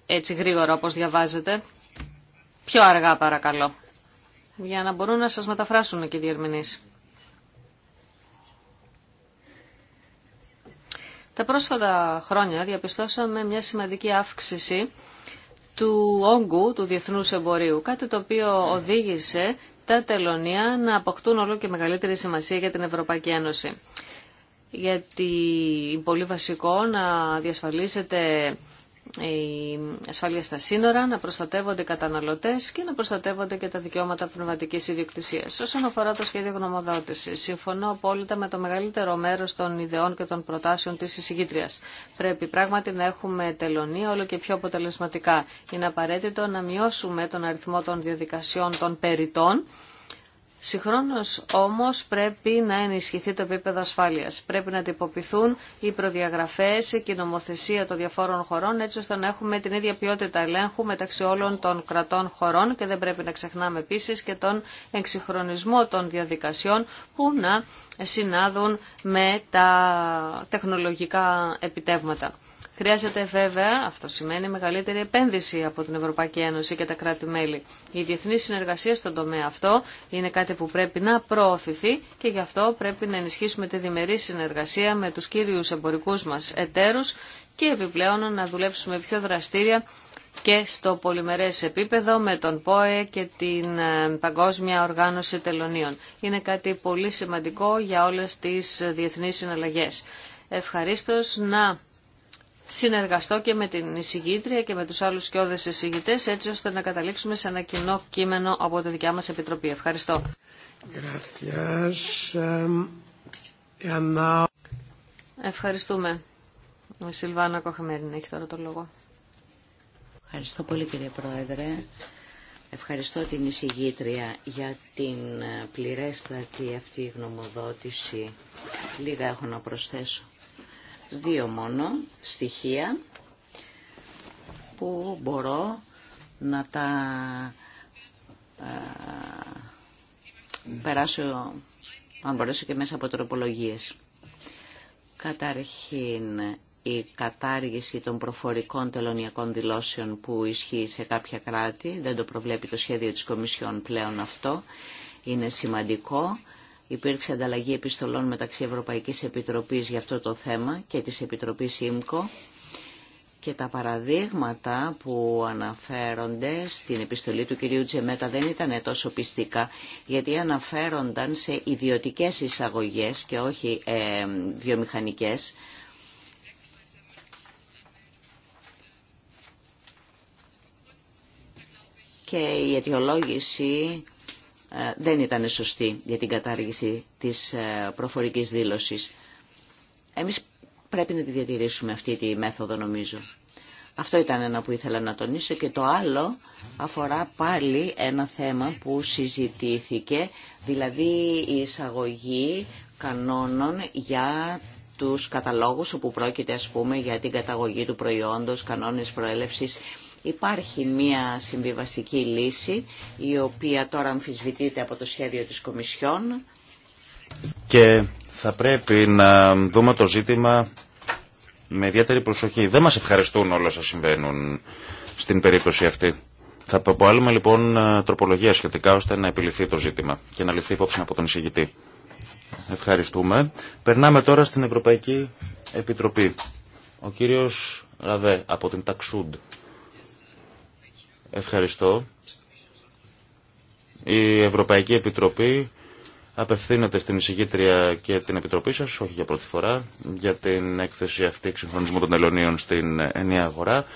έτσι γρήγορα όπως διαβάζετε. Πιο αργά παρακαλώ, για να μπορούν να σας μεταφράσουν και οι διερμηνείς. Τα πρόσφατα χρόνια διαπιστώσαμε μια σημαντική αύξηση του όγκου του διεθνούς εμπορίου, κάτι το οποίο οδήγησε τα τελωνία να αποκτούν όλο και μεγαλύτερη σημασία για την Ευρωπαϊκή Ένωση. Γιατί είναι πολύ βασικό να διασφαλίσετε η ασφάλεια στα σύνορα, να προστατεύονται οι καταναλωτές και να προστατεύονται και τα δικαιώματα πνευματικής ιδιοκτησίας. Όσον αφορά το σχέδιο γνωμοδότηση, συμφωνώ απόλυτα με το μεγαλύτερο μέρος των ιδεών και των προτάσεων της εισηγήτριας. Πρέπει πράγματι να έχουμε τελωνία όλο και πιο αποτελεσματικά. Είναι απαραίτητο να μειώσουμε τον αριθμό των διαδικασιών των περιτών Συγχρόνως όμως πρέπει να ενισχυθεί το επίπεδο ασφάλειας. Πρέπει να τυποποιηθούν οι προδιαγραφές και η νομοθεσία των διαφόρων χωρών έτσι ώστε να έχουμε την ίδια ποιότητα ελέγχου μεταξύ όλων των κρατών χωρών και δεν πρέπει να ξεχνάμε επίσης και τον εξυγχρονισμό των διαδικασιών που να συνάδουν με τα τεχνολογικά επιτεύγματα. Χρειάζεται βέβαια, αυτό σημαίνει μεγαλύτερη επένδυση από την Ευρωπαϊκή Ένωση και τα κράτη-μέλη. Η διεθνή συνεργασία στον τομέα αυτό είναι κάτι που πρέπει να προωθηθεί και γι' αυτό πρέπει να ενισχύσουμε τη διμερή συνεργασία με τους κύριους εμπορικούς μας εταίρους και επιπλέον να δουλέψουμε πιο δραστήρια και στο πολυμερές επίπεδο με τον ΠΟΕ και την ε, Παγκόσμια Οργάνωση Τελωνίων. Είναι κάτι πολύ σημαντικό για όλες τις διεθνείς συναλλαγές. Ευχαρίστως να συνεργαστώ και με την εισηγήτρια και με τους άλλους σκιώδες εισηγητές έτσι ώστε να καταλήξουμε σε ένα κοινό κείμενο από τη δικιά μας Επιτροπή. Ευχαριστώ. Ευχαριστούμε. Σιλβάνα Κοχαμέριν έχει τώρα το λόγο. Ευχαριστώ πολύ κύριε Πρόεδρε. Ευχαριστώ την εισηγήτρια για την ε, πληρέστατη αυτή γνωμοδότηση. Λίγα έχω να προσθέσω δύο μόνο στοιχεία που μπορώ να τα περάσω, αν μπορέσω και μέσα από τροπολογίες. Καταρχήν, η κατάργηση των προφορικών τελωνιακών δηλώσεων που ισχύει σε κάποια κράτη, δεν το προβλέπει το σχέδιο της Κομισιόν πλέον αυτό, είναι σημαντικό υπήρξε ανταλλαγή επιστολών μεταξύ Ευρωπαϊκής Επιτροπής για αυτό το θέμα και της Επιτροπής ΙΜΚΟ και τα παραδείγματα που αναφέρονται στην επιστολή του κυρίου Τζεμέτα δεν ήταν τόσο πιστικά γιατί αναφέρονταν σε ιδιωτικές εισαγωγές και όχι ε, βιομηχανικές. Και η αιτιολόγηση ε, δεν ήταν σωστή για την κατάργηση της ε, προφορικής δήλωσης. Εμείς πρέπει να τη διατηρήσουμε αυτή τη μέθοδο νομίζω. Αυτό ήταν ένα που ήθελα να τονίσω και το άλλο αφορά πάλι ένα θέμα που συζητήθηκε, δηλαδή η εισαγωγή κανόνων για τους καταλόγους όπου πρόκειται ας πούμε για την καταγωγή του προϊόντος, κανόνες προέλευσης Υπάρχει μια συμβιβαστική λύση η οποία τώρα αμφισβητείται από το σχέδιο της Κομισιόν. Και θα πρέπει να δούμε το ζήτημα με ιδιαίτερη προσοχή. Δεν μας ευχαριστούν όλα όσα συμβαίνουν στην περίπτωση αυτή. Θα προβάλλουμε λοιπόν τροπολογία σχετικά ώστε να επιληθεί το ζήτημα και να ληφθεί υπόψη από τον εισηγητή. Ευχαριστούμε. Περνάμε τώρα στην Ευρωπαϊκή Επιτροπή. Ο κύριος Ραβέ από την Ταξούντ. Ευχαριστώ. Η Ευρωπαϊκή Επιτροπή απευθύνεται στην εισηγήτρια και την Επιτροπή σας, όχι για πρώτη φορά, για την έκθεση αυτή εξυγχρονισμού των τελωνίων στην ενιαία αγορά.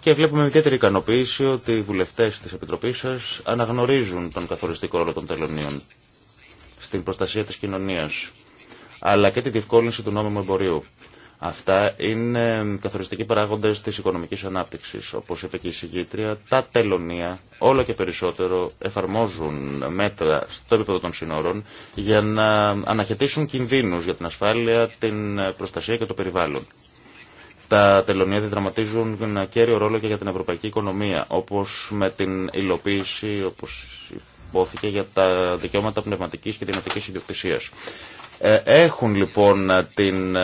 Και βλέπουμε με ιδιαίτερη ικανοποίηση ότι οι βουλευτέ τη Επιτροπή σα αναγνωρίζουν τον καθοριστικό ρόλο των τελωνίων στην προστασία τη κοινωνία, αλλά και τη διευκόλυνση του νόμιμου εμπορίου. Αυτά είναι καθοριστικοί παράγοντε της οικονομική ανάπτυξη. Όπω είπε και η τα τελωνία όλο και περισσότερο εφαρμόζουν μέτρα στο επίπεδο των συνόρων για να αναχαιτήσουν κινδύνους για την ασφάλεια, την προστασία και το περιβάλλον. Τα τελωνία διδραματίζουν ένα κέριο ρόλο και για την ευρωπαϊκή οικονομία, όπω με την υλοποίηση, όπω υπόθηκε, για τα δικαιώματα πνευματική και δυνατική ιδιοκτησία. Ε, έχουν λοιπόν ε, την ε,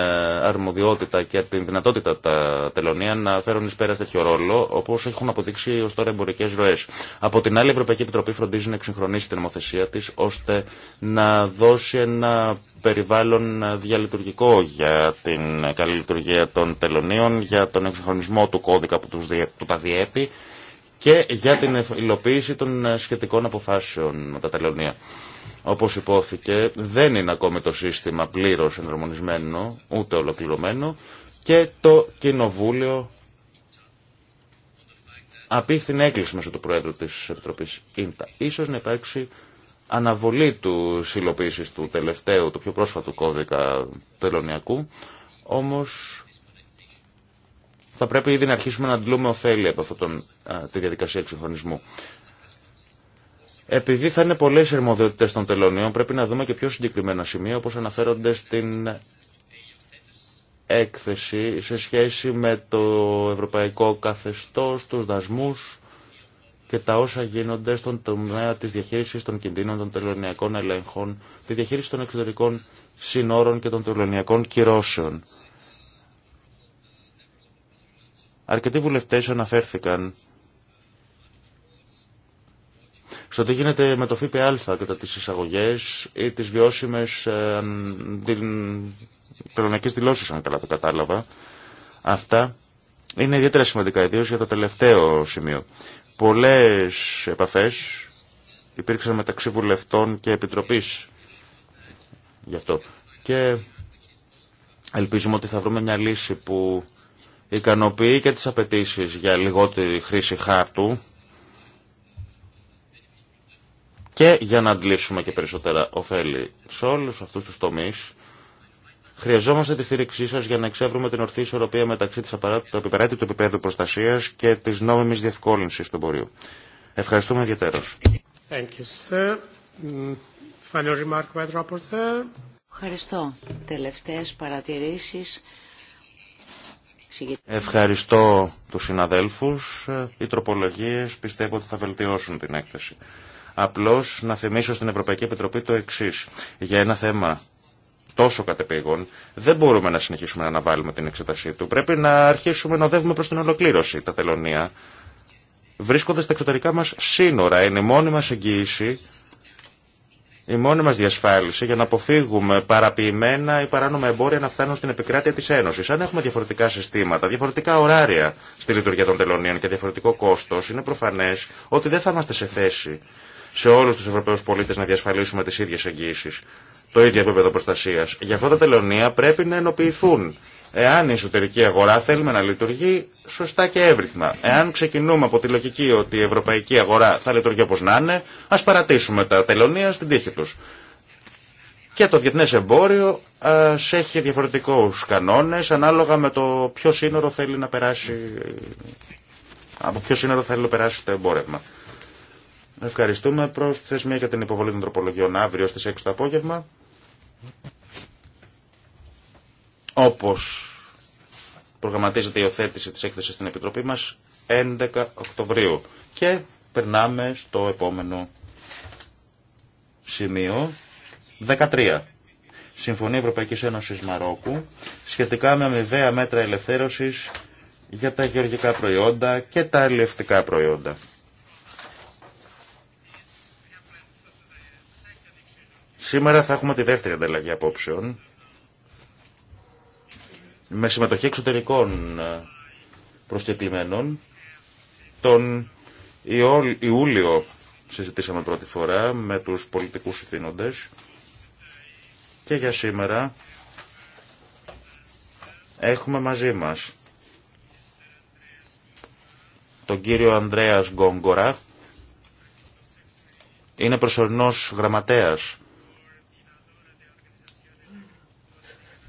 αρμοδιότητα και την δυνατότητα τα τελωνία να φέρουν ει πέρα τέτοιο ρόλο, όπω έχουν αποδείξει ω τώρα εμπορικέ ροέ. Από την άλλη, η Ευρωπαϊκή Επιτροπή φροντίζει να εξυγχρονίσει την νομοθεσία τη, ώστε να δώσει ένα περιβάλλον διαλειτουργικό για την καλή λειτουργία των τελωνίων, για τον εξυγχρονισμό του κώδικα που, τους, που τα διέπει και για την υλοποίηση των σχετικών αποφάσεων με τα τελωνία. Όπως υπόθηκε, δεν είναι ακόμη το σύστημα πλήρως ενδρομονισμένο, ούτε ολοκληρωμένο, και το Κοινοβούλιο απίθυνε έκκληση μέσω του Προέδρου της Επιτροπής ΙΝΤΑ. Ίσως να υπάρξει αναβολή του συλλοποίηση, του τελευταίου, του πιο πρόσφατου κώδικα τελωνιακού, όμως θα πρέπει ήδη να αρχίσουμε να αντλούμε ωφέλη από αυτή τη διαδικασία εξυγχρονισμού. Επειδή θα είναι πολλέ οι των τελωνίων, πρέπει να δούμε και πιο συγκεκριμένα σημεία, όπω αναφέρονται στην έκθεση σε σχέση με το ευρωπαϊκό καθεστώς, τους δασμούς και τα όσα γίνονται στον τομέα της διαχείρισης των κινδύνων των τελωνιακών ελέγχων, τη διαχείριση των εξωτερικών συνόρων και των τελωνιακών κυρώσεων. Αρκετοί βουλευτές αναφέρθηκαν στο τι γίνεται με το ΦΠΑ κατά τις εισαγωγές ή τις βιώσιμες ε, τελωνιακές δηλώσεις, αν καλά το κατάλαβα, αυτά είναι ιδιαίτερα σημαντικά, ιδίως για το τελευταίο σημείο. Πολλές επαφές υπήρξαν μεταξύ βουλευτών και επιτροπής γι' αυτό. Και ελπίζουμε ότι θα βρούμε μια λύση που ικανοποιεί και τις απαιτήσεις για λιγότερη χρήση χάρτου και για να αντλήσουμε και περισσότερα ωφέλη. Σε όλους αυτούς τους τομείς χρειαζόμαστε τη στήριξή σας για να εξεύρουμε την ορθή ισορροπία μεταξύ της απαραίτητου επίπεδου προστασίας και της νόμιμης διευκόλυνσης του εμπορίου. Ευχαριστούμε ιδιαίτερως. Mm, Ευχαριστώ. Τελευταίες παρατηρήσεις. Ευχαριστώ τους συναδέλφους. Οι τροπολογίες πιστεύω ότι θα βελτιώσουν την έκθεση. Απλώς να θυμίσω στην Ευρωπαϊκή Επιτροπή το εξή. Για ένα θέμα τόσο κατεπήγον, δεν μπορούμε να συνεχίσουμε να αναβάλουμε την εξετασή του. Πρέπει να αρχίσουμε να οδεύουμε προς την ολοκλήρωση τα τελωνία. Βρίσκονται στα εξωτερικά μας σύνορα. Είναι η μόνη μας εγγύηση, η μόνη μας διασφάλιση για να αποφύγουμε παραποιημένα ή παράνομα εμπόρια να φτάνουν στην επικράτεια της Ένωσης. Αν έχουμε διαφορετικά συστήματα, διαφορετικά ωράρια στη λειτουργία των τελωνίων και διαφορετικό κόστος, είναι προφανές ότι δεν θα είμαστε σε θέση σε όλου του Ευρωπαίου πολίτε να διασφαλίσουμε τι ίδιε εγγύσει, το ίδιο επίπεδο προστασία. Γι' αυτό τα τελωνία πρέπει να ενοποιηθούν. Εάν η εσωτερική αγορά θέλουμε να λειτουργεί σωστά και εύρυθμα. Εάν ξεκινούμε από τη λογική ότι η ευρωπαϊκή αγορά θα λειτουργεί όπω να είναι, α παρατήσουμε τα τελωνία στην τύχη του. Και το διεθνέ εμπόριο α, έχει διαφορετικού κανόνε ανάλογα με το ποιο σύνορο θέλει να περάσει. Από ποιο σύνορο θέλει να περάσει το εμπόρευμα. Ευχαριστούμε προς θεσμία για την υποβολή των τροπολογιών αύριο στις 6 το απόγευμα. Όπως προγραμματίζεται η οθέτηση της έκθεσης στην Επιτροπή μας 11 Οκτωβρίου. Και περνάμε στο επόμενο σημείο 13. Συμφωνία Ευρωπαϊκής Ένωσης Μαρόκου σχετικά με αμοιβαία μέτρα ελευθέρωσης για τα γεωργικά προϊόντα και τα αλληλευτικά προϊόντα. Σήμερα θα έχουμε τη δεύτερη ανταλλαγή απόψεων με συμμετοχή εξωτερικών ε, προσκεκλημένων. Τον Ιούλιο συζητήσαμε πρώτη φορά με τους πολιτικούς συθήνοντες και για σήμερα έχουμε μαζί μας τον κύριο Ανδρέας Γκόγκορα, είναι προσωρινός γραμματέας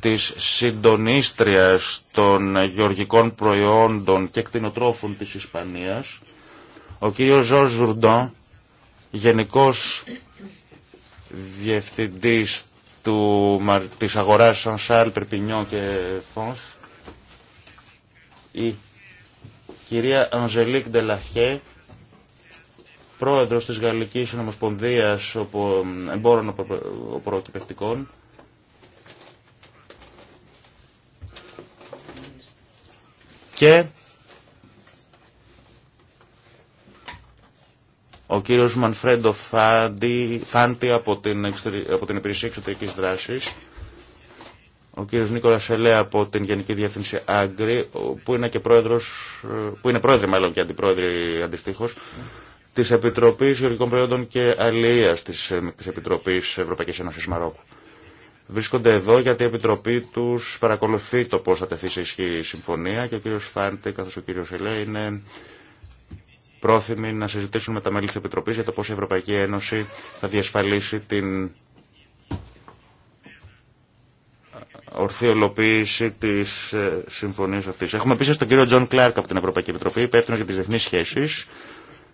της συντονίστριας των γεωργικών προϊόντων και κτηνοτρόφων της Ισπανίας, ο κύριος Ζορ Ζουρντό, γενικός διευθυντής του, της αγοράς Σανσάλ, Περπινιό και Φόνς, η κυρία Ανζελίκ Ντελαχέ, πρόεδρος της Γαλλικής Ομοσπονδίας Εμπόρων Οπροκυπευτικών, και ο κύριος Μανφρέντο Φάντι, από, την, από την Υπηρεσία Εξωτερικής Δράσης, ο κύριος Νίκολας Ελέα από την Γενική Διεύθυνση Άγκρη, που είναι, και πρόεδρος, που είναι πρόεδροι μάλλον και αντιπρόεδροι αντιστοίχως, της Επιτροπής Γεωργικών Προϊόντων και Αλληλείας της, της Επιτροπής Ευρωπαϊκής Ένωσης Μαρόκου βρίσκονται εδώ γιατί η Επιτροπή του παρακολουθεί το πώ θα τεθεί σε ισχύ η συμφωνία και ο κύριο Φάντη καθώ ο κύριο Ελέ είναι πρόθυμοι να συζητήσουν με τα μέλη τη Επιτροπή για το πώ η Ευρωπαϊκή Ένωση θα διασφαλίσει την ορθή ολοποίηση τη ε, συμφωνία αυτή. Έχουμε επίση τον κύριο Τζον Κλάρκ από την Ευρωπαϊκή Επιτροπή, υπεύθυνο για τι διεθνεί σχέσει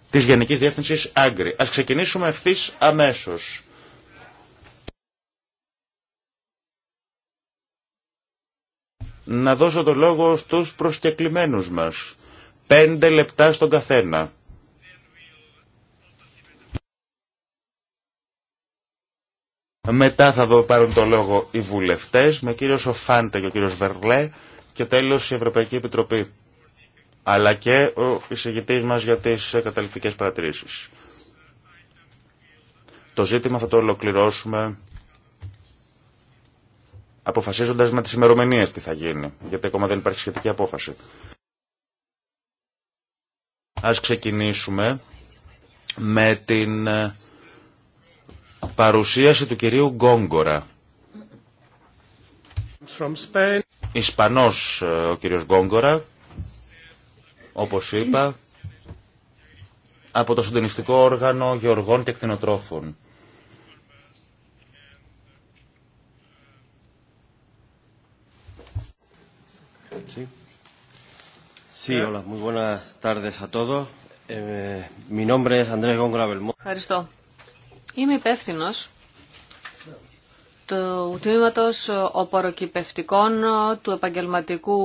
τη Γενική Διεύθυνση Άγκρη. Α ξεκινήσουμε ευθύ αμέσω. να δώσω το λόγο στους προσκεκλημένους μας. Πέντε λεπτά στον καθένα. Μετά θα δω, πάρουν το λόγο οι βουλευτές, με κύριο Σοφάντα και ο κύριος Βερλέ και τέλος η Ευρωπαϊκή Επιτροπή. Αλλά και ο εισηγητής μας για τις καταληκτικές παρατηρήσεις. Το ζήτημα θα το ολοκληρώσουμε Αποφασίζοντα με τις ημερομηνίε τι θα γίνει, γιατί ακόμα δεν υπάρχει σχετική απόφαση. Α ξεκινήσουμε με την ε, παρουσίαση του κυρίου Γκόγκορα. Ισπανό Ισπανός ε, ο κύριος Γκόγκορα, όπως είπα, από το συντονιστικό όργανο γεωργών και Εκτινοτρόφων. Sí, hola. Muy buenas tardes a todos. Eh, mi nombre es Andrés Ευχαριστώ. Είμαι υπεύθυνο του τμήματο οποροκυπευτικών του επαγγελματικού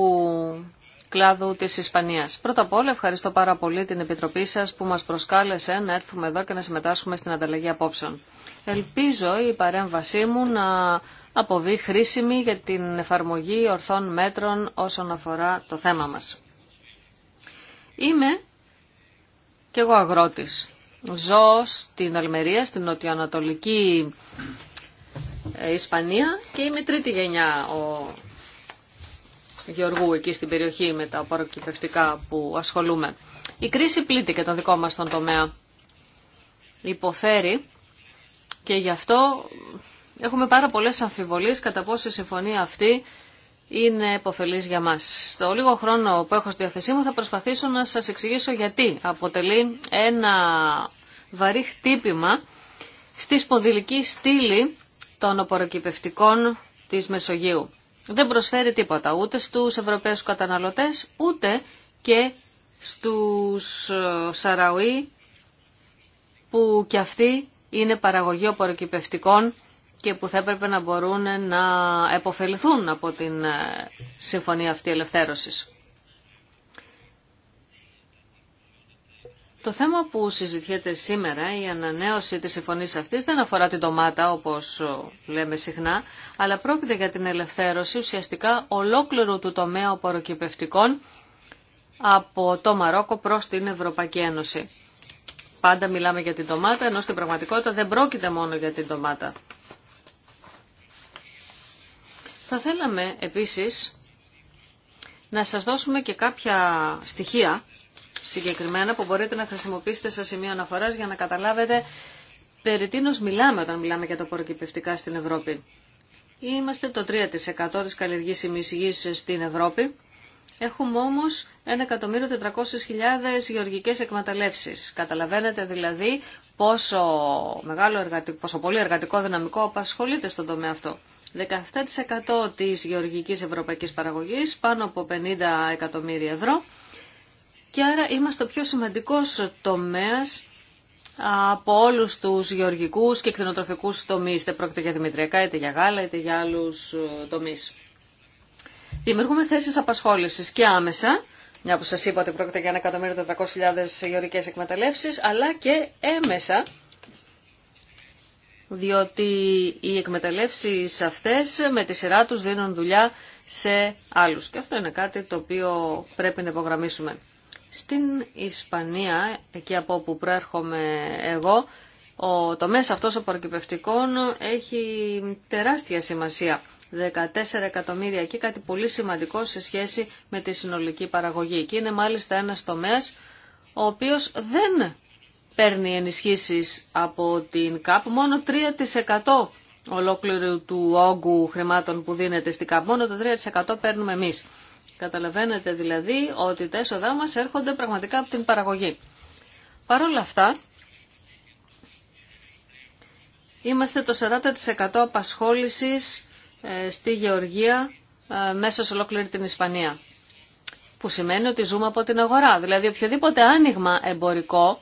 κλάδου της Ισπανίας. Πρώτα απ' όλα ευχαριστώ πάρα πολύ την Επιτροπή σας που μας προσκάλεσε να έρθουμε εδώ και να συμμετάσχουμε στην ανταλλαγή απόψεων. Ελπίζω η παρέμβασή μου να αποβεί χρήσιμη για την εφαρμογή ορθών μέτρων όσον αφορά το θέμα μας. Είμαι και εγώ αγρότης. Ζω στην Αλμερία, στην νοτιοανατολική ε, Ισπανία και είμαι τρίτη γενιά ο Γεωργού εκεί στην περιοχή με τα παροκυπευτικά που ασχολούμαι. Η κρίση πλήττει και τον δικό μας τον τομέα. Υποφέρει και γι' αυτό έχουμε πάρα πολλές αμφιβολίες κατά πόσο η συμφωνία αυτή είναι επωφελής για μας. Στο λίγο χρόνο που έχω στη διαθεσή μου θα προσπαθήσω να σας εξηγήσω γιατί αποτελεί ένα βαρύ χτύπημα στη σποδηλική στήλη των οποροκυπευτικών της Μεσογείου. Δεν προσφέρει τίποτα ούτε στους Ευρωπαίους καταναλωτές, ούτε και στους ε, Σαραουί που κι αυτοί είναι παραγωγή οποροκυπευτικών και που θα έπρεπε να μπορούν να επωφεληθούν από την ε, συμφωνία αυτή ελευθέρωσης. Το θέμα που συζητιέται σήμερα, η ανανέωση της συμφωνής αυτής, δεν αφορά την ντομάτα, όπως λέμε συχνά, αλλά πρόκειται για την ελευθέρωση ουσιαστικά ολόκληρου του τομέα απορροκυπευτικών από το Μαρόκο προς την Ευρωπαϊκή Ένωση. Πάντα μιλάμε για την ντομάτα, ενώ στην πραγματικότητα δεν πρόκειται μόνο για την ντομάτα. Θα θέλαμε επίσης να σας δώσουμε και κάποια στοιχεία συγκεκριμένα που μπορείτε να χρησιμοποιήσετε σε σημείο αναφοράς για να καταλάβετε περί τίνος μιλάμε όταν μιλάμε για τα ποροκυπευτικά στην Ευρώπη. Είμαστε το 3% της καλλιεργήσιμης γης στην Ευρώπη. Έχουμε όμως 1.400.000 γεωργικές εκμεταλλεύσεις. Καταλαβαίνετε δηλαδή πόσο, μεγάλο πόσο πολύ εργατικό δυναμικό απασχολείται στον τομέα αυτό. 17% της γεωργικής ευρωπαϊκής παραγωγής, πάνω από 50 εκατομμύρια ευρώ. Και άρα είμαστε ο πιο σημαντικός τομέας από όλους τους γεωργικούς και κτηνοτροφικούς τομείς, είτε πρόκειται για δημητριακά, είτε για γάλα, είτε για άλλους ε, τομείς. Δημιουργούμε θέσεις απασχόλησης και άμεσα, μια που σας είπα ότι πρόκειται για 1.400.000 γεωργικές εκμεταλλεύσεις, αλλά και έμεσα, διότι οι εκμεταλλεύσεις αυτές με τη σειρά τους δίνουν δουλειά σε άλλους. Και αυτό είναι κάτι το οποίο πρέπει να υπογραμμίσουμε. Στην Ισπανία, εκεί από όπου προέρχομαι εγώ, ο τομέας αυτός προκυπευτικών έχει τεράστια σημασία. 14 εκατομμύρια και κάτι πολύ σημαντικό σε σχέση με τη συνολική παραγωγή. Και είναι μάλιστα ένα τομέας ο οποίος δεν παίρνει ενισχύσεις από την ΚΑΠ, μόνο 3% ολόκληρου του όγκου χρημάτων που δίνεται στην ΚΑΠ, μόνο το 3% παίρνουμε εμείς. Καταλαβαίνετε δηλαδή ότι τα έσοδά μας έρχονται πραγματικά από την παραγωγή. Παρ' όλα αυτά, είμαστε το 40% απασχόλησης ε, στη γεωργία ε, μέσα σε ολόκληρη την Ισπανία. Που σημαίνει ότι ζούμε από την αγορά. Δηλαδή οποιοδήποτε άνοιγμα εμπορικό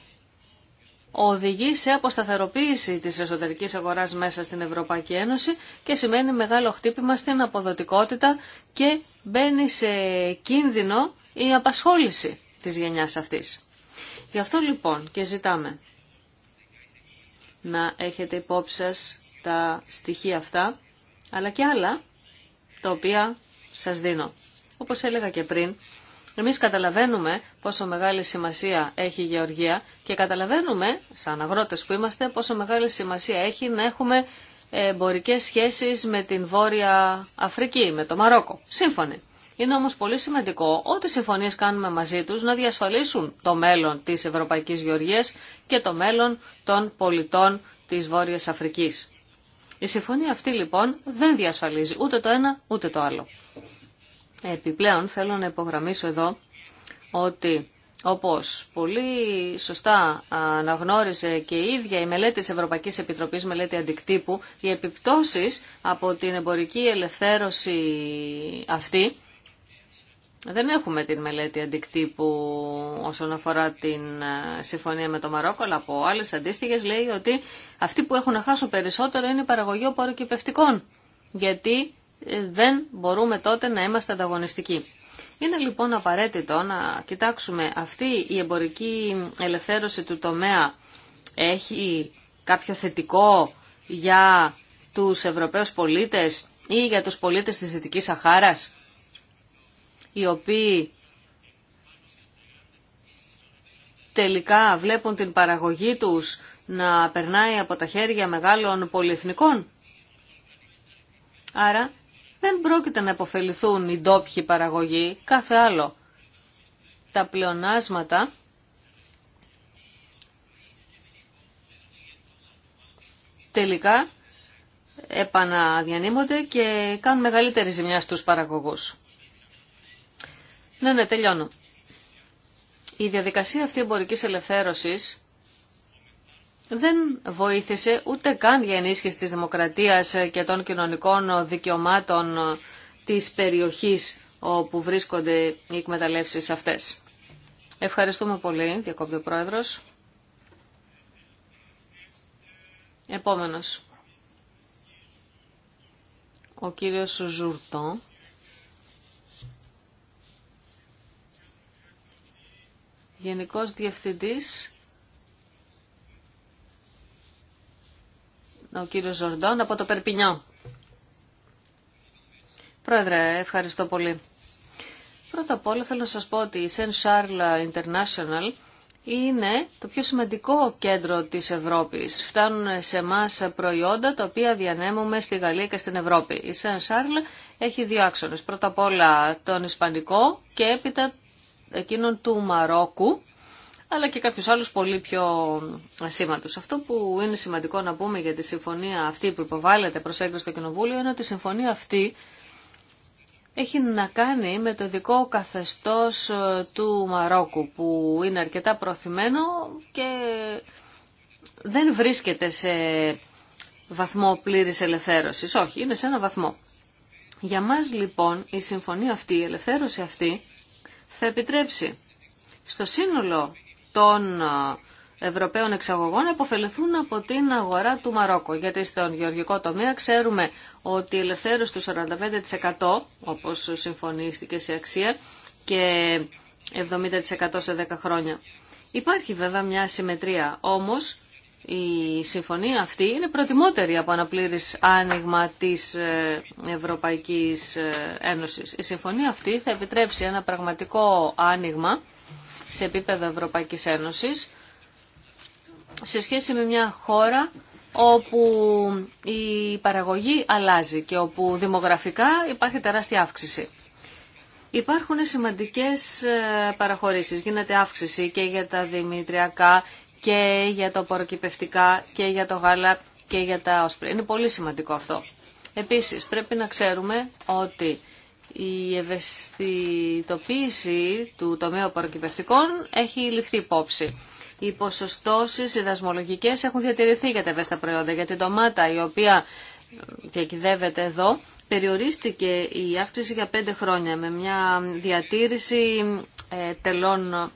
οδηγεί σε αποσταθεροποίηση της εσωτερικής αγοράς μέσα στην Ευρωπαϊκή Ένωση και σημαίνει μεγάλο χτύπημα στην αποδοτικότητα και μπαίνει σε κίνδυνο η απασχόληση της γενιάς αυτής. Γι' αυτό λοιπόν και ζητάμε να έχετε υπόψη σας τα στοιχεία αυτά, αλλά και άλλα τα οποία σας δίνω. Όπως έλεγα και πριν, εμείς καταλαβαίνουμε πόσο μεγάλη σημασία έχει η γεωργία και καταλαβαίνουμε, σαν αγρότες που είμαστε, πόσο μεγάλη σημασία έχει να έχουμε εμπορικέ σχέσεις με την Βόρεια Αφρική, με το Μαρόκο. Σύμφωνοι. Είναι όμως πολύ σημαντικό ό,τι συμφωνίες κάνουμε μαζί τους να διασφαλίσουν το μέλλον της Ευρωπαϊκής Γεωργίας και το μέλλον των πολιτών της Βόρειας Αφρικής. Η συμφωνία αυτή λοιπόν δεν διασφαλίζει ούτε το ένα ούτε το άλλο. Επιπλέον θέλω να υπογραμμίσω εδώ ότι όπως πολύ σωστά αναγνώρισε και η ίδια η μελέτη της Ευρωπαϊκής Επιτροπής, μελέτη αντικτύπου, οι επιπτώσεις από την εμπορική ελευθέρωση αυτή, δεν έχουμε την μελέτη αντικτύπου όσον αφορά την ε, συμφωνία με το Μαρόκο, αλλά από άλλες αντίστοιχες λέει ότι αυτοί που έχουν να περισσότερο είναι η παραγωγή οποροκυπευτικών. Γιατί δεν μπορούμε τότε να είμαστε ανταγωνιστικοί. Είναι λοιπόν απαραίτητο να κοιτάξουμε αυτή η εμπορική ελευθέρωση του τομέα έχει κάποιο θετικό για τους Ευρωπαίους πολίτες ή για τους πολίτες της Δυτικής Αχάρας οι οποίοι τελικά βλέπουν την παραγωγή τους να περνάει από τα χέρια μεγάλων πολυεθνικών. Άρα δεν πρόκειται να υποφεληθούν οι ντόπιοι παραγωγοί, κάθε άλλο. Τα πλεονάσματα τελικά επαναδιανύμονται και κάνουν μεγαλύτερη ζημιά στους παραγωγούς. Ναι, ναι, τελειώνω. Η διαδικασία αυτή εμπορικής ελευθέρωσης δεν βοήθησε ούτε καν για ενίσχυση της δημοκρατίας και των κοινωνικών δικαιωμάτων της περιοχής όπου βρίσκονται οι εκμεταλλεύσεις αυτές. Ευχαριστούμε πολύ, διακόπτει ο Πρόεδρος. Επόμενος. Ο κύριος Ζουρτώ. Γενικός Διευθυντής ο κύριος Ζορντών από το Περπινιό. Πρόεδρε, ευχαριστώ πολύ. Πρώτα απ' όλα θέλω να σας πω ότι η Saint Charles International είναι το πιο σημαντικό κέντρο της Ευρώπης. Φτάνουν σε εμά προϊόντα τα οποία διανέμουμε στη Γαλλία και στην Ευρώπη. Η Saint Charles έχει δύο άξονες. Πρώτα απ' όλα τον Ισπανικό και έπειτα εκείνον του Μαρόκου αλλά και κάποιους άλλους πολύ πιο ασήμαντους. Αυτό που είναι σημαντικό να πούμε για τη συμφωνία αυτή που υποβάλλεται προς έγκριση στο Κοινοβούλιο είναι ότι η συμφωνία αυτή έχει να κάνει με το δικό καθεστώς ε, του Μαρόκου που είναι αρκετά προωθημένο και δεν βρίσκεται σε βαθμό πλήρης ελευθέρωσης. Όχι, είναι σε ένα βαθμό. Για μας λοιπόν η συμφωνία αυτή, η ελευθέρωση αυτή θα επιτρέψει στο σύνολο των ε, Ευρωπαίων εξαγωγών υποφεληθούν από την αγορά του Μαρόκο. Γιατί στον γεωργικό τομέα ξέρουμε ότι η ελευθέρωση του 45% όπως συμφωνήθηκε σε αξία και 70% σε 10 χρόνια. Υπάρχει βέβαια μια συμμετρία, όμως η συμφωνία αυτή είναι προτιμότερη από πλήρης άνοιγμα της ε, Ευρωπαϊκής ε, Ένωσης. Η συμφωνία αυτή θα επιτρέψει ένα πραγματικό άνοιγμα σε επίπεδο Ευρωπαϊκής Ένωσης σε σχέση με μια χώρα όπου η παραγωγή αλλάζει και όπου δημογραφικά υπάρχει τεράστια αύξηση. Υπάρχουν σημαντικές ε, παραχωρήσεις, γίνεται αύξηση και για τα δημητριακά και για τα ποροκυπευτικά και για το γάλα και για τα όσπρια. Είναι πολύ σημαντικό αυτό. Επίσης πρέπει να ξέρουμε ότι η ευαισθητοποίηση του τομέα παροκυπευτικών έχει ληφθεί υπόψη. Οι ποσοστώσει οι δασμολογικέ έχουν διατηρηθεί για τα ευαίσθητα προϊόντα. Για την ντομάτα, η οποία διακυδεύεται ε, εδώ, περιορίστηκε η αύξηση για πέντε χρόνια με μια διατήρηση ε, τελών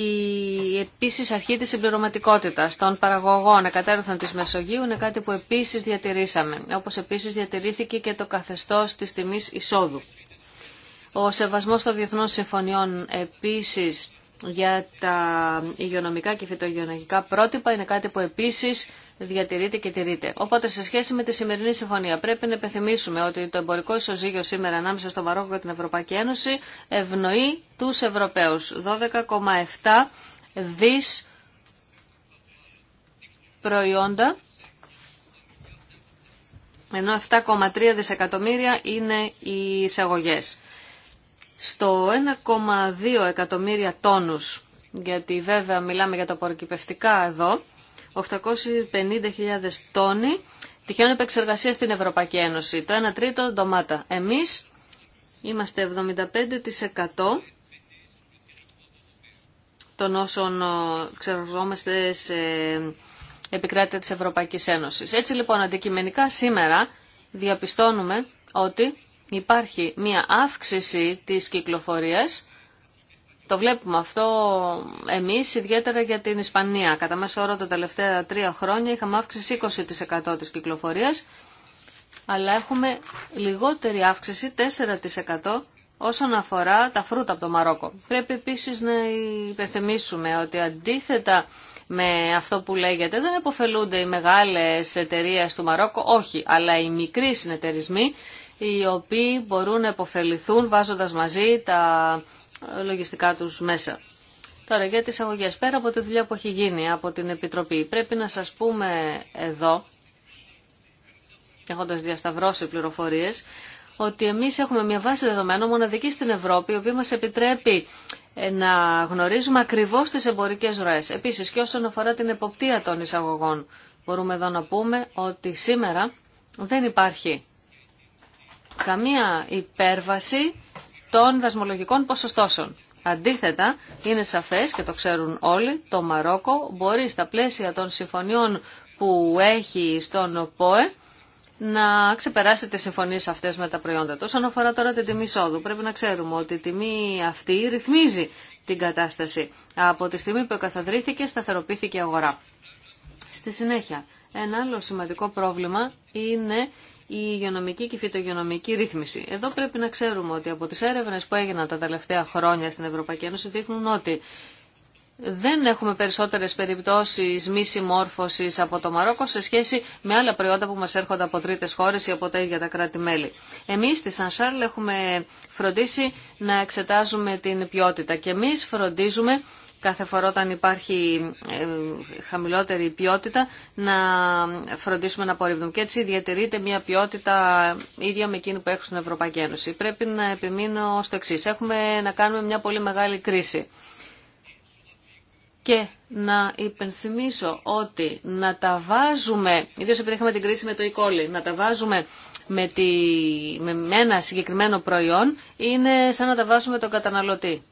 η επίσης αρχή της συμπληρωματικότητας των παραγωγών εκατέρωθων της Μεσογείου είναι κάτι που επίσης διατηρήσαμε, όπως επίσης διατηρήθηκε και το καθεστώς της τιμής εισόδου. Ο σεβασμός των διεθνών συμφωνιών επίσης για τα υγειονομικά και φυτογειονομικά πρότυπα είναι κάτι που επίσης διατηρείται και τηρείται. Οπότε σε σχέση με τη σημερινή συμφωνία πρέπει να υπενθυμίσουμε ότι το εμπορικό ισοζύγιο σήμερα ανάμεσα στο Μαρόκο και την Ευρωπαϊκή Ένωση ευνοεί τους Ευρωπαίους. 12,7 δις προϊόντα ενώ 7,3 δισεκατομμύρια είναι οι εισαγωγές. Στο 1,2 εκατομμύρια τόνους, γιατί βέβαια μιλάμε για τα πορκυπευτικά εδώ, 850.000 τόνοι τυχαίων επεξεργασία στην Ευρωπαϊκή Ένωση. Το 1 τρίτο ντομάτα. Εμείς είμαστε 75% των όσων ε, ξεργαζόμαστε σε επικράτεια της Ευρωπαϊκής Ένωσης. Έτσι λοιπόν αντικειμενικά σήμερα διαπιστώνουμε ότι υπάρχει μία αύξηση της κυκλοφορίας το βλέπουμε αυτό εμείς, ιδιαίτερα για την Ισπανία. Κατά μέσο όρο τα τελευταία τρία χρόνια είχαμε αύξηση 20% της κυκλοφορίας, αλλά έχουμε λιγότερη αύξηση 4% όσον αφορά τα φρούτα από το Μαρόκο. Πρέπει επίσης να υπενθυμίσουμε ότι αντίθετα με αυτό που λέγεται δεν επωφελούνται οι μεγάλες εταιρείε του Μαρόκο, όχι, αλλά οι μικροί συνεταιρισμοί οι οποίοι μπορούν να επωφεληθούν βάζοντας μαζί τα λογιστικά τους μέσα. Τώρα για τις αγωγές, πέρα από τη δουλειά που έχει γίνει από την Επιτροπή, πρέπει να σας πούμε εδώ, έχοντας διασταυρώσει πληροφορίες, ότι εμείς έχουμε μια βάση δεδομένων μοναδική στην Ευρώπη, η οποία μας επιτρέπει ε, να γνωρίζουμε ακριβώς τις εμπορικές ροές. Επίσης και όσον αφορά την εποπτεία των εισαγωγών, μπορούμε εδώ να πούμε ότι σήμερα δεν υπάρχει καμία υπέρβαση των δασμολογικών ποσοστώσεων. Αντίθετα, είναι σαφές και το ξέρουν όλοι, το Μαρόκο μπορεί στα πλαίσια των συμφωνιών που έχει στον ΠΟΕ να ξεπεράσει τις συμφωνίες αυτές με τα προϊόντα του. Όσον αφορά τώρα την τιμή εισόδου, πρέπει να ξέρουμε ότι η τιμή αυτή ρυθμίζει την κατάσταση. Από τη στιγμή που εκαθαδρύθηκε, σταθεροποιήθηκε η αγορά. Στη συνέχεια, ένα άλλο σημαντικό πρόβλημα είναι η υγειονομική και η φυτογειονομική ρύθμιση. Εδώ πρέπει να ξέρουμε ότι από τις έρευνες που έγιναν τα τελευταία χρόνια στην Ευρωπαϊκή Ένωση δείχνουν ότι δεν έχουμε περισσότερες περιπτώσεις μη συμμόρφωσης από το Μαρόκο σε σχέση με άλλα προϊόντα που μας έρχονται από τρίτες χώρες ή από τα ίδια τα κράτη-μέλη. Εμείς στη Σανσάρλ έχουμε φροντίσει να εξετάζουμε την ποιότητα και εμείς φροντίζουμε κάθε φορά όταν υπάρχει ε, χαμηλότερη ποιότητα να φροντίσουμε να απορρίπτουμε. Και έτσι διατηρείται μια ποιότητα ίδια με εκείνη που έχουν στην Ευρωπαϊκή Ένωση. Πρέπει να επιμείνω στο εξή. Έχουμε να κάνουμε μια πολύ μεγάλη κρίση. Και να υπενθυμίσω ότι να τα βάζουμε, ιδίως επειδή είχαμε την κρίση με το e να τα βάζουμε με, τη, με ένα συγκεκριμένο προϊόν είναι σαν να τα βάζουμε τον καταναλωτή.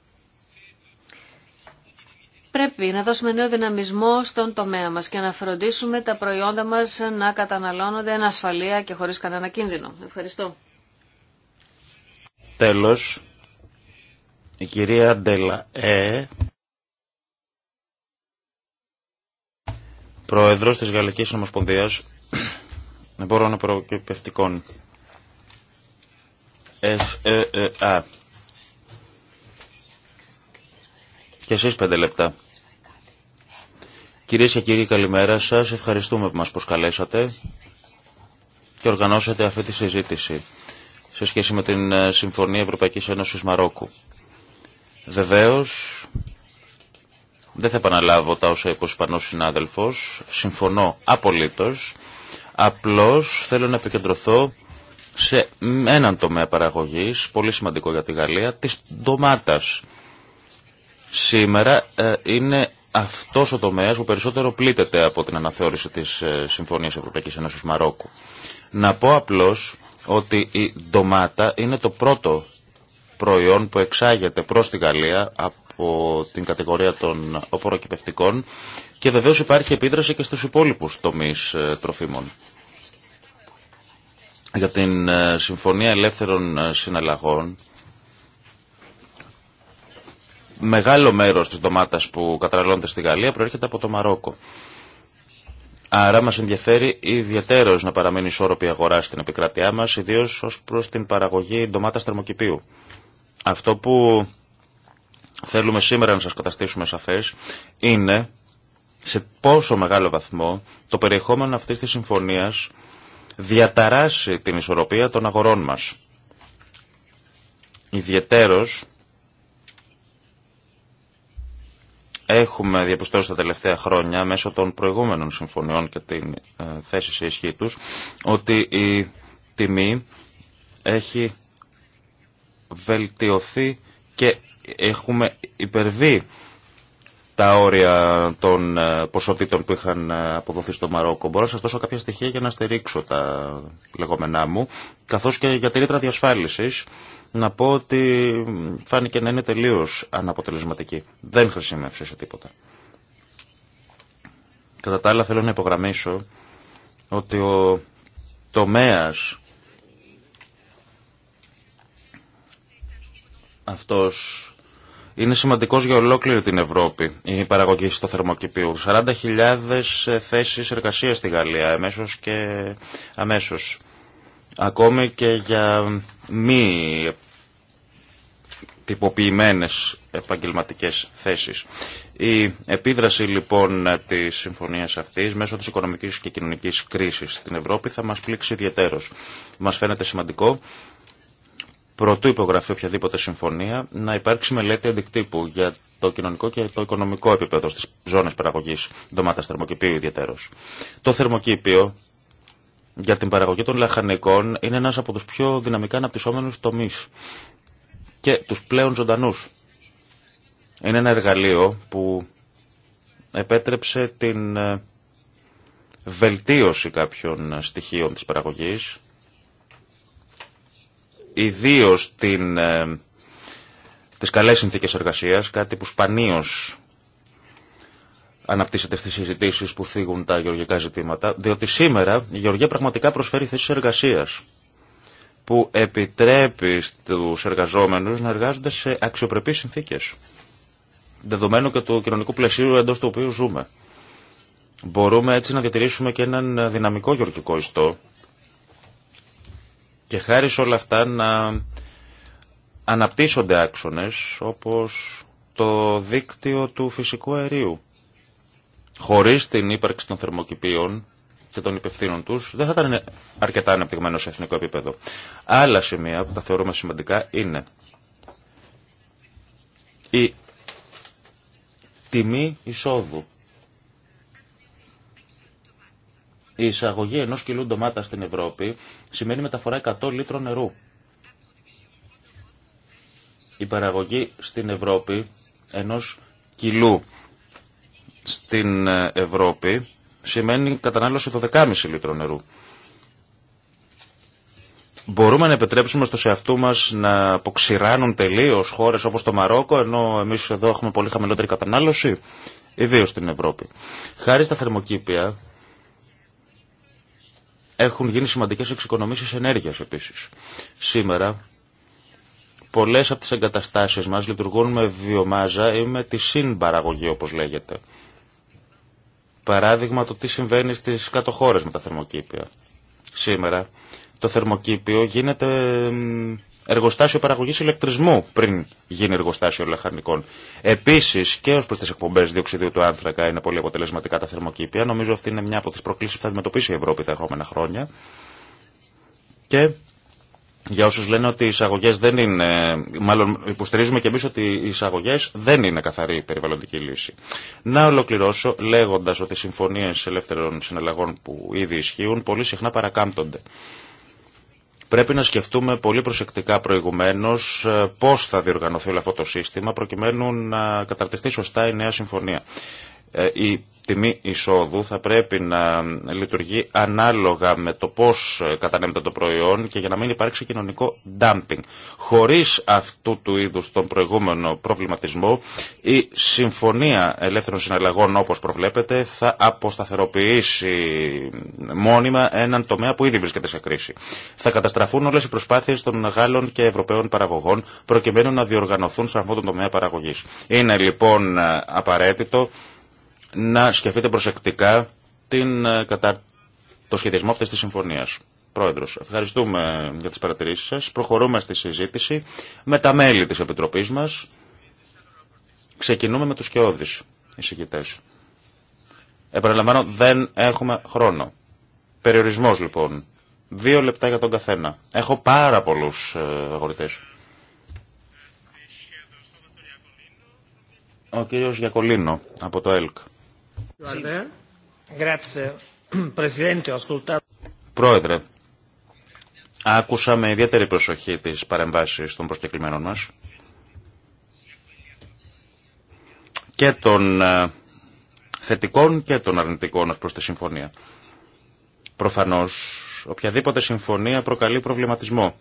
Πρέπει να δώσουμε νέο δυναμισμό στον τομέα μας και να φροντίσουμε τα προϊόντα μας να καταναλώνονται εν ασφαλεία και χωρίς κανένα κίνδυνο. Ευχαριστώ. Τέλος, η κυρία Ντέλα Ε, πρόεδρος της Γαλλικής Ομοσπονδίας Εμπόρων Προκυπευτικών. Ε, ε, ε, α, Και εσείς πέντε λεπτά. Κυρίες και κύριοι καλημέρα σας. Ευχαριστούμε που μας προσκαλέσατε και οργανώσατε αυτή τη συζήτηση σε σχέση με την ε, Συμφωνία Ευρωπαϊκής Ένωσης Μαρόκου. Βεβαίως, δεν θα επαναλάβω τα όσα είπε ο Ισπανός συνάδελφος. Συμφωνώ απολύτως. Απλώς θέλω να επικεντρωθώ σε έναν τομέα παραγωγής, πολύ σημαντικό για τη Γαλλία, της ντομάτας. Σήμερα ε, είναι αυτό ο τομέας που περισσότερο πλήττεται από την αναθεώρηση της ε, Συμφωνία Ευρωπαϊκής Ένωση Μαρόκου. Να πω απλώς ότι η ντομάτα είναι το πρώτο προϊόν που εξάγεται προ τη Γαλλία από την κατηγορία των οφοροκυπευτικών και βεβαίω υπάρχει επίδραση και στους υπόλοιπους τομείς ε, τροφίμων. Για την Συμφωνία Ελεύθερων Συναλλαγών μεγάλο μέρος της ντομάτας που καταναλώνεται στη Γαλλία προέρχεται από το Μαρόκο. Άρα μας ενδιαφέρει ιδιαίτερος να παραμείνει ισόρροπη αγορά στην επικράτειά μας, ιδίως ως προς την παραγωγή ντομάτας θερμοκηπίου. Αυτό που θέλουμε σήμερα να σας καταστήσουμε σαφές είναι σε πόσο μεγάλο βαθμό το περιεχόμενο αυτής της συμφωνίας διαταράσει την ισορροπία των αγορών μας. Ιδιαιτέρως έχουμε διαπιστώσει τα τελευταία χρόνια μέσω των προηγούμενων συμφωνιών και την ε, θέση σε ισχύ τους ότι η τιμή έχει βελτιωθεί και έχουμε υπερβεί τα όρια των ε, ποσοτήτων που είχαν ε, αποδοθεί στο Μαρόκο. Μπορώ να σας δώσω κάποια στοιχεία για να στηρίξω τα λεγόμενά μου, καθώς και για τη ρήτρα διασφάλισης να πω ότι φάνηκε να είναι τελείω αναποτελεσματική. Δεν χρησιμεύσε σε τίποτα. Κατά τα άλλα θέλω να υπογραμμίσω ότι ο τομέας αυτός είναι σημαντικός για ολόκληρη την Ευρώπη η παραγωγή στο θερμοκηπίου. 40.000 θέσεις εργασίας στη Γαλλία, αμέσως και αμέσως. Ακόμη και για μη τυποποιημένες επαγγελματικές θέσεις. Η επίδραση λοιπόν της συμφωνίας αυτής μέσω της οικονομικής και κοινωνικής κρίσης στην Ευρώπη θα μας πλήξει ιδιαίτερος. Μας φαίνεται σημαντικό προτού υπογραφεί οποιαδήποτε συμφωνία να υπάρξει μελέτη αντικτύπου για το κοινωνικό και το οικονομικό επίπεδο στις ζώνες παραγωγής ντομάτας θερμοκηπίου ιδιαίτερος. Το θερμοκήπιο για την παραγωγή των λαχανικών είναι ένας από τους πιο δυναμικά αναπτυσσόμενους τομείς και τους πλέον ζωντανούς. Είναι ένα εργαλείο που επέτρεψε την ε, βελτίωση κάποιων ε, στοιχείων της παραγωγής, ιδίως την, ε, τις καλές συνθήκες εργασίας, κάτι που σπανίως αναπτύσσετε στι συζητήσει που θίγουν τα γεωργικά ζητήματα, διότι σήμερα η γεωργία πραγματικά προσφέρει θέσεις εργασία που επιτρέπει στου εργαζόμενους να εργάζονται σε αξιοπρεπείς συνθήκε, δεδομένου και του κοινωνικού πλαισίου εντό του οποίου ζούμε. Μπορούμε έτσι να διατηρήσουμε και έναν δυναμικό γεωργικό ιστό και χάρη σε όλα αυτά να αναπτύσσονται άξονες όπως το δίκτυο του φυσικού αερίου Χωρίς την ύπαρξη των θερμοκηπίων και των υπευθύνων τους, δεν θα ήταν αρκετά αναπτυγμένο σε εθνικό επίπεδο. Άλλα σημεία που τα θεωρούμε σημαντικά είναι η τιμή εισόδου. Η εισαγωγή ενός κιλού ντομάτα στην Ευρώπη σημαίνει μεταφορά 100 λίτρων νερού. Η παραγωγή στην Ευρώπη ενός κιλού στην ε, Ευρώπη σημαίνει κατανάλωση 12,5 λίτρων νερού. Μπορούμε να επιτρέψουμε στο εαυτού μα να αποξηράνουν τελείω χώρε όπω το Μαρόκο, ενώ εμείς εδώ έχουμε πολύ χαμηλότερη κατανάλωση, ιδίω στην Ευρώπη. Χάρη στα θερμοκήπια έχουν γίνει σημαντικές εξοικονομήσεις ενέργειας επίσης. Σήμερα πολλέ από τις εγκαταστάσεις μας λειτουργούν με βιομάζα ή με τη συμπαραγωγή όπως λέγεται παράδειγμα το τι συμβαίνει στις κάτω χώρες με τα θερμοκήπια. Σήμερα το θερμοκήπιο γίνεται εργοστάσιο παραγωγής ηλεκτρισμού πριν γίνει εργοστάσιο λαχανικών. Επίσης και ως προς τις εκπομπές διοξιδίου του άνθρακα είναι πολύ αποτελεσματικά τα θερμοκήπια. Νομίζω αυτή είναι μια από τις προκλήσεις που θα αντιμετωπίσει η Ευρώπη τα ερχόμενα χρόνια. Και για όσους λένε ότι οι εισαγωγές δεν είναι, μάλλον υποστηρίζουμε και εμείς ότι οι εισαγωγές δεν είναι καθαρή περιβαλλοντική λύση. Να ολοκληρώσω λέγοντας ότι οι συμφωνίες ελεύθερων συναλλαγών που ήδη ισχύουν πολύ συχνά παρακάμπτονται. Πρέπει να σκεφτούμε πολύ προσεκτικά προηγουμένως ε, πώς θα διοργανωθεί όλο αυτό το σύστημα προκειμένου να καταρτιστεί σωστά η νέα συμφωνία. Ε, η τιμή εισόδου θα πρέπει να λειτουργεί ανάλογα με το πώς ε, κατανέμεται το προϊόν και για να μην υπάρξει κοινωνικό dumping. Χωρίς αυτού του είδους τον προηγούμενο προβληματισμό, η Συμφωνία Ελεύθερων Συναλλαγών όπως προβλέπετε θα αποσταθεροποιήσει μόνιμα έναν τομέα που ήδη βρίσκεται σε κρίση. Θα καταστραφούν όλες οι προσπάθειες των Γάλλων και Ευρωπαίων παραγωγών προκειμένου να διοργανωθούν σε αυτόν τον τομέα παραγωγής. Είναι λοιπόν ε, απαραίτητο να σκεφτείτε προσεκτικά την, ε, το σχεδιασμό αυτής της συμφωνίας. Πρόεδρος, ευχαριστούμε για τις παρατηρήσεις σας. Προχωρούμε στη συζήτηση με τα μέλη της Επιτροπής μας. Ξεκινούμε με τους σκιώδεις εισηγητές. Επαναλαμβάνω, δεν έχουμε χρόνο. Περιορισμός λοιπόν. Δύο λεπτά για τον καθένα. Έχω πάρα πολλούς ε, αγορητές. Ο κύριος Γιακολίνο από το ΕΛΚ. Πρόεδρε, άκουσα με ιδιαίτερη προσοχή τις παρεμβάσεις των προσκεκλημένων μας και των ε, θετικών και των αρνητικών ως προς τη συμφωνία. Προφανώς, οποιαδήποτε συμφωνία προκαλεί προβληματισμό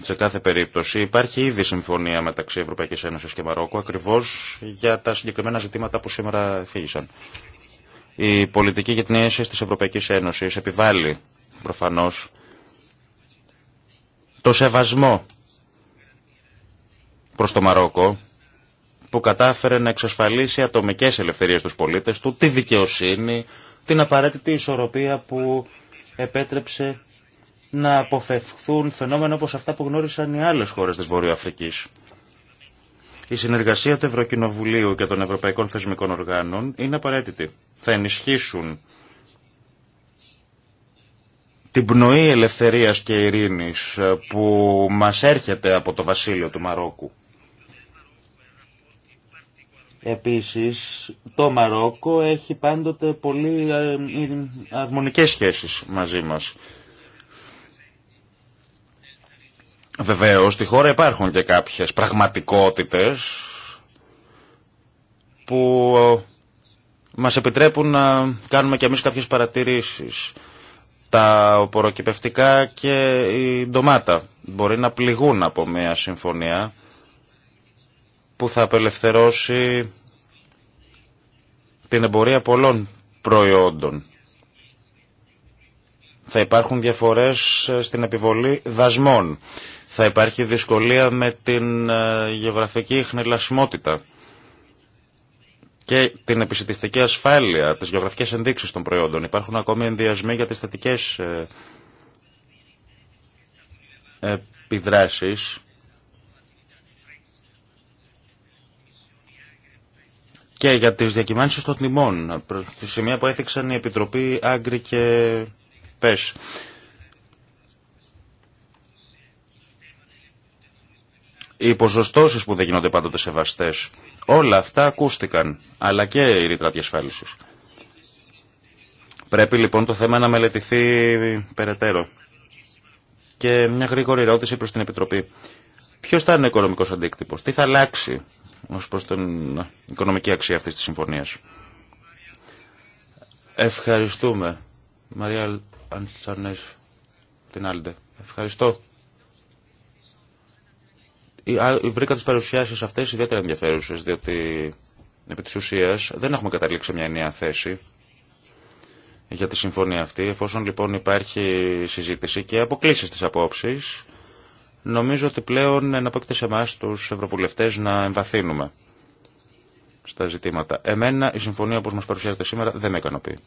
σε κάθε περίπτωση υπάρχει ήδη συμφωνία μεταξύ Ευρωπαϊκής Ένωσης και Μαρόκου ακριβώς για τα συγκεκριμένα ζητήματα που σήμερα θίγησαν. Η πολιτική για την Ευρωπαϊκή της Ευρωπαϊκής Ένωσης επιβάλλει προφανώς το σεβασμό προς το Μαρόκο που κατάφερε να εξασφαλίσει ατομικές ελευθερίες στους πολίτες του, τη δικαιοσύνη, την απαραίτητη ισορροπία που επέτρεψε να αποφευχθούν φαινόμενα όπως αυτά που γνώρισαν οι άλλες χώρες της Βορειοαφρικής. Η συνεργασία του Ευρωκοινοβουλίου και των Ευρωπαϊκών Θεσμικών Οργάνων είναι απαραίτητη. Θα ενισχύσουν την πνοή ελευθερίας και ειρήνης που μας έρχεται από το βασίλειο του Μαρόκου. Επίσης, το Μαρόκο έχει πάντοτε πολύ ε, αρμονικές σχέσεις μαζί μας. Βεβαίω, στη χώρα υπάρχουν και κάποιε πραγματικότητες που ε, μας επιτρέπουν να κάνουμε κι εμείς κάποιες παρατηρήσεις. Τα οποροκυπευτικά και η ντομάτα μπορεί να πληγούν από μια συμφωνία που θα απελευθερώσει την εμπορία πολλών προϊόντων. Θα υπάρχουν διαφορές στην επιβολή δασμών. Θα υπάρχει δυσκολία με την ε, γεωγραφική χνηλασιμότητα και την επισητιστική ασφάλεια, τις γεωγραφικές ενδείξεις των προϊόντων. Υπάρχουν ακόμη ενδιασμοί για τις θετικές ε, επιδράσεις και για τις διακυμάνσεις των τιμών, στη σημεία που έθιξαν η Επιτροπή Άγκρη και ΠΕΣ. οι ποσοστώσει που δεν γίνονται πάντοτε σεβαστές. Όλα αυτά ακούστηκαν, αλλά και η ρήτρα διασφάλιση. Πρέπει λοιπόν το θέμα να μελετηθεί περαιτέρω. Και μια γρήγορη ερώτηση προς την Επιτροπή. Ποιος θα είναι ο οικονομικός αντίκτυπος, τι θα αλλάξει ως προς την οικονομική αξία αυτής της συμφωνίας. Ευχαριστούμε. Μαρία Αντσαρνές, την Άλντε. Ευχαριστώ. Ε, βρήκα τις παρουσιάσεις αυτές ιδιαίτερα ενδιαφέρουσες, διότι επί της ουσίας δεν έχουμε καταλήξει μια ενιαία θέση για τη συμφωνία αυτή. Εφόσον λοιπόν υπάρχει συζήτηση και αποκλήσεις της απόψεις, νομίζω ότι πλέον εναπόκειται σε εμά τους ευρωβουλευτές να εμβαθύνουμε στα ζητήματα. Εμένα η συμφωνία όπως μας παρουσιάζεται σήμερα δεν με ικανοποιεί.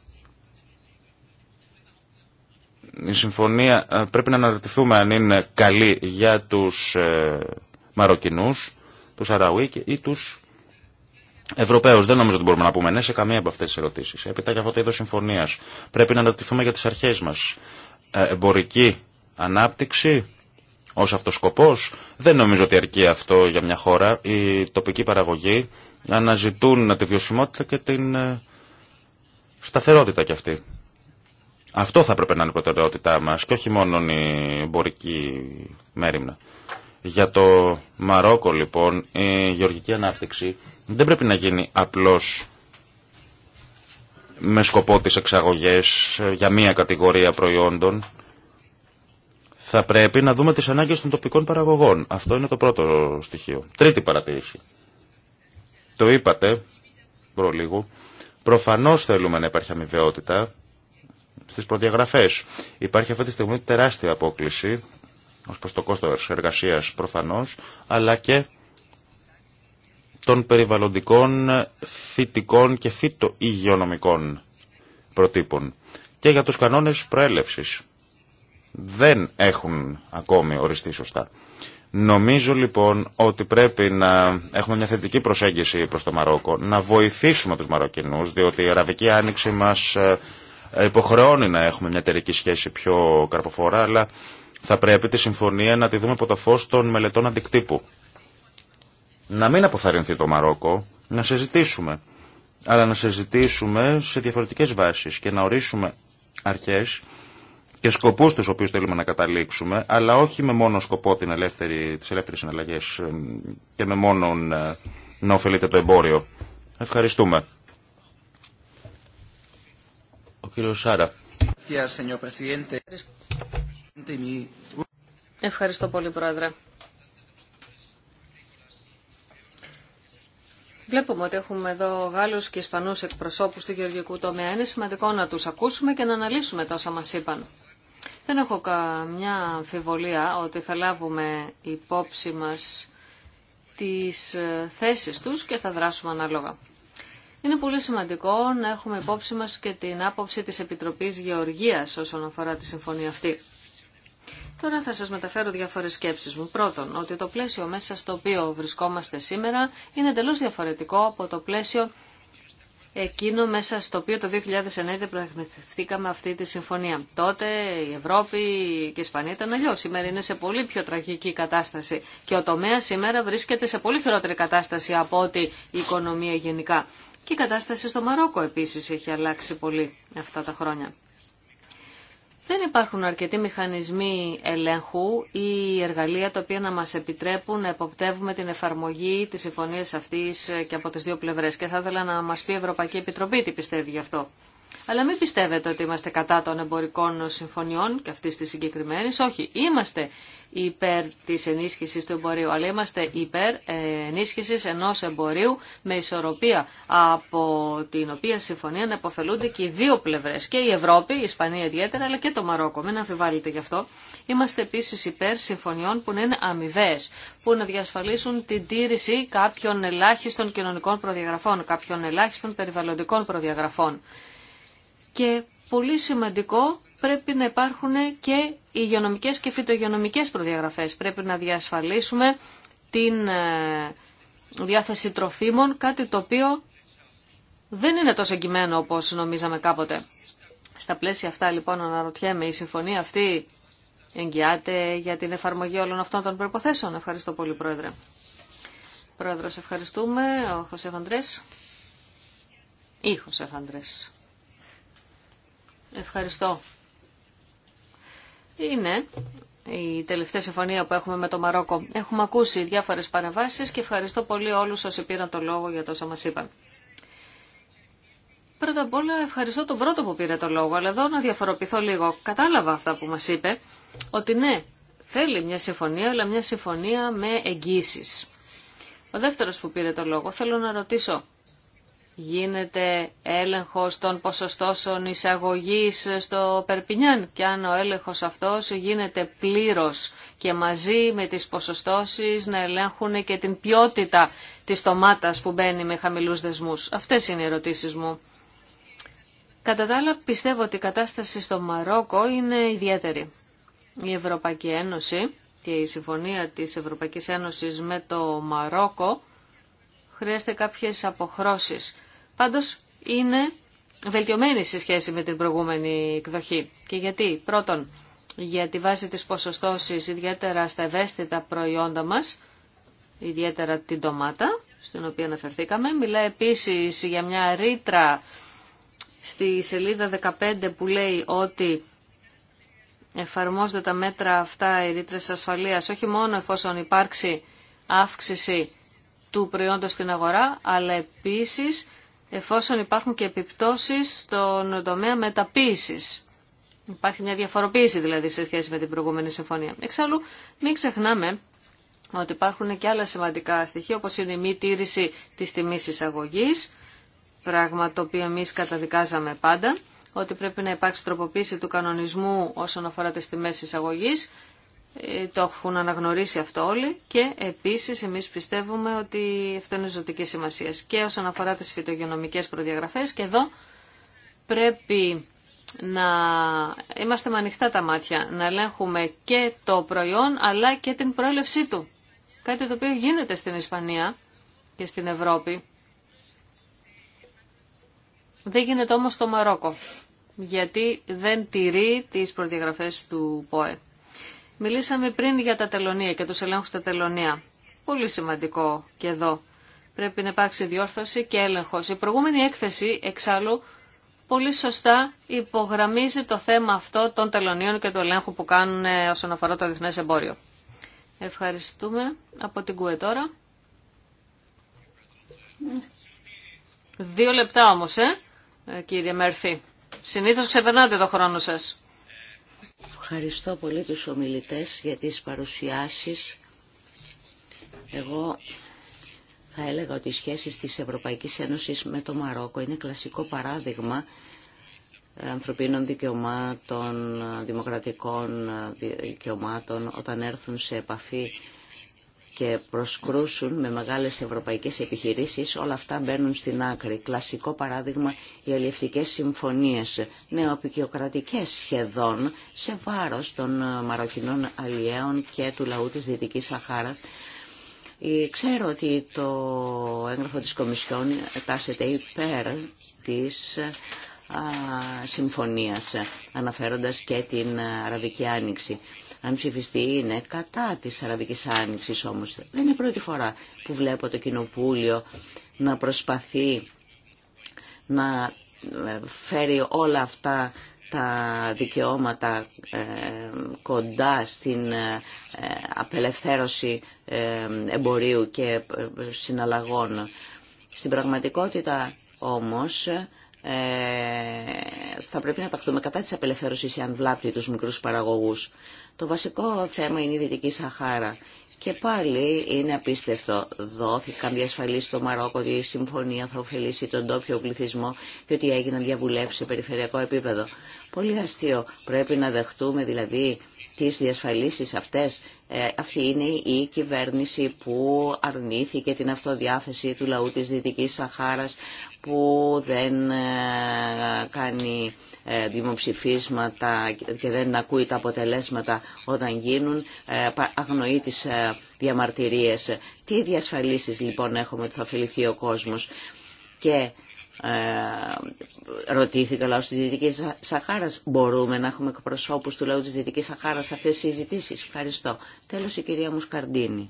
Η συμφωνία ε, πρέπει να αναρωτηθούμε αν είναι καλή για τους ε, Μαροκινούς, τους Αραουί ή τους Ευρωπαίου, δεν νομίζω ότι μπορούμε να πούμε ναι σε καμία από αυτέ τι ερωτήσει. Έπειτα για αυτό το είδο συμφωνία. Πρέπει να αναρωτηθούμε για τι αρχέ μα. Ε, εμπορική ανάπτυξη ω αυτό σκοπό. Δεν νομίζω ότι αρκεί αυτό για μια χώρα. Η τοπική παραγωγή αναζητούν τη βιωσιμότητα και την ε, σταθερότητα κι αυτή. Αυτό θα έπρεπε να είναι η προτεραιότητά μα και όχι μόνο η εμπορική μέρημνα. Για το Μαρόκο λοιπόν η γεωργική ανάπτυξη δεν πρέπει να γίνει απλώς με σκοπό τις εξαγωγές ε, για μία κατηγορία προϊόντων. Θα πρέπει να δούμε τις ανάγκες των τοπικών παραγωγών. Αυτό είναι το πρώτο στοιχείο. Τρίτη παρατήρηση. Το είπατε προλίγου. Προφανώς θέλουμε να υπάρχει αμοιβαιότητα στις προδιαγραφές. Υπάρχει αυτή τη στιγμή τεράστια απόκληση ως προς το κόστος εργασίας προφανώς, αλλά και των περιβαλλοντικών, θητικών και φυτο-υγειονομικών προτύπων και για τους κανόνες προέλευσης. Δεν έχουν ακόμη οριστεί σωστά. Νομίζω λοιπόν ότι πρέπει να έχουμε μια θετική προσέγγιση προς το Μαρόκο, να βοηθήσουμε τους Μαροκινούς, διότι η Αραβική Άνοιξη μας ε, υποχρεώνει να έχουμε μια εταιρική σχέση πιο καρποφορά, θα πρέπει τη συμφωνία να τη δούμε από το φως των μελετών αντικτύπου. Να μην αποθαρρυνθεί το Μαρόκο, να συζητήσουμε. Αλλά να συζητήσουμε σε διαφορετικές βάσεις και να ορίσουμε αρχές και σκοπούς τους οποίους θέλουμε να καταλήξουμε, αλλά όχι με μόνο σκοπό την ελεύθερη, τις ελεύθερες συναλλαγές ε, και με μόνο ε, να ωφελείται το εμπόριο. Ευχαριστούμε. Ευχαριστώ πολύ, Πρόεδρε. Βλέπουμε ότι έχουμε εδώ Γάλλους και ισπανού εκπροσώπους του γεωργικού τομέα. Είναι σημαντικό να τους ακούσουμε και να αναλύσουμε τόσα μα είπαν. Δεν έχω καμιά αμφιβολία ότι θα λάβουμε υπόψη μα τις θέσεις τους και θα δράσουμε ανάλογα. Είναι πολύ σημαντικό να έχουμε υπόψη μας και την άποψη της Επιτροπής Γεωργίας όσον αφορά τη συμφωνία αυτή. Τώρα θα σας μεταφέρω διάφορες σκέψεις μου. Πρώτον, ότι το πλαίσιο μέσα στο οποίο βρισκόμαστε σήμερα είναι εντελώς διαφορετικό από το πλαίσιο εκείνο μέσα στο οποίο το 2009 προεχνηθήκαμε αυτή τη συμφωνία. Τότε η Ευρώπη και η Ισπανία ήταν αλλιώ. Σήμερα είναι σε πολύ πιο τραγική κατάσταση και ο τομέα σήμερα βρίσκεται σε πολύ χειρότερη κατάσταση από ότι η οικονομία γενικά. Και η κατάσταση στο Μαρόκο επίσης έχει αλλάξει πολύ αυτά τα χρόνια. Δεν υπάρχουν αρκετοί μηχανισμοί ελέγχου ή εργαλεία τα οποία να μας επιτρέπουν να εποπτεύουμε την εφαρμογή της συμφωνίας αυτής και από τις δύο πλευρές. Και θα ήθελα να μας πει η Ευρωπαϊκή Επιτροπή τι πιστεύει γι' αυτό. Αλλά μην πιστεύετε ότι είμαστε κατά των εμπορικών συμφωνιών και αυτή τη συγκεκριμένη. Όχι, είμαστε υπέρ τη ενίσχυση του εμπορίου, αλλά είμαστε υπέρ ε, ενίσχυση ενό εμπορίου με ισορροπία, από την οποία συμφωνία να υποφελούνται και οι δύο πλευρέ και η Ευρώπη, η Ισπανία ιδιαίτερα, αλλά και το Μαρόκο, μην αμφιβάλλετε γι' αυτό. Είμαστε επίση υπέρ συμφωνιών που να είναι αμοιβέ που να διασφαλίσουν την τήρηση κάποιων ελάχιστων κοινωνικών προδιαγραφών, κάποιων ελάχιστων περιβαλλοντικών προδιαγραφών και πολύ σημαντικό πρέπει να υπάρχουν και υγειονομικές και φυτογειονομικές προδιαγραφές. Πρέπει να διασφαλίσουμε την ε, διάθεση τροφίμων, κάτι το οποίο δεν είναι τόσο εγκυμένο όπως νομίζαμε κάποτε. Στα πλαίσια αυτά λοιπόν αναρωτιέμαι η συμφωνία αυτή εγγυάται για την εφαρμογή όλων αυτών των προποθέσεων. Ευχαριστώ πολύ Πρόεδρε. Πρόεδρος ευχαριστούμε. Ο Χωσέφ Αντρές. Ή Χωσέφ Ευχαριστώ. Είναι η τελευταία συμφωνία που έχουμε με το Μαρόκο. Έχουμε ακούσει διάφορες παραβάσεις και ευχαριστώ πολύ όλους όσοι πήραν το λόγο για τόσα μας είπαν. Πρώτα απ' όλα ευχαριστώ τον πρώτο που πήρε το λόγο, αλλά εδώ να διαφοροποιηθώ λίγο. Κατάλαβα αυτά που μας είπε, ότι ναι, θέλει μια συμφωνία, αλλά μια συμφωνία με εγγύσεις. Ο δεύτερος που πήρε το λόγο, θέλω να ρωτήσω, γίνεται έλεγχος των ποσοστώσεων εισαγωγής στο Περπινιάν και αν ο έλεγχος αυτός γίνεται πλήρως και μαζί με τις ποσοστώσεις να ελέγχουν και την ποιότητα της τομάτας που μπαίνει με χαμηλούς δεσμούς. Αυτές είναι οι ερωτήσεις μου. Κατά τα άλλα πιστεύω ότι η κατάσταση στο Μαρόκο είναι ιδιαίτερη. Η Ευρωπαϊκή Ένωση και η συμφωνία της Ευρωπαϊκής Ένωσης με το Μαρόκο χρειάζεται κάποιες αποχρώσεις Πάντως είναι βελτιωμένη σε σχέση με την προηγούμενη εκδοχή. Και γιατί. Πρώτον, για τη βάση της ποσοστώσης ιδιαίτερα στα ευαίσθητα προϊόντα μας, ιδιαίτερα την ντομάτα, στην οποία αναφερθήκαμε. Μιλάει επίσης για μια ρήτρα στη σελίδα 15 που λέει ότι εφαρμόζονται τα μέτρα αυτά οι ρήτρες ασφαλείας, όχι μόνο εφόσον υπάρξει αύξηση του προϊόντος στην αγορά, αλλά επίσης εφόσον υπάρχουν και επιπτώσεις στον τομέα μεταποίησης. Υπάρχει μια διαφοροποίηση δηλαδή σε σχέση με την προηγούμενη συμφωνία. Εξάλλου, μην ξεχνάμε ότι υπάρχουν και άλλα σημαντικά στοιχεία, όπως είναι η μη τήρηση της τιμής εισαγωγής, πράγμα το οποίο εμείς καταδικάζαμε πάντα, ότι πρέπει να υπάρξει τροποποίηση του κανονισμού όσον αφορά τις τιμές εισαγωγής ε, το έχουν αναγνωρίσει αυτό όλοι και επίσης εμείς πιστεύουμε ότι αυτό είναι ζωτική σημασία. Και όσον αφορά τις φυτογενομικές προδιαγραφές και εδώ πρέπει να είμαστε με ανοιχτά τα μάτια, να ελέγχουμε και το προϊόν αλλά και την προέλευσή του. Κάτι το οποίο γίνεται στην Ισπανία και στην Ευρώπη. Δεν γίνεται όμως στο Μαρόκο, γιατί δεν τηρεί τις προδιαγραφές του ΠΟΕ. Μιλήσαμε πριν για τα τελωνία και τους ελέγχους στα τελωνία. Πολύ σημαντικό και εδώ. Πρέπει να υπάρξει διόρθωση και έλεγχος. Η προηγούμενη έκθεση, εξάλλου, πολύ σωστά υπογραμμίζει το θέμα αυτό των τελωνίων και του ελέγχου που κάνουν ε, όσον αφορά το διεθνές εμπόριο. Ευχαριστούμε. Από την ΚΟΕ τώρα. Δύο λεπτά όμως, ε, ε κύριε Μέρφη. Συνήθως ξεπερνάτε το χρόνο σας. Ευχαριστώ πολύ τους ομιλητές για τις παρουσιάσεις. Εγώ θα έλεγα ότι οι σχέσεις της Ευρωπαϊκής Ένωσης με το Μαρόκο είναι κλασικό παράδειγμα ανθρωπίνων δικαιωμάτων, δημοκρατικών δικαιωμάτων, όταν έρθουν σε επαφή και προσκρούσουν με μεγάλες ευρωπαϊκές επιχειρήσεις, όλα αυτά μπαίνουν στην άκρη. Κλασικό παράδειγμα οι αλληλευτικές συμφωνίες, νεοπικιοκρατικές σχεδόν, σε βάρος των ε, μαροκινών αλλιέων και του λαού της Δυτικής Σαχάρας. Ε, ξέρω ότι το έγγραφο της Κομισιόν τάσεται υπέρ της ε, συμφωνίας, αναφέροντας και την Αραβική Άνοιξη αν ψηφιστεί είναι κατά της Αραβικής Άνοιξης όμως. Δεν είναι πρώτη φορά που βλέπω το Κοινοβούλιο να προσπαθεί να ε, φέρει όλα αυτά τα δικαιώματα ε, κοντά στην ε, απελευθέρωση εμπορίου και συναλλαγών. Στην πραγματικότητα όμως θα πρέπει να ταχθούμε κατά της απελευθέρωσης αν βλάπτει τους μικρούς παραγωγούς. Το βασικό θέμα είναι η Δυτική Σαχάρα. Και πάλι είναι απίστευτο. Δόθηκαν διασφαλίσει στο Μαρόκο ότι η συμφωνία θα ωφελήσει τον τόπιο πληθυσμό και ότι έγιναν διαβουλεύσει σε περιφερειακό επίπεδο. Πολύ αστείο. Πρέπει να δεχτούμε δηλαδή τις διασφαλίσεις αυτέ. Ε, αυτή είναι η κυβέρνηση που αρνήθηκε την αυτοδιάθεση του λαού τη Δυτική Σαχάρα που δεν ε, κάνει ε, δημοψηφίσματα και δεν ακούει τα αποτελέσματα όταν γίνουν, ε, αγνοεί τις διαμαρτυρίες. Τι διασφαλίσεις λοιπόν έχουμε ότι θα ο κόσμος. Και ε, ρωτήθηκα λαό τη Δυτική Σαχάρα. Μπορούμε να έχουμε εκπροσώπου του λαού τη Δυτική Σαχάρα σε αυτέ τι συζητήσει. Ευχαριστώ. Τέλο η κυρία Μουσκαρντίνη.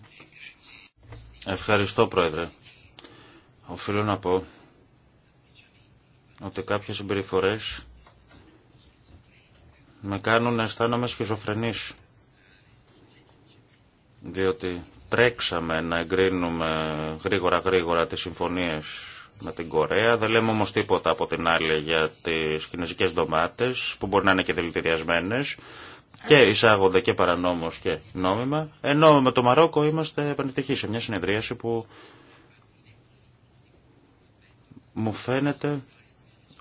Ευχαριστώ, Πρόεδρε. Οφείλω να πω ότι κάποιες συμπεριφορέ με κάνουν να αισθάνομαι σχιζοφρενής. Διότι τρέξαμε να εγκρίνουμε γρήγορα γρήγορα τις συμφωνίες με την Κορέα. Δεν λέμε όμως τίποτα από την άλλη για τις κινέζικες ντομάτες που μπορεί να είναι και δηλητηριασμένες και εισάγονται και παρανόμως και νόμιμα. Ενώ με το Μαρόκο είμαστε επανετυχοί σε μια συνεδρίαση που μου φαίνεται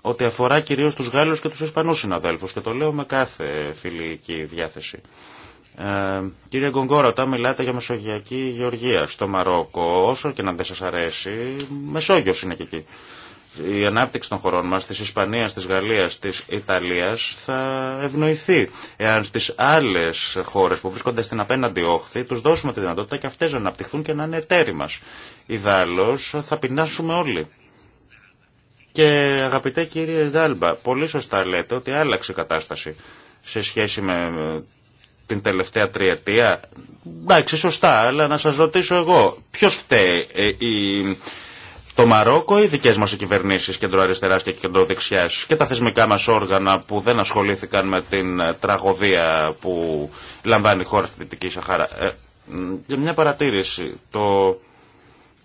ότι αφορά κυρίως τους Γάλλους και τους Ισπανούς συναδέλφους και το λέω με κάθε φιλική διάθεση. Ε, κύριε Γκογκόρα, όταν μιλάτε για μεσογειακή γεωργία στο Μαρόκο, όσο και να δεν σας αρέσει, Μεσόγειος είναι και εκεί. Η ανάπτυξη των χωρών μας, της Ισπανίας, της Γαλλίας, της Ιταλίας θα ευνοηθεί. Εάν στις άλλες χώρες που βρίσκονται στην απέναντι όχθη τους δώσουμε τη δυνατότητα και αυτές να αναπτυχθούν και να είναι εταίροι μας. Ιδάλλως θα πεινάσουμε όλοι. Και αγαπητέ κύριε Γάλμπα, πολύ σωστά λέτε ότι άλλαξε η κατάσταση σε σχέση με ε, την τελευταία τριετία. Εντάξει, σωστά, αλλά να σας ρωτήσω εγώ, ποιος φταίει, ε, το Μαρόκο ή οι δικές μας οι κυβερνήσεις κεντροαριστεράς και κεντροδεξιάς και τα θεσμικά μας όργανα που δεν ασχολήθηκαν με την ε, τραγωδία που λαμβάνει η χώρα στη Δυτική Σαχάρα. Ε, για μια παρατήρηση, το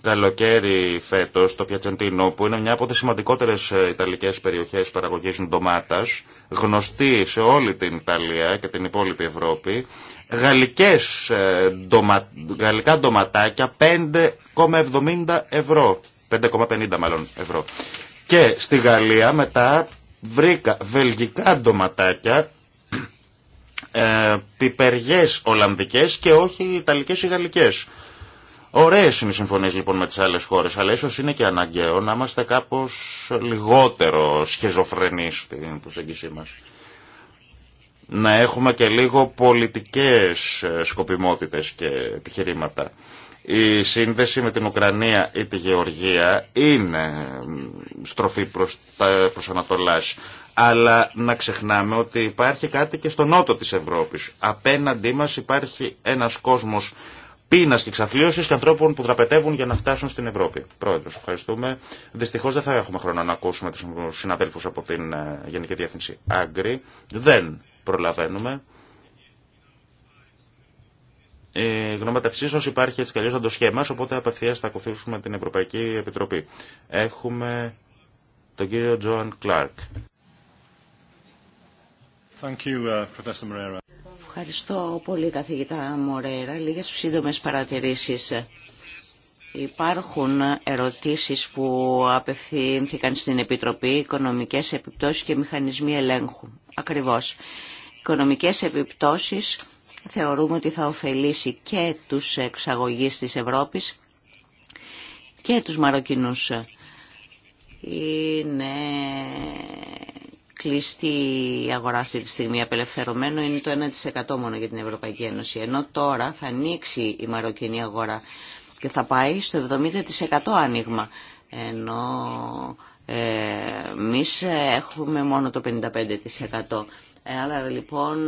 καλοκαίρι φέτο στο Πιατσεντίνο, που είναι μια από τι σημαντικότερε ε, ιταλικέ περιοχέ παραγωγή ντομάτα, γνωστή σε όλη την Ιταλία και την υπόλοιπη Ευρώπη, γαλλικές, ε, ντομα, γαλλικά ντοματάκια 5,70 ευρώ. 5,50 μάλλον ευρώ. Και στη Γαλλία μετά βρήκα βελγικά ντοματάκια ε, πιπεριές Ολλανδικές και όχι Ιταλικές ή Γαλλικές Ωραίες είναι οι συμφωνίες λοιπόν με τις άλλες χώρες, αλλά ίσως είναι και αναγκαίο να είμαστε κάπως λιγότερο σχεζοφρενείς στην προσέγγιση μας. Να έχουμε και λίγο πολιτικές ε, σκοπιμότητες και επιχειρήματα. Η σύνδεση με την Ουκρανία ή τη Γεωργία είναι στροφή προς, τα, προς Ανατολάς. Αλλά να ξεχνάμε ότι υπάρχει κάτι και στο νότο της Ευρώπης. Απέναντί μας υπάρχει ένας κόσμος πείνα και εξαθλίωση και ανθρώπων που δραπετεύουν για να φτάσουν στην Ευρώπη. Πρόεδρο, ευχαριστούμε. Δυστυχώ δεν θα έχουμε χρόνο να ακούσουμε του συναδέλφου από την ε, Γενική Διεύθυνση Άγκρη. Δεν προλαβαίνουμε. Η γνωματευσή σα υπάρχει έτσι καλώ σαν το σχέμα, οπότε απευθεία θα ακολουθήσουμε την Ευρωπαϊκή Επιτροπή. Έχουμε τον κύριο Τζοαν Κλάρκ. Thank you, uh, Professor Moreira. Ευχαριστώ πολύ καθηγητά Μορέρα. Λίγες σύντομες παρατηρήσεις. Υπάρχουν ερωτήσεις που απευθύνθηκαν στην Επιτροπή Οικονομικές Επιπτώσεις και Μηχανισμοί Ελέγχου. Ακριβώς. Οικονομικές επιπτώσεις θεωρούμε ότι θα ωφελήσει και τους εξαγωγείς της Ευρώπης και τους Μαροκινούς. Είναι κλειστή η αγορά αυτή τη στιγμή, απελευθερωμένο είναι το 1% μόνο για την Ευρωπαϊκή Ένωση. Ενώ τώρα θα ανοίξει η μαροκινή αγορά και θα πάει στο 70% άνοιγμα. Ενώ ε, εμεί έχουμε μόνο το 55%. Ε, αλλά λοιπόν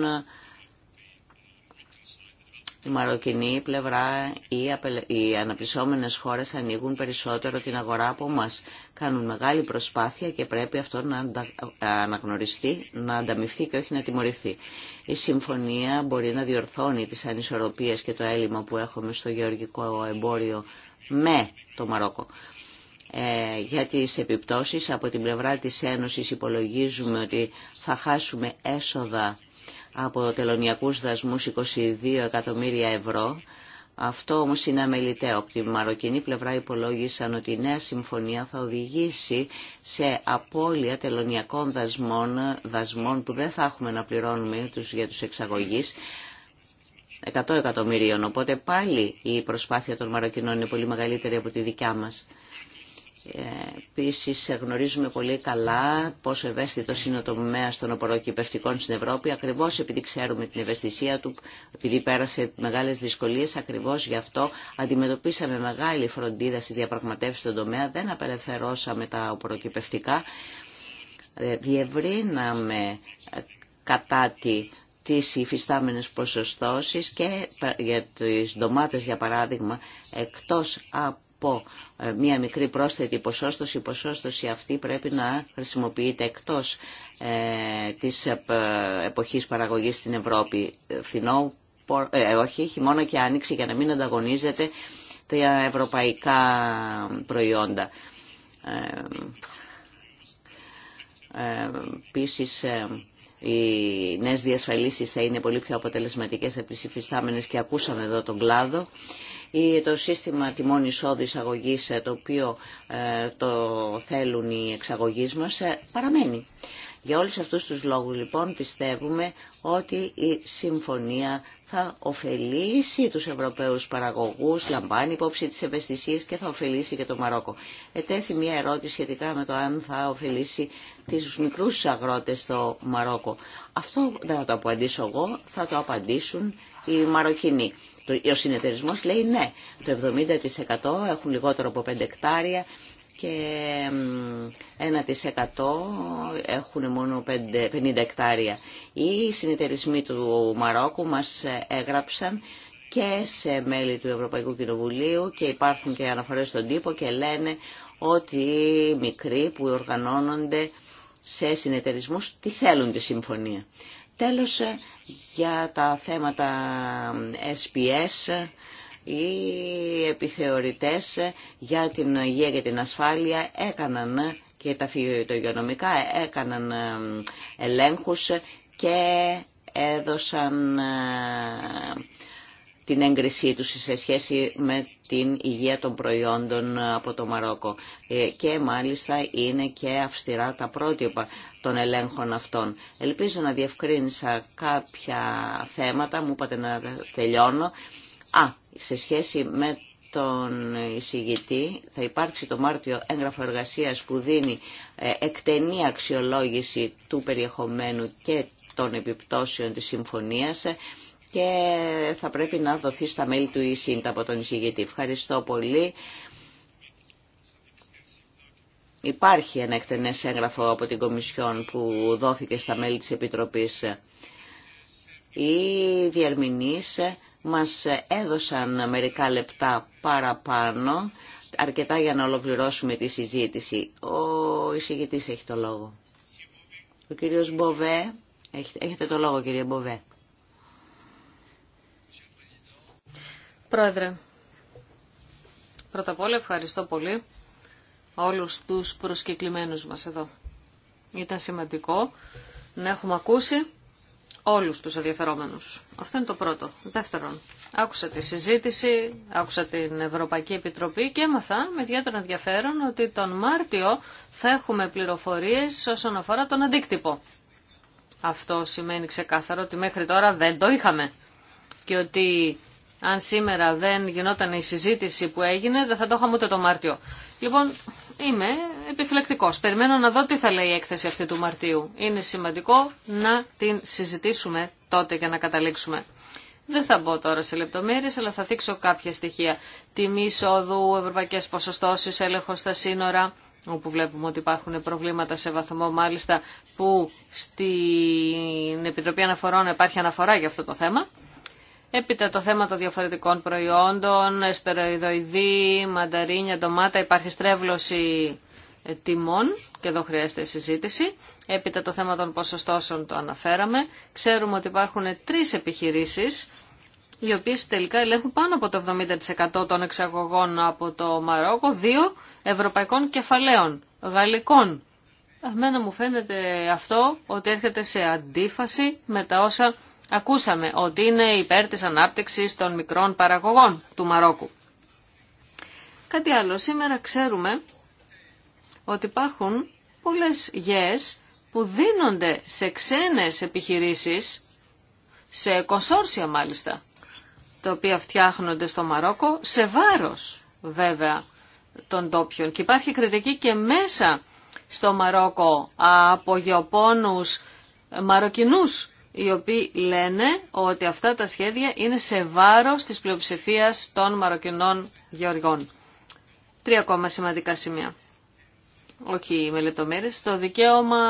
η μαροκινή πλευρά ή οι αναπτυσσόμενες χώρες ανοίγουν περισσότερο την αγορά από μας. Κάνουν μεγάλη προσπάθεια και πρέπει αυτό να αναγνωριστεί, να ανταμυφθεί και όχι να τιμωρηθεί. Η συμφωνία μπορεί να διορθώνει τις ανισορροπίες και το έλλειμμα που έχουμε στο γεωργικό εμπόριο με το Μαρόκο. Ε, για τις επιπτώσεις από την πλευρά της Ένωσης υπολογίζουμε ότι θα χάσουμε έσοδα από τελωνιακούς δασμούς 22 εκατομμύρια ευρώ. Αυτό όμως είναι αμεληταίο. Από τη μαροκινή πλευρά υπολόγισαν ότι η νέα συμφωνία θα οδηγήσει σε απώλεια τελωνιακών δασμών, δασμών που δεν θα έχουμε να πληρώνουμε τους, για τους εξαγωγείς, 100 εκατομμυρίων. Οπότε πάλι η προσπάθεια των Μαροκινών είναι πολύ μεγαλύτερη από τη δικιά μας. Επίση, γνωρίζουμε πολύ καλά πόσο ευαίσθητο είναι το τομέα των οπωροκυπευτικών στην Ευρώπη, ακριβώ επειδή ξέρουμε την ευαισθησία του, επειδή πέρασε μεγάλε δυσκολίε, ακριβώ γι' αυτό αντιμετωπίσαμε μεγάλη φροντίδα στι διαπραγματεύσει στον τομέα, δεν απελευθερώσαμε τα οπωροκυπευτικά ε, διευρύναμε ε, κατά τη τις υφιστάμενες ποσοστώσεις και ε, για τις ντομάτες για παράδειγμα εκτός από ε, μία μικρή πρόσθετη ποσόστοση, η ποσόστοση αυτή πρέπει να χρησιμοποιείται εκτός ε, της ε, εποχής παραγωγής στην Ευρώπη. Φθηνό, ε, όχι, χειμώνα και άνοιξη για να μην ανταγωνίζεται τα ευρωπαϊκά προϊόντα. Ε, ε, Επίση, οι νέες διασφαλίσεις θα είναι πολύ πιο αποτελεσματικές από τις υφιστάμενες και ακούσαμε εδώ τον κλάδο. Το σύστημα τιμών εισόδου εισαγωγή ε, το οποίο ε, το θέλουν οι εξαγωγείς μας ε, παραμένει. Για όλους αυτούς τους λόγους λοιπόν πιστεύουμε ότι η συμφωνία θα ωφελήσει τους Ευρωπαίους παραγωγούς, λαμβάνει υπόψη τι ευαισθησίε και θα ωφελήσει και το Μαρόκο. Ετέθη μια ερώτηση σχετικά με το αν θα ωφελήσει τις μικρούς αγρότες στο Μαρόκο. Αυτό δεν θα το απαντήσω εγώ, θα το απαντήσουν οι Μαροκινοί ο συνεταιρισμός λέει ναι, το 70% έχουν λιγότερο από 5 εκτάρια και 1% έχουν μόνο 50 εκτάρια. Οι συνεταιρισμοί του Μαρόκου μας έγραψαν και σε μέλη του Ευρωπαϊκού Κοινοβουλίου και υπάρχουν και αναφορές στον τύπο και λένε ότι οι μικροί που οργανώνονται σε συνεταιρισμούς τι θέλουν τη συμφωνία. Τέλος, ε, για τα θέματα SPS, ε, οι επιθεωρητές ε, για την υγεία και την ασφάλεια έκαναν και τα φυτογειονομικά έκαναν ελέγχους και έδωσαν την έγκρισή τους σε σχέση με την υγεία των προϊόντων από το Μαρόκο. Ε, και μάλιστα είναι και αυστηρά τα πρότυπα των ελέγχων αυτών. Ελπίζω να διευκρίνησα κάποια θέματα, μου είπατε να τελειώνω. Α, σε σχέση με τον εισηγητή θα υπάρξει το Μάρτιο έγγραφο εργασίας που δίνει ε, εκτενή αξιολόγηση του περιεχομένου και των επιπτώσεων της συμφωνίας και θα πρέπει να δοθεί στα μέλη του ΙΣΥΝΤ από τον εισηγητή. Ευχαριστώ πολύ. Υπάρχει ένα εκτενές έγγραφο από την Κομισιόν που δόθηκε στα μέλη της Επιτροπής. Οι διερμηνείς μας έδωσαν μερικά λεπτά παραπάνω, αρκετά για να ολοκληρώσουμε τη συζήτηση. Ο εισηγητής έχει το λόγο. Ο κύριος Μποβέ, έχετε το λόγο κύριε Μποβέ. Πρόεδρε, πρώτα απ' όλα ευχαριστώ πολύ όλους τους προσκεκλημένους μας εδώ. Ήταν σημαντικό να έχουμε ακούσει όλους τους ενδιαφερόμενους. Αυτό είναι το πρώτο. Δεύτερον, άκουσα τη συζήτηση, άκουσα την Ευρωπαϊκή Επιτροπή και έμαθα με ιδιαίτερο ενδιαφέρον ότι τον Μάρτιο θα έχουμε πληροφορίες όσον αφορά τον αντίκτυπο. Αυτό σημαίνει ξεκάθαρο ότι μέχρι τώρα δεν το είχαμε και ότι αν σήμερα δεν γινόταν η συζήτηση που έγινε, δεν θα το είχαμε ούτε το Μάρτιο. Λοιπόν, είμαι επιφυλακτικό. Περιμένω να δω τι θα λέει η έκθεση αυτή του Μαρτίου. Είναι σημαντικό να την συζητήσουμε τότε και να καταλήξουμε. Δεν θα μπω τώρα σε λεπτομέρειε, αλλά θα δείξω κάποια στοιχεία. Τιμή εισόδου, ευρωπαϊκές ποσοστώσει, έλεγχο στα σύνορα, όπου βλέπουμε ότι υπάρχουν προβλήματα σε βαθμό μάλιστα που στην Επιτροπή Αναφορών υπάρχει αναφορά για αυτό το θέμα. Έπειτα το θέμα των διαφορετικών προϊόντων, εσπεροειδοειδή, μανταρίνια, ντομάτα, υπάρχει στρέβλωση τιμών και εδώ χρειάζεται συζήτηση. Έπειτα το θέμα των ποσοστώσεων το αναφέραμε. Ξέρουμε ότι υπάρχουν τρεις επιχειρήσεις οι οποίες τελικά ελέγχουν πάνω από το 70% των εξαγωγών από το Μαρόκο, δύο ευρωπαϊκών κεφαλαίων, γαλλικών. Εμένα μου φαίνεται αυτό ότι έρχεται σε αντίφαση με τα όσα Ακούσαμε ότι είναι υπέρ της ανάπτυξης των μικρών παραγωγών του Μαρόκου. Κάτι άλλο, σήμερα ξέρουμε ότι υπάρχουν πολλές γές που δίνονται σε ξένες επιχειρήσεις, σε κονσόρσια μάλιστα, τα οποία φτιάχνονται στο Μαρόκο, σε βάρος βέβαια των τόπιων. Και υπάρχει κριτική και μέσα στο Μαρόκο από γεωπόνους μαροκινούς οι οποίοι λένε ότι αυτά τα σχέδια είναι σε βάρος της πλειοψηφίας των Μαροκινών γεωργών. Τρία ακόμα σημαντικά σημεία. Όχι με λεπτομέρειες. Το δικαίωμα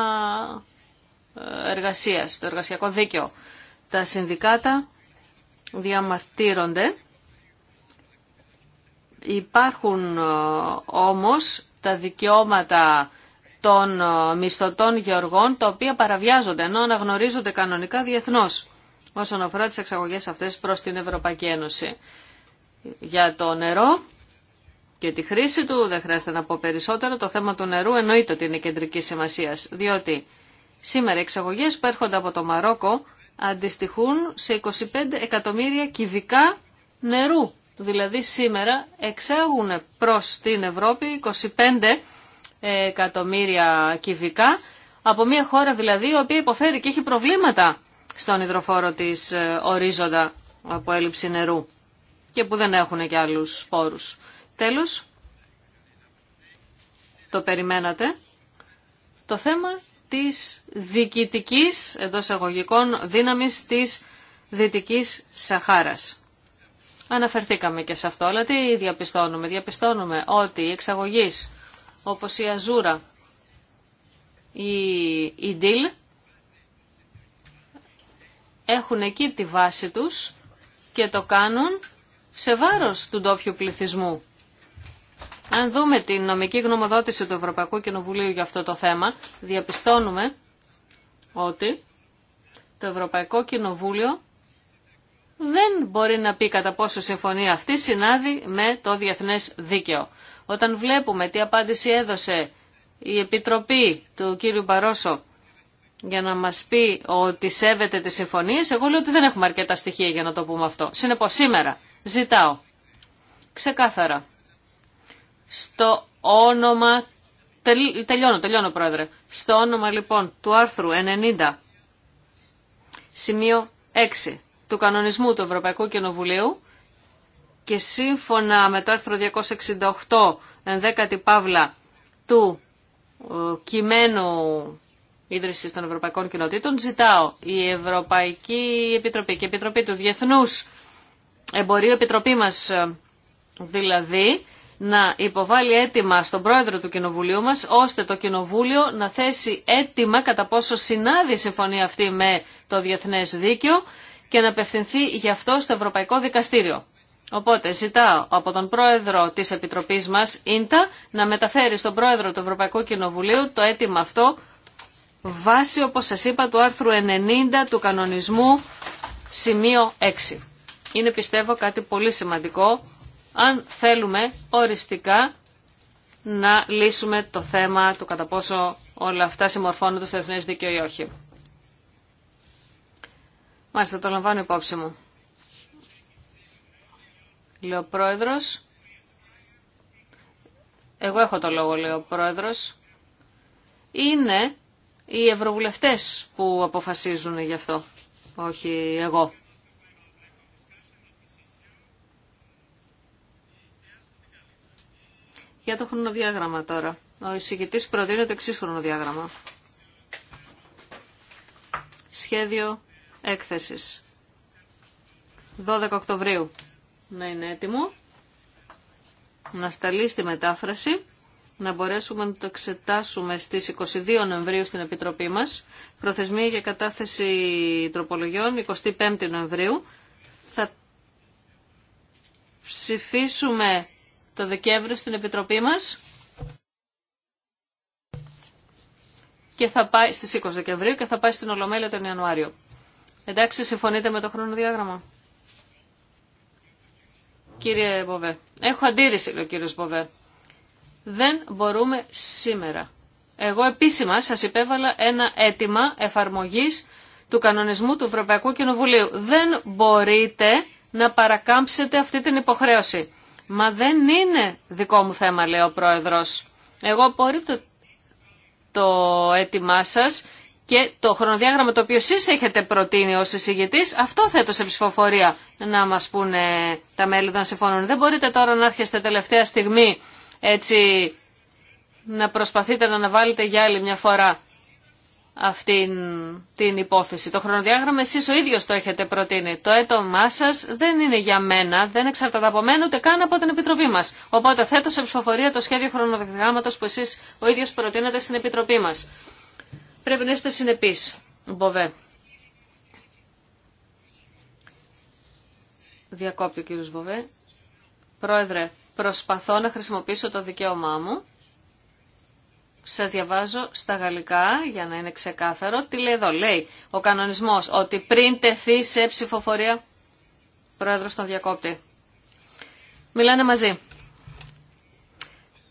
ε, εργασίας, το εργασιακό δίκαιο. Τα συνδικάτα διαμαρτύρονται. Υπάρχουν ε, όμως τα δικαιώματα των ε, μισθωτών γεωργών, τα οποία παραβιάζονται, ενώ αναγνωρίζονται κανονικά διεθνώ όσον αφορά τι εξαγωγέ αυτέ προ την Ευρωπαϊκή Ένωση. Για το νερό και τη χρήση του, δεν χρειάζεται να πω περισσότερο, το θέμα του νερού εννοείται ότι είναι κεντρική σημασία, διότι σήμερα οι εξαγωγέ που έρχονται από το Μαρόκο αντιστοιχούν σε 25 εκατομμύρια κυβικά νερού. Δηλαδή σήμερα εξάγουν προς την Ευρώπη 25 εκατομμύρια κυβικά από μια χώρα δηλαδή η οποία υποφέρει και έχει προβλήματα στον υδροφόρο της ε, ορίζοντα από έλλειψη νερού και που δεν έχουν και άλλους σπόρους. Τέλος, το περιμένατε, το θέμα της διοικητικής εντό αγωγικών δύναμης της Δυτικής Σαχάρας. Αναφερθήκαμε και σε αυτό, αλλά τι διαπιστώνουμε. Διαπιστώνουμε ότι οι εξαγωγείς όπως η Αζούρα, η, η έχουν εκεί τη βάση τους και το κάνουν σε βάρος του ντόπιου πληθυσμού. Αν δούμε την νομική γνωμοδότηση του Ευρωπαϊκού Κοινοβουλίου για αυτό το θέμα, διαπιστώνουμε ότι το Ευρωπαϊκό Κοινοβούλιο δεν μπορεί να πει κατά πόσο συμφωνία αυτή συνάδει με το διεθνές δίκαιο. Όταν βλέπουμε τι απάντηση έδωσε η Επιτροπή του κύριου Παρόσο για να μας πει ότι σέβεται τις συμφωνίες, εγώ λέω ότι δεν έχουμε αρκετά στοιχεία για να το πούμε αυτό. Συνεπώς σήμερα ζητάω ξεκάθαρα στο όνομα, τελειώνω, τελειώνω πρόεδρε, στο όνομα λοιπόν του άρθρου 90 σημείο 6 του κανονισμού του Ευρωπαϊκού Κοινοβουλίου και σύμφωνα με το άρθρο 268 ενδέκατη παύλα του ε, κειμένου ίδρυσης των Ευρωπαϊκών Κοινοτήτων ζητάω η Ευρωπαϊκή Επιτροπή και η Επιτροπή του Διεθνούς Εμπορίου Επιτροπή μας ε, δηλαδή να υποβάλει αίτημα στον πρόεδρο του Κοινοβουλίου μας, ώστε το Κοινοβούλιο να θέσει αίτημα κατά πόσο συνάδει η συμφωνία αυτή με το Διεθνές Δίκαιο και να απευθυνθεί γι' αυτό στο Ευρωπαϊκό Δικαστήριο. Οπότε ζητάω από τον πρόεδρο της Επιτροπής μας, Ίντα, να μεταφέρει στον πρόεδρο του Ευρωπαϊκού Κοινοβουλίου το αίτημα αυτό βάσει, όπως σας είπα, του άρθρου 90 του κανονισμού σημείο 6. Είναι, πιστεύω, κάτι πολύ σημαντικό αν θέλουμε οριστικά να λύσουμε το θέμα του κατά πόσο όλα αυτά συμμορφώνονται στο Εθνές Δίκαιο ή όχι. Μάλιστα, το λαμβάνω υπόψη μου λέει ο πρόεδρος. Εγώ έχω το λόγο, λέει ο πρόεδρος. Είναι οι ευρωβουλευτές που αποφασίζουν γι' αυτό, όχι εγώ. Για το χρονοδιάγραμμα τώρα. Ο εισηγητής προτείνει το εξής χρονοδιάγραμμα. Σχέδιο έκθεσης. 12 Οκτωβρίου να είναι έτοιμο, να σταλεί στη μετάφραση, να μπορέσουμε να το εξετάσουμε στις 22 Νοεμβρίου στην Επιτροπή μας. Προθεσμία για κατάθεση τροπολογιών 25 Νοεμβρίου. Θα ψηφίσουμε το Δεκέμβριο στην Επιτροπή μας. και θα πάει στις 20 Δεκεμβρίου και θα πάει στην Ολομέλεια τον Ιανουάριο. Εντάξει, συμφωνείτε με το χρονοδιάγραμμα. Κύριε Μποβέ, έχω αντίρρηση, λέει ο κύριο Μποβέ. Δεν μπορούμε σήμερα. Εγώ επίσημα σας υπέβαλα ένα αίτημα εφαρμογής του κανονισμού του Ευρωπαϊκού Κοινοβουλίου. Δεν μπορείτε να παρακάμψετε αυτή την υποχρέωση. Μα δεν είναι δικό μου θέμα, λέει ο Πρόεδρος. Εγώ απορρίπτω το αίτημά σας και το χρονοδιάγραμμα το οποίο εσείς έχετε προτείνει ως εισηγητής, αυτό θέτω σε ψηφοφορία να μας πούνε τα μέλη των συμφωνούν. Δεν μπορείτε τώρα να έρχεστε τελευταία στιγμή έτσι να προσπαθείτε να αναβάλλετε για άλλη μια φορά αυτή την υπόθεση. Το χρονοδιάγραμμα εσείς ο ίδιος το έχετε προτείνει. Το έτομά σα δεν είναι για μένα, δεν εξαρτάται από μένα ούτε καν από την Επιτροπή μας. Οπότε θέτω σε ψηφοφορία το σχέδιο χρονοδιάγραμματος που εσείς ο ίδιος προτείνετε στην Επιτροπή μας. Πρέπει να είστε συνεπείς, Μποβέ. Διακόπτει ο κύριος Μποβέ. Πρόεδρε, προσπαθώ να χρησιμοποιήσω το δικαίωμά μου. Σας διαβάζω στα γαλλικά για να είναι ξεκάθαρο. Τι λέει εδώ, λέει ο κανονισμός ότι πριν τεθεί σε ψηφοφορία, πρόεδρος τον διακόπτη. Μιλάνε μαζί.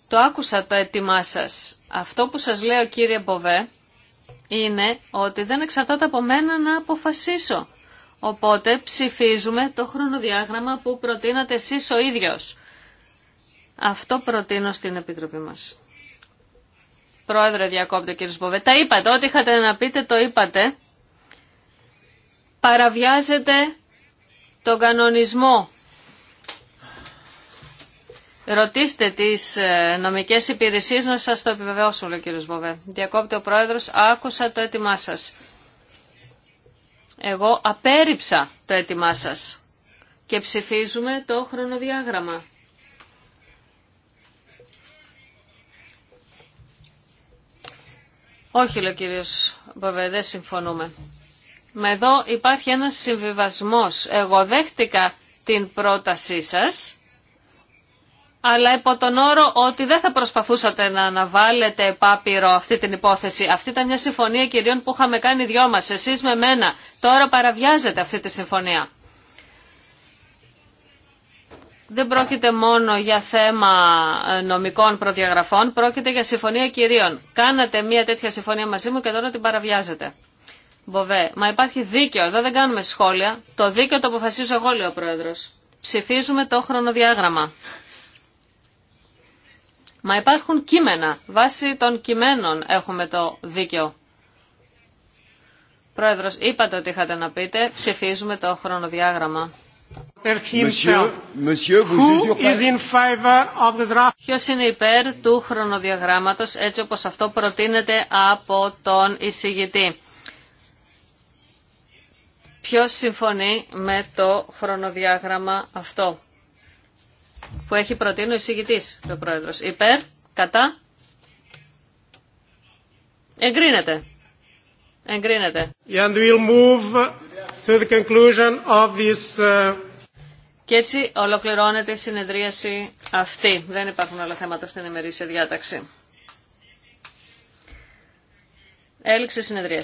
Το άκουσα το έτοιμά σας. Αυτό που σας λέω κύριε Μποβέ είναι ότι δεν εξαρτάται από μένα να αποφασίσω. Οπότε ψηφίζουμε το χρονοδιάγραμμα που προτείνατε εσείς ο ίδιος. Αυτό προτείνω στην Επιτροπή μας. Πρόεδρε Διακόπτη, κύριε Σποβέ, τα είπατε, ό,τι είχατε να πείτε το είπατε. Παραβιάζετε τον κανονισμό Ρωτήστε τις ε, νομικές υπηρεσίε να σα το επιβεβαιώσουν, λέει ο κύριο Βοβέ. Διακόπτε ο πρόεδρος, άκουσα το έτοιμά σα. Εγώ απέρριψα το έτοιμά σα και ψηφίζουμε το χρονοδιάγραμμα. Όχι, λέει ο κύριο Μποβέ, δεν συμφωνούμε. Με εδώ υπάρχει ένα συμβιβασμό. Εγώ δέχτηκα την πρότασή σας αλλά υπό τον όρο ότι δεν θα προσπαθούσατε να αναβάλλετε πάπυρο αυτή την υπόθεση. Αυτή ήταν μια συμφωνία κυρίων που είχαμε κάνει δυο μας, εσείς με μένα. Τώρα παραβιάζετε αυτή τη συμφωνία. Δεν πρόκειται μόνο για θέμα ε, νομικών προδιαγραφών, πρόκειται για συμφωνία κυρίων. Κάνατε μια τέτοια συμφωνία μαζί μου και τώρα την παραβιάζετε. Μποβέ, μα υπάρχει δίκαιο, εδώ δεν κάνουμε σχόλια. Το δίκαιο το αποφασίζω εγώ, λέει ο Πρόεδρος. Ψηφίζουμε το χρονοδιάγραμμα. Μα υπάρχουν κείμενα. Βάσει των κειμένων έχουμε το δίκαιο. Πρόεδρος, είπατε ότι είχατε να πείτε. Ψηφίζουμε το χρονοδιάγραμμα. Ποιο είναι υπέρ του χρονοδιαγράμματος έτσι όπως αυτό προτείνεται από τον εισηγητή. Ποιος συμφωνεί με το χρονοδιάγραμμα αυτό που έχει προτείνει ο εισηγητής, ο πρόεδρο. Υπέρ, κατά, εγκρίνεται. Εγκρίνεται. And we'll move to the conclusion of this... Uh, Και έτσι ολοκληρώνεται η συνεδρίαση αυτή. Δεν υπάρχουν άλλα θέματα στην ημερήσια διάταξη. Έληξε συνεδρίαση.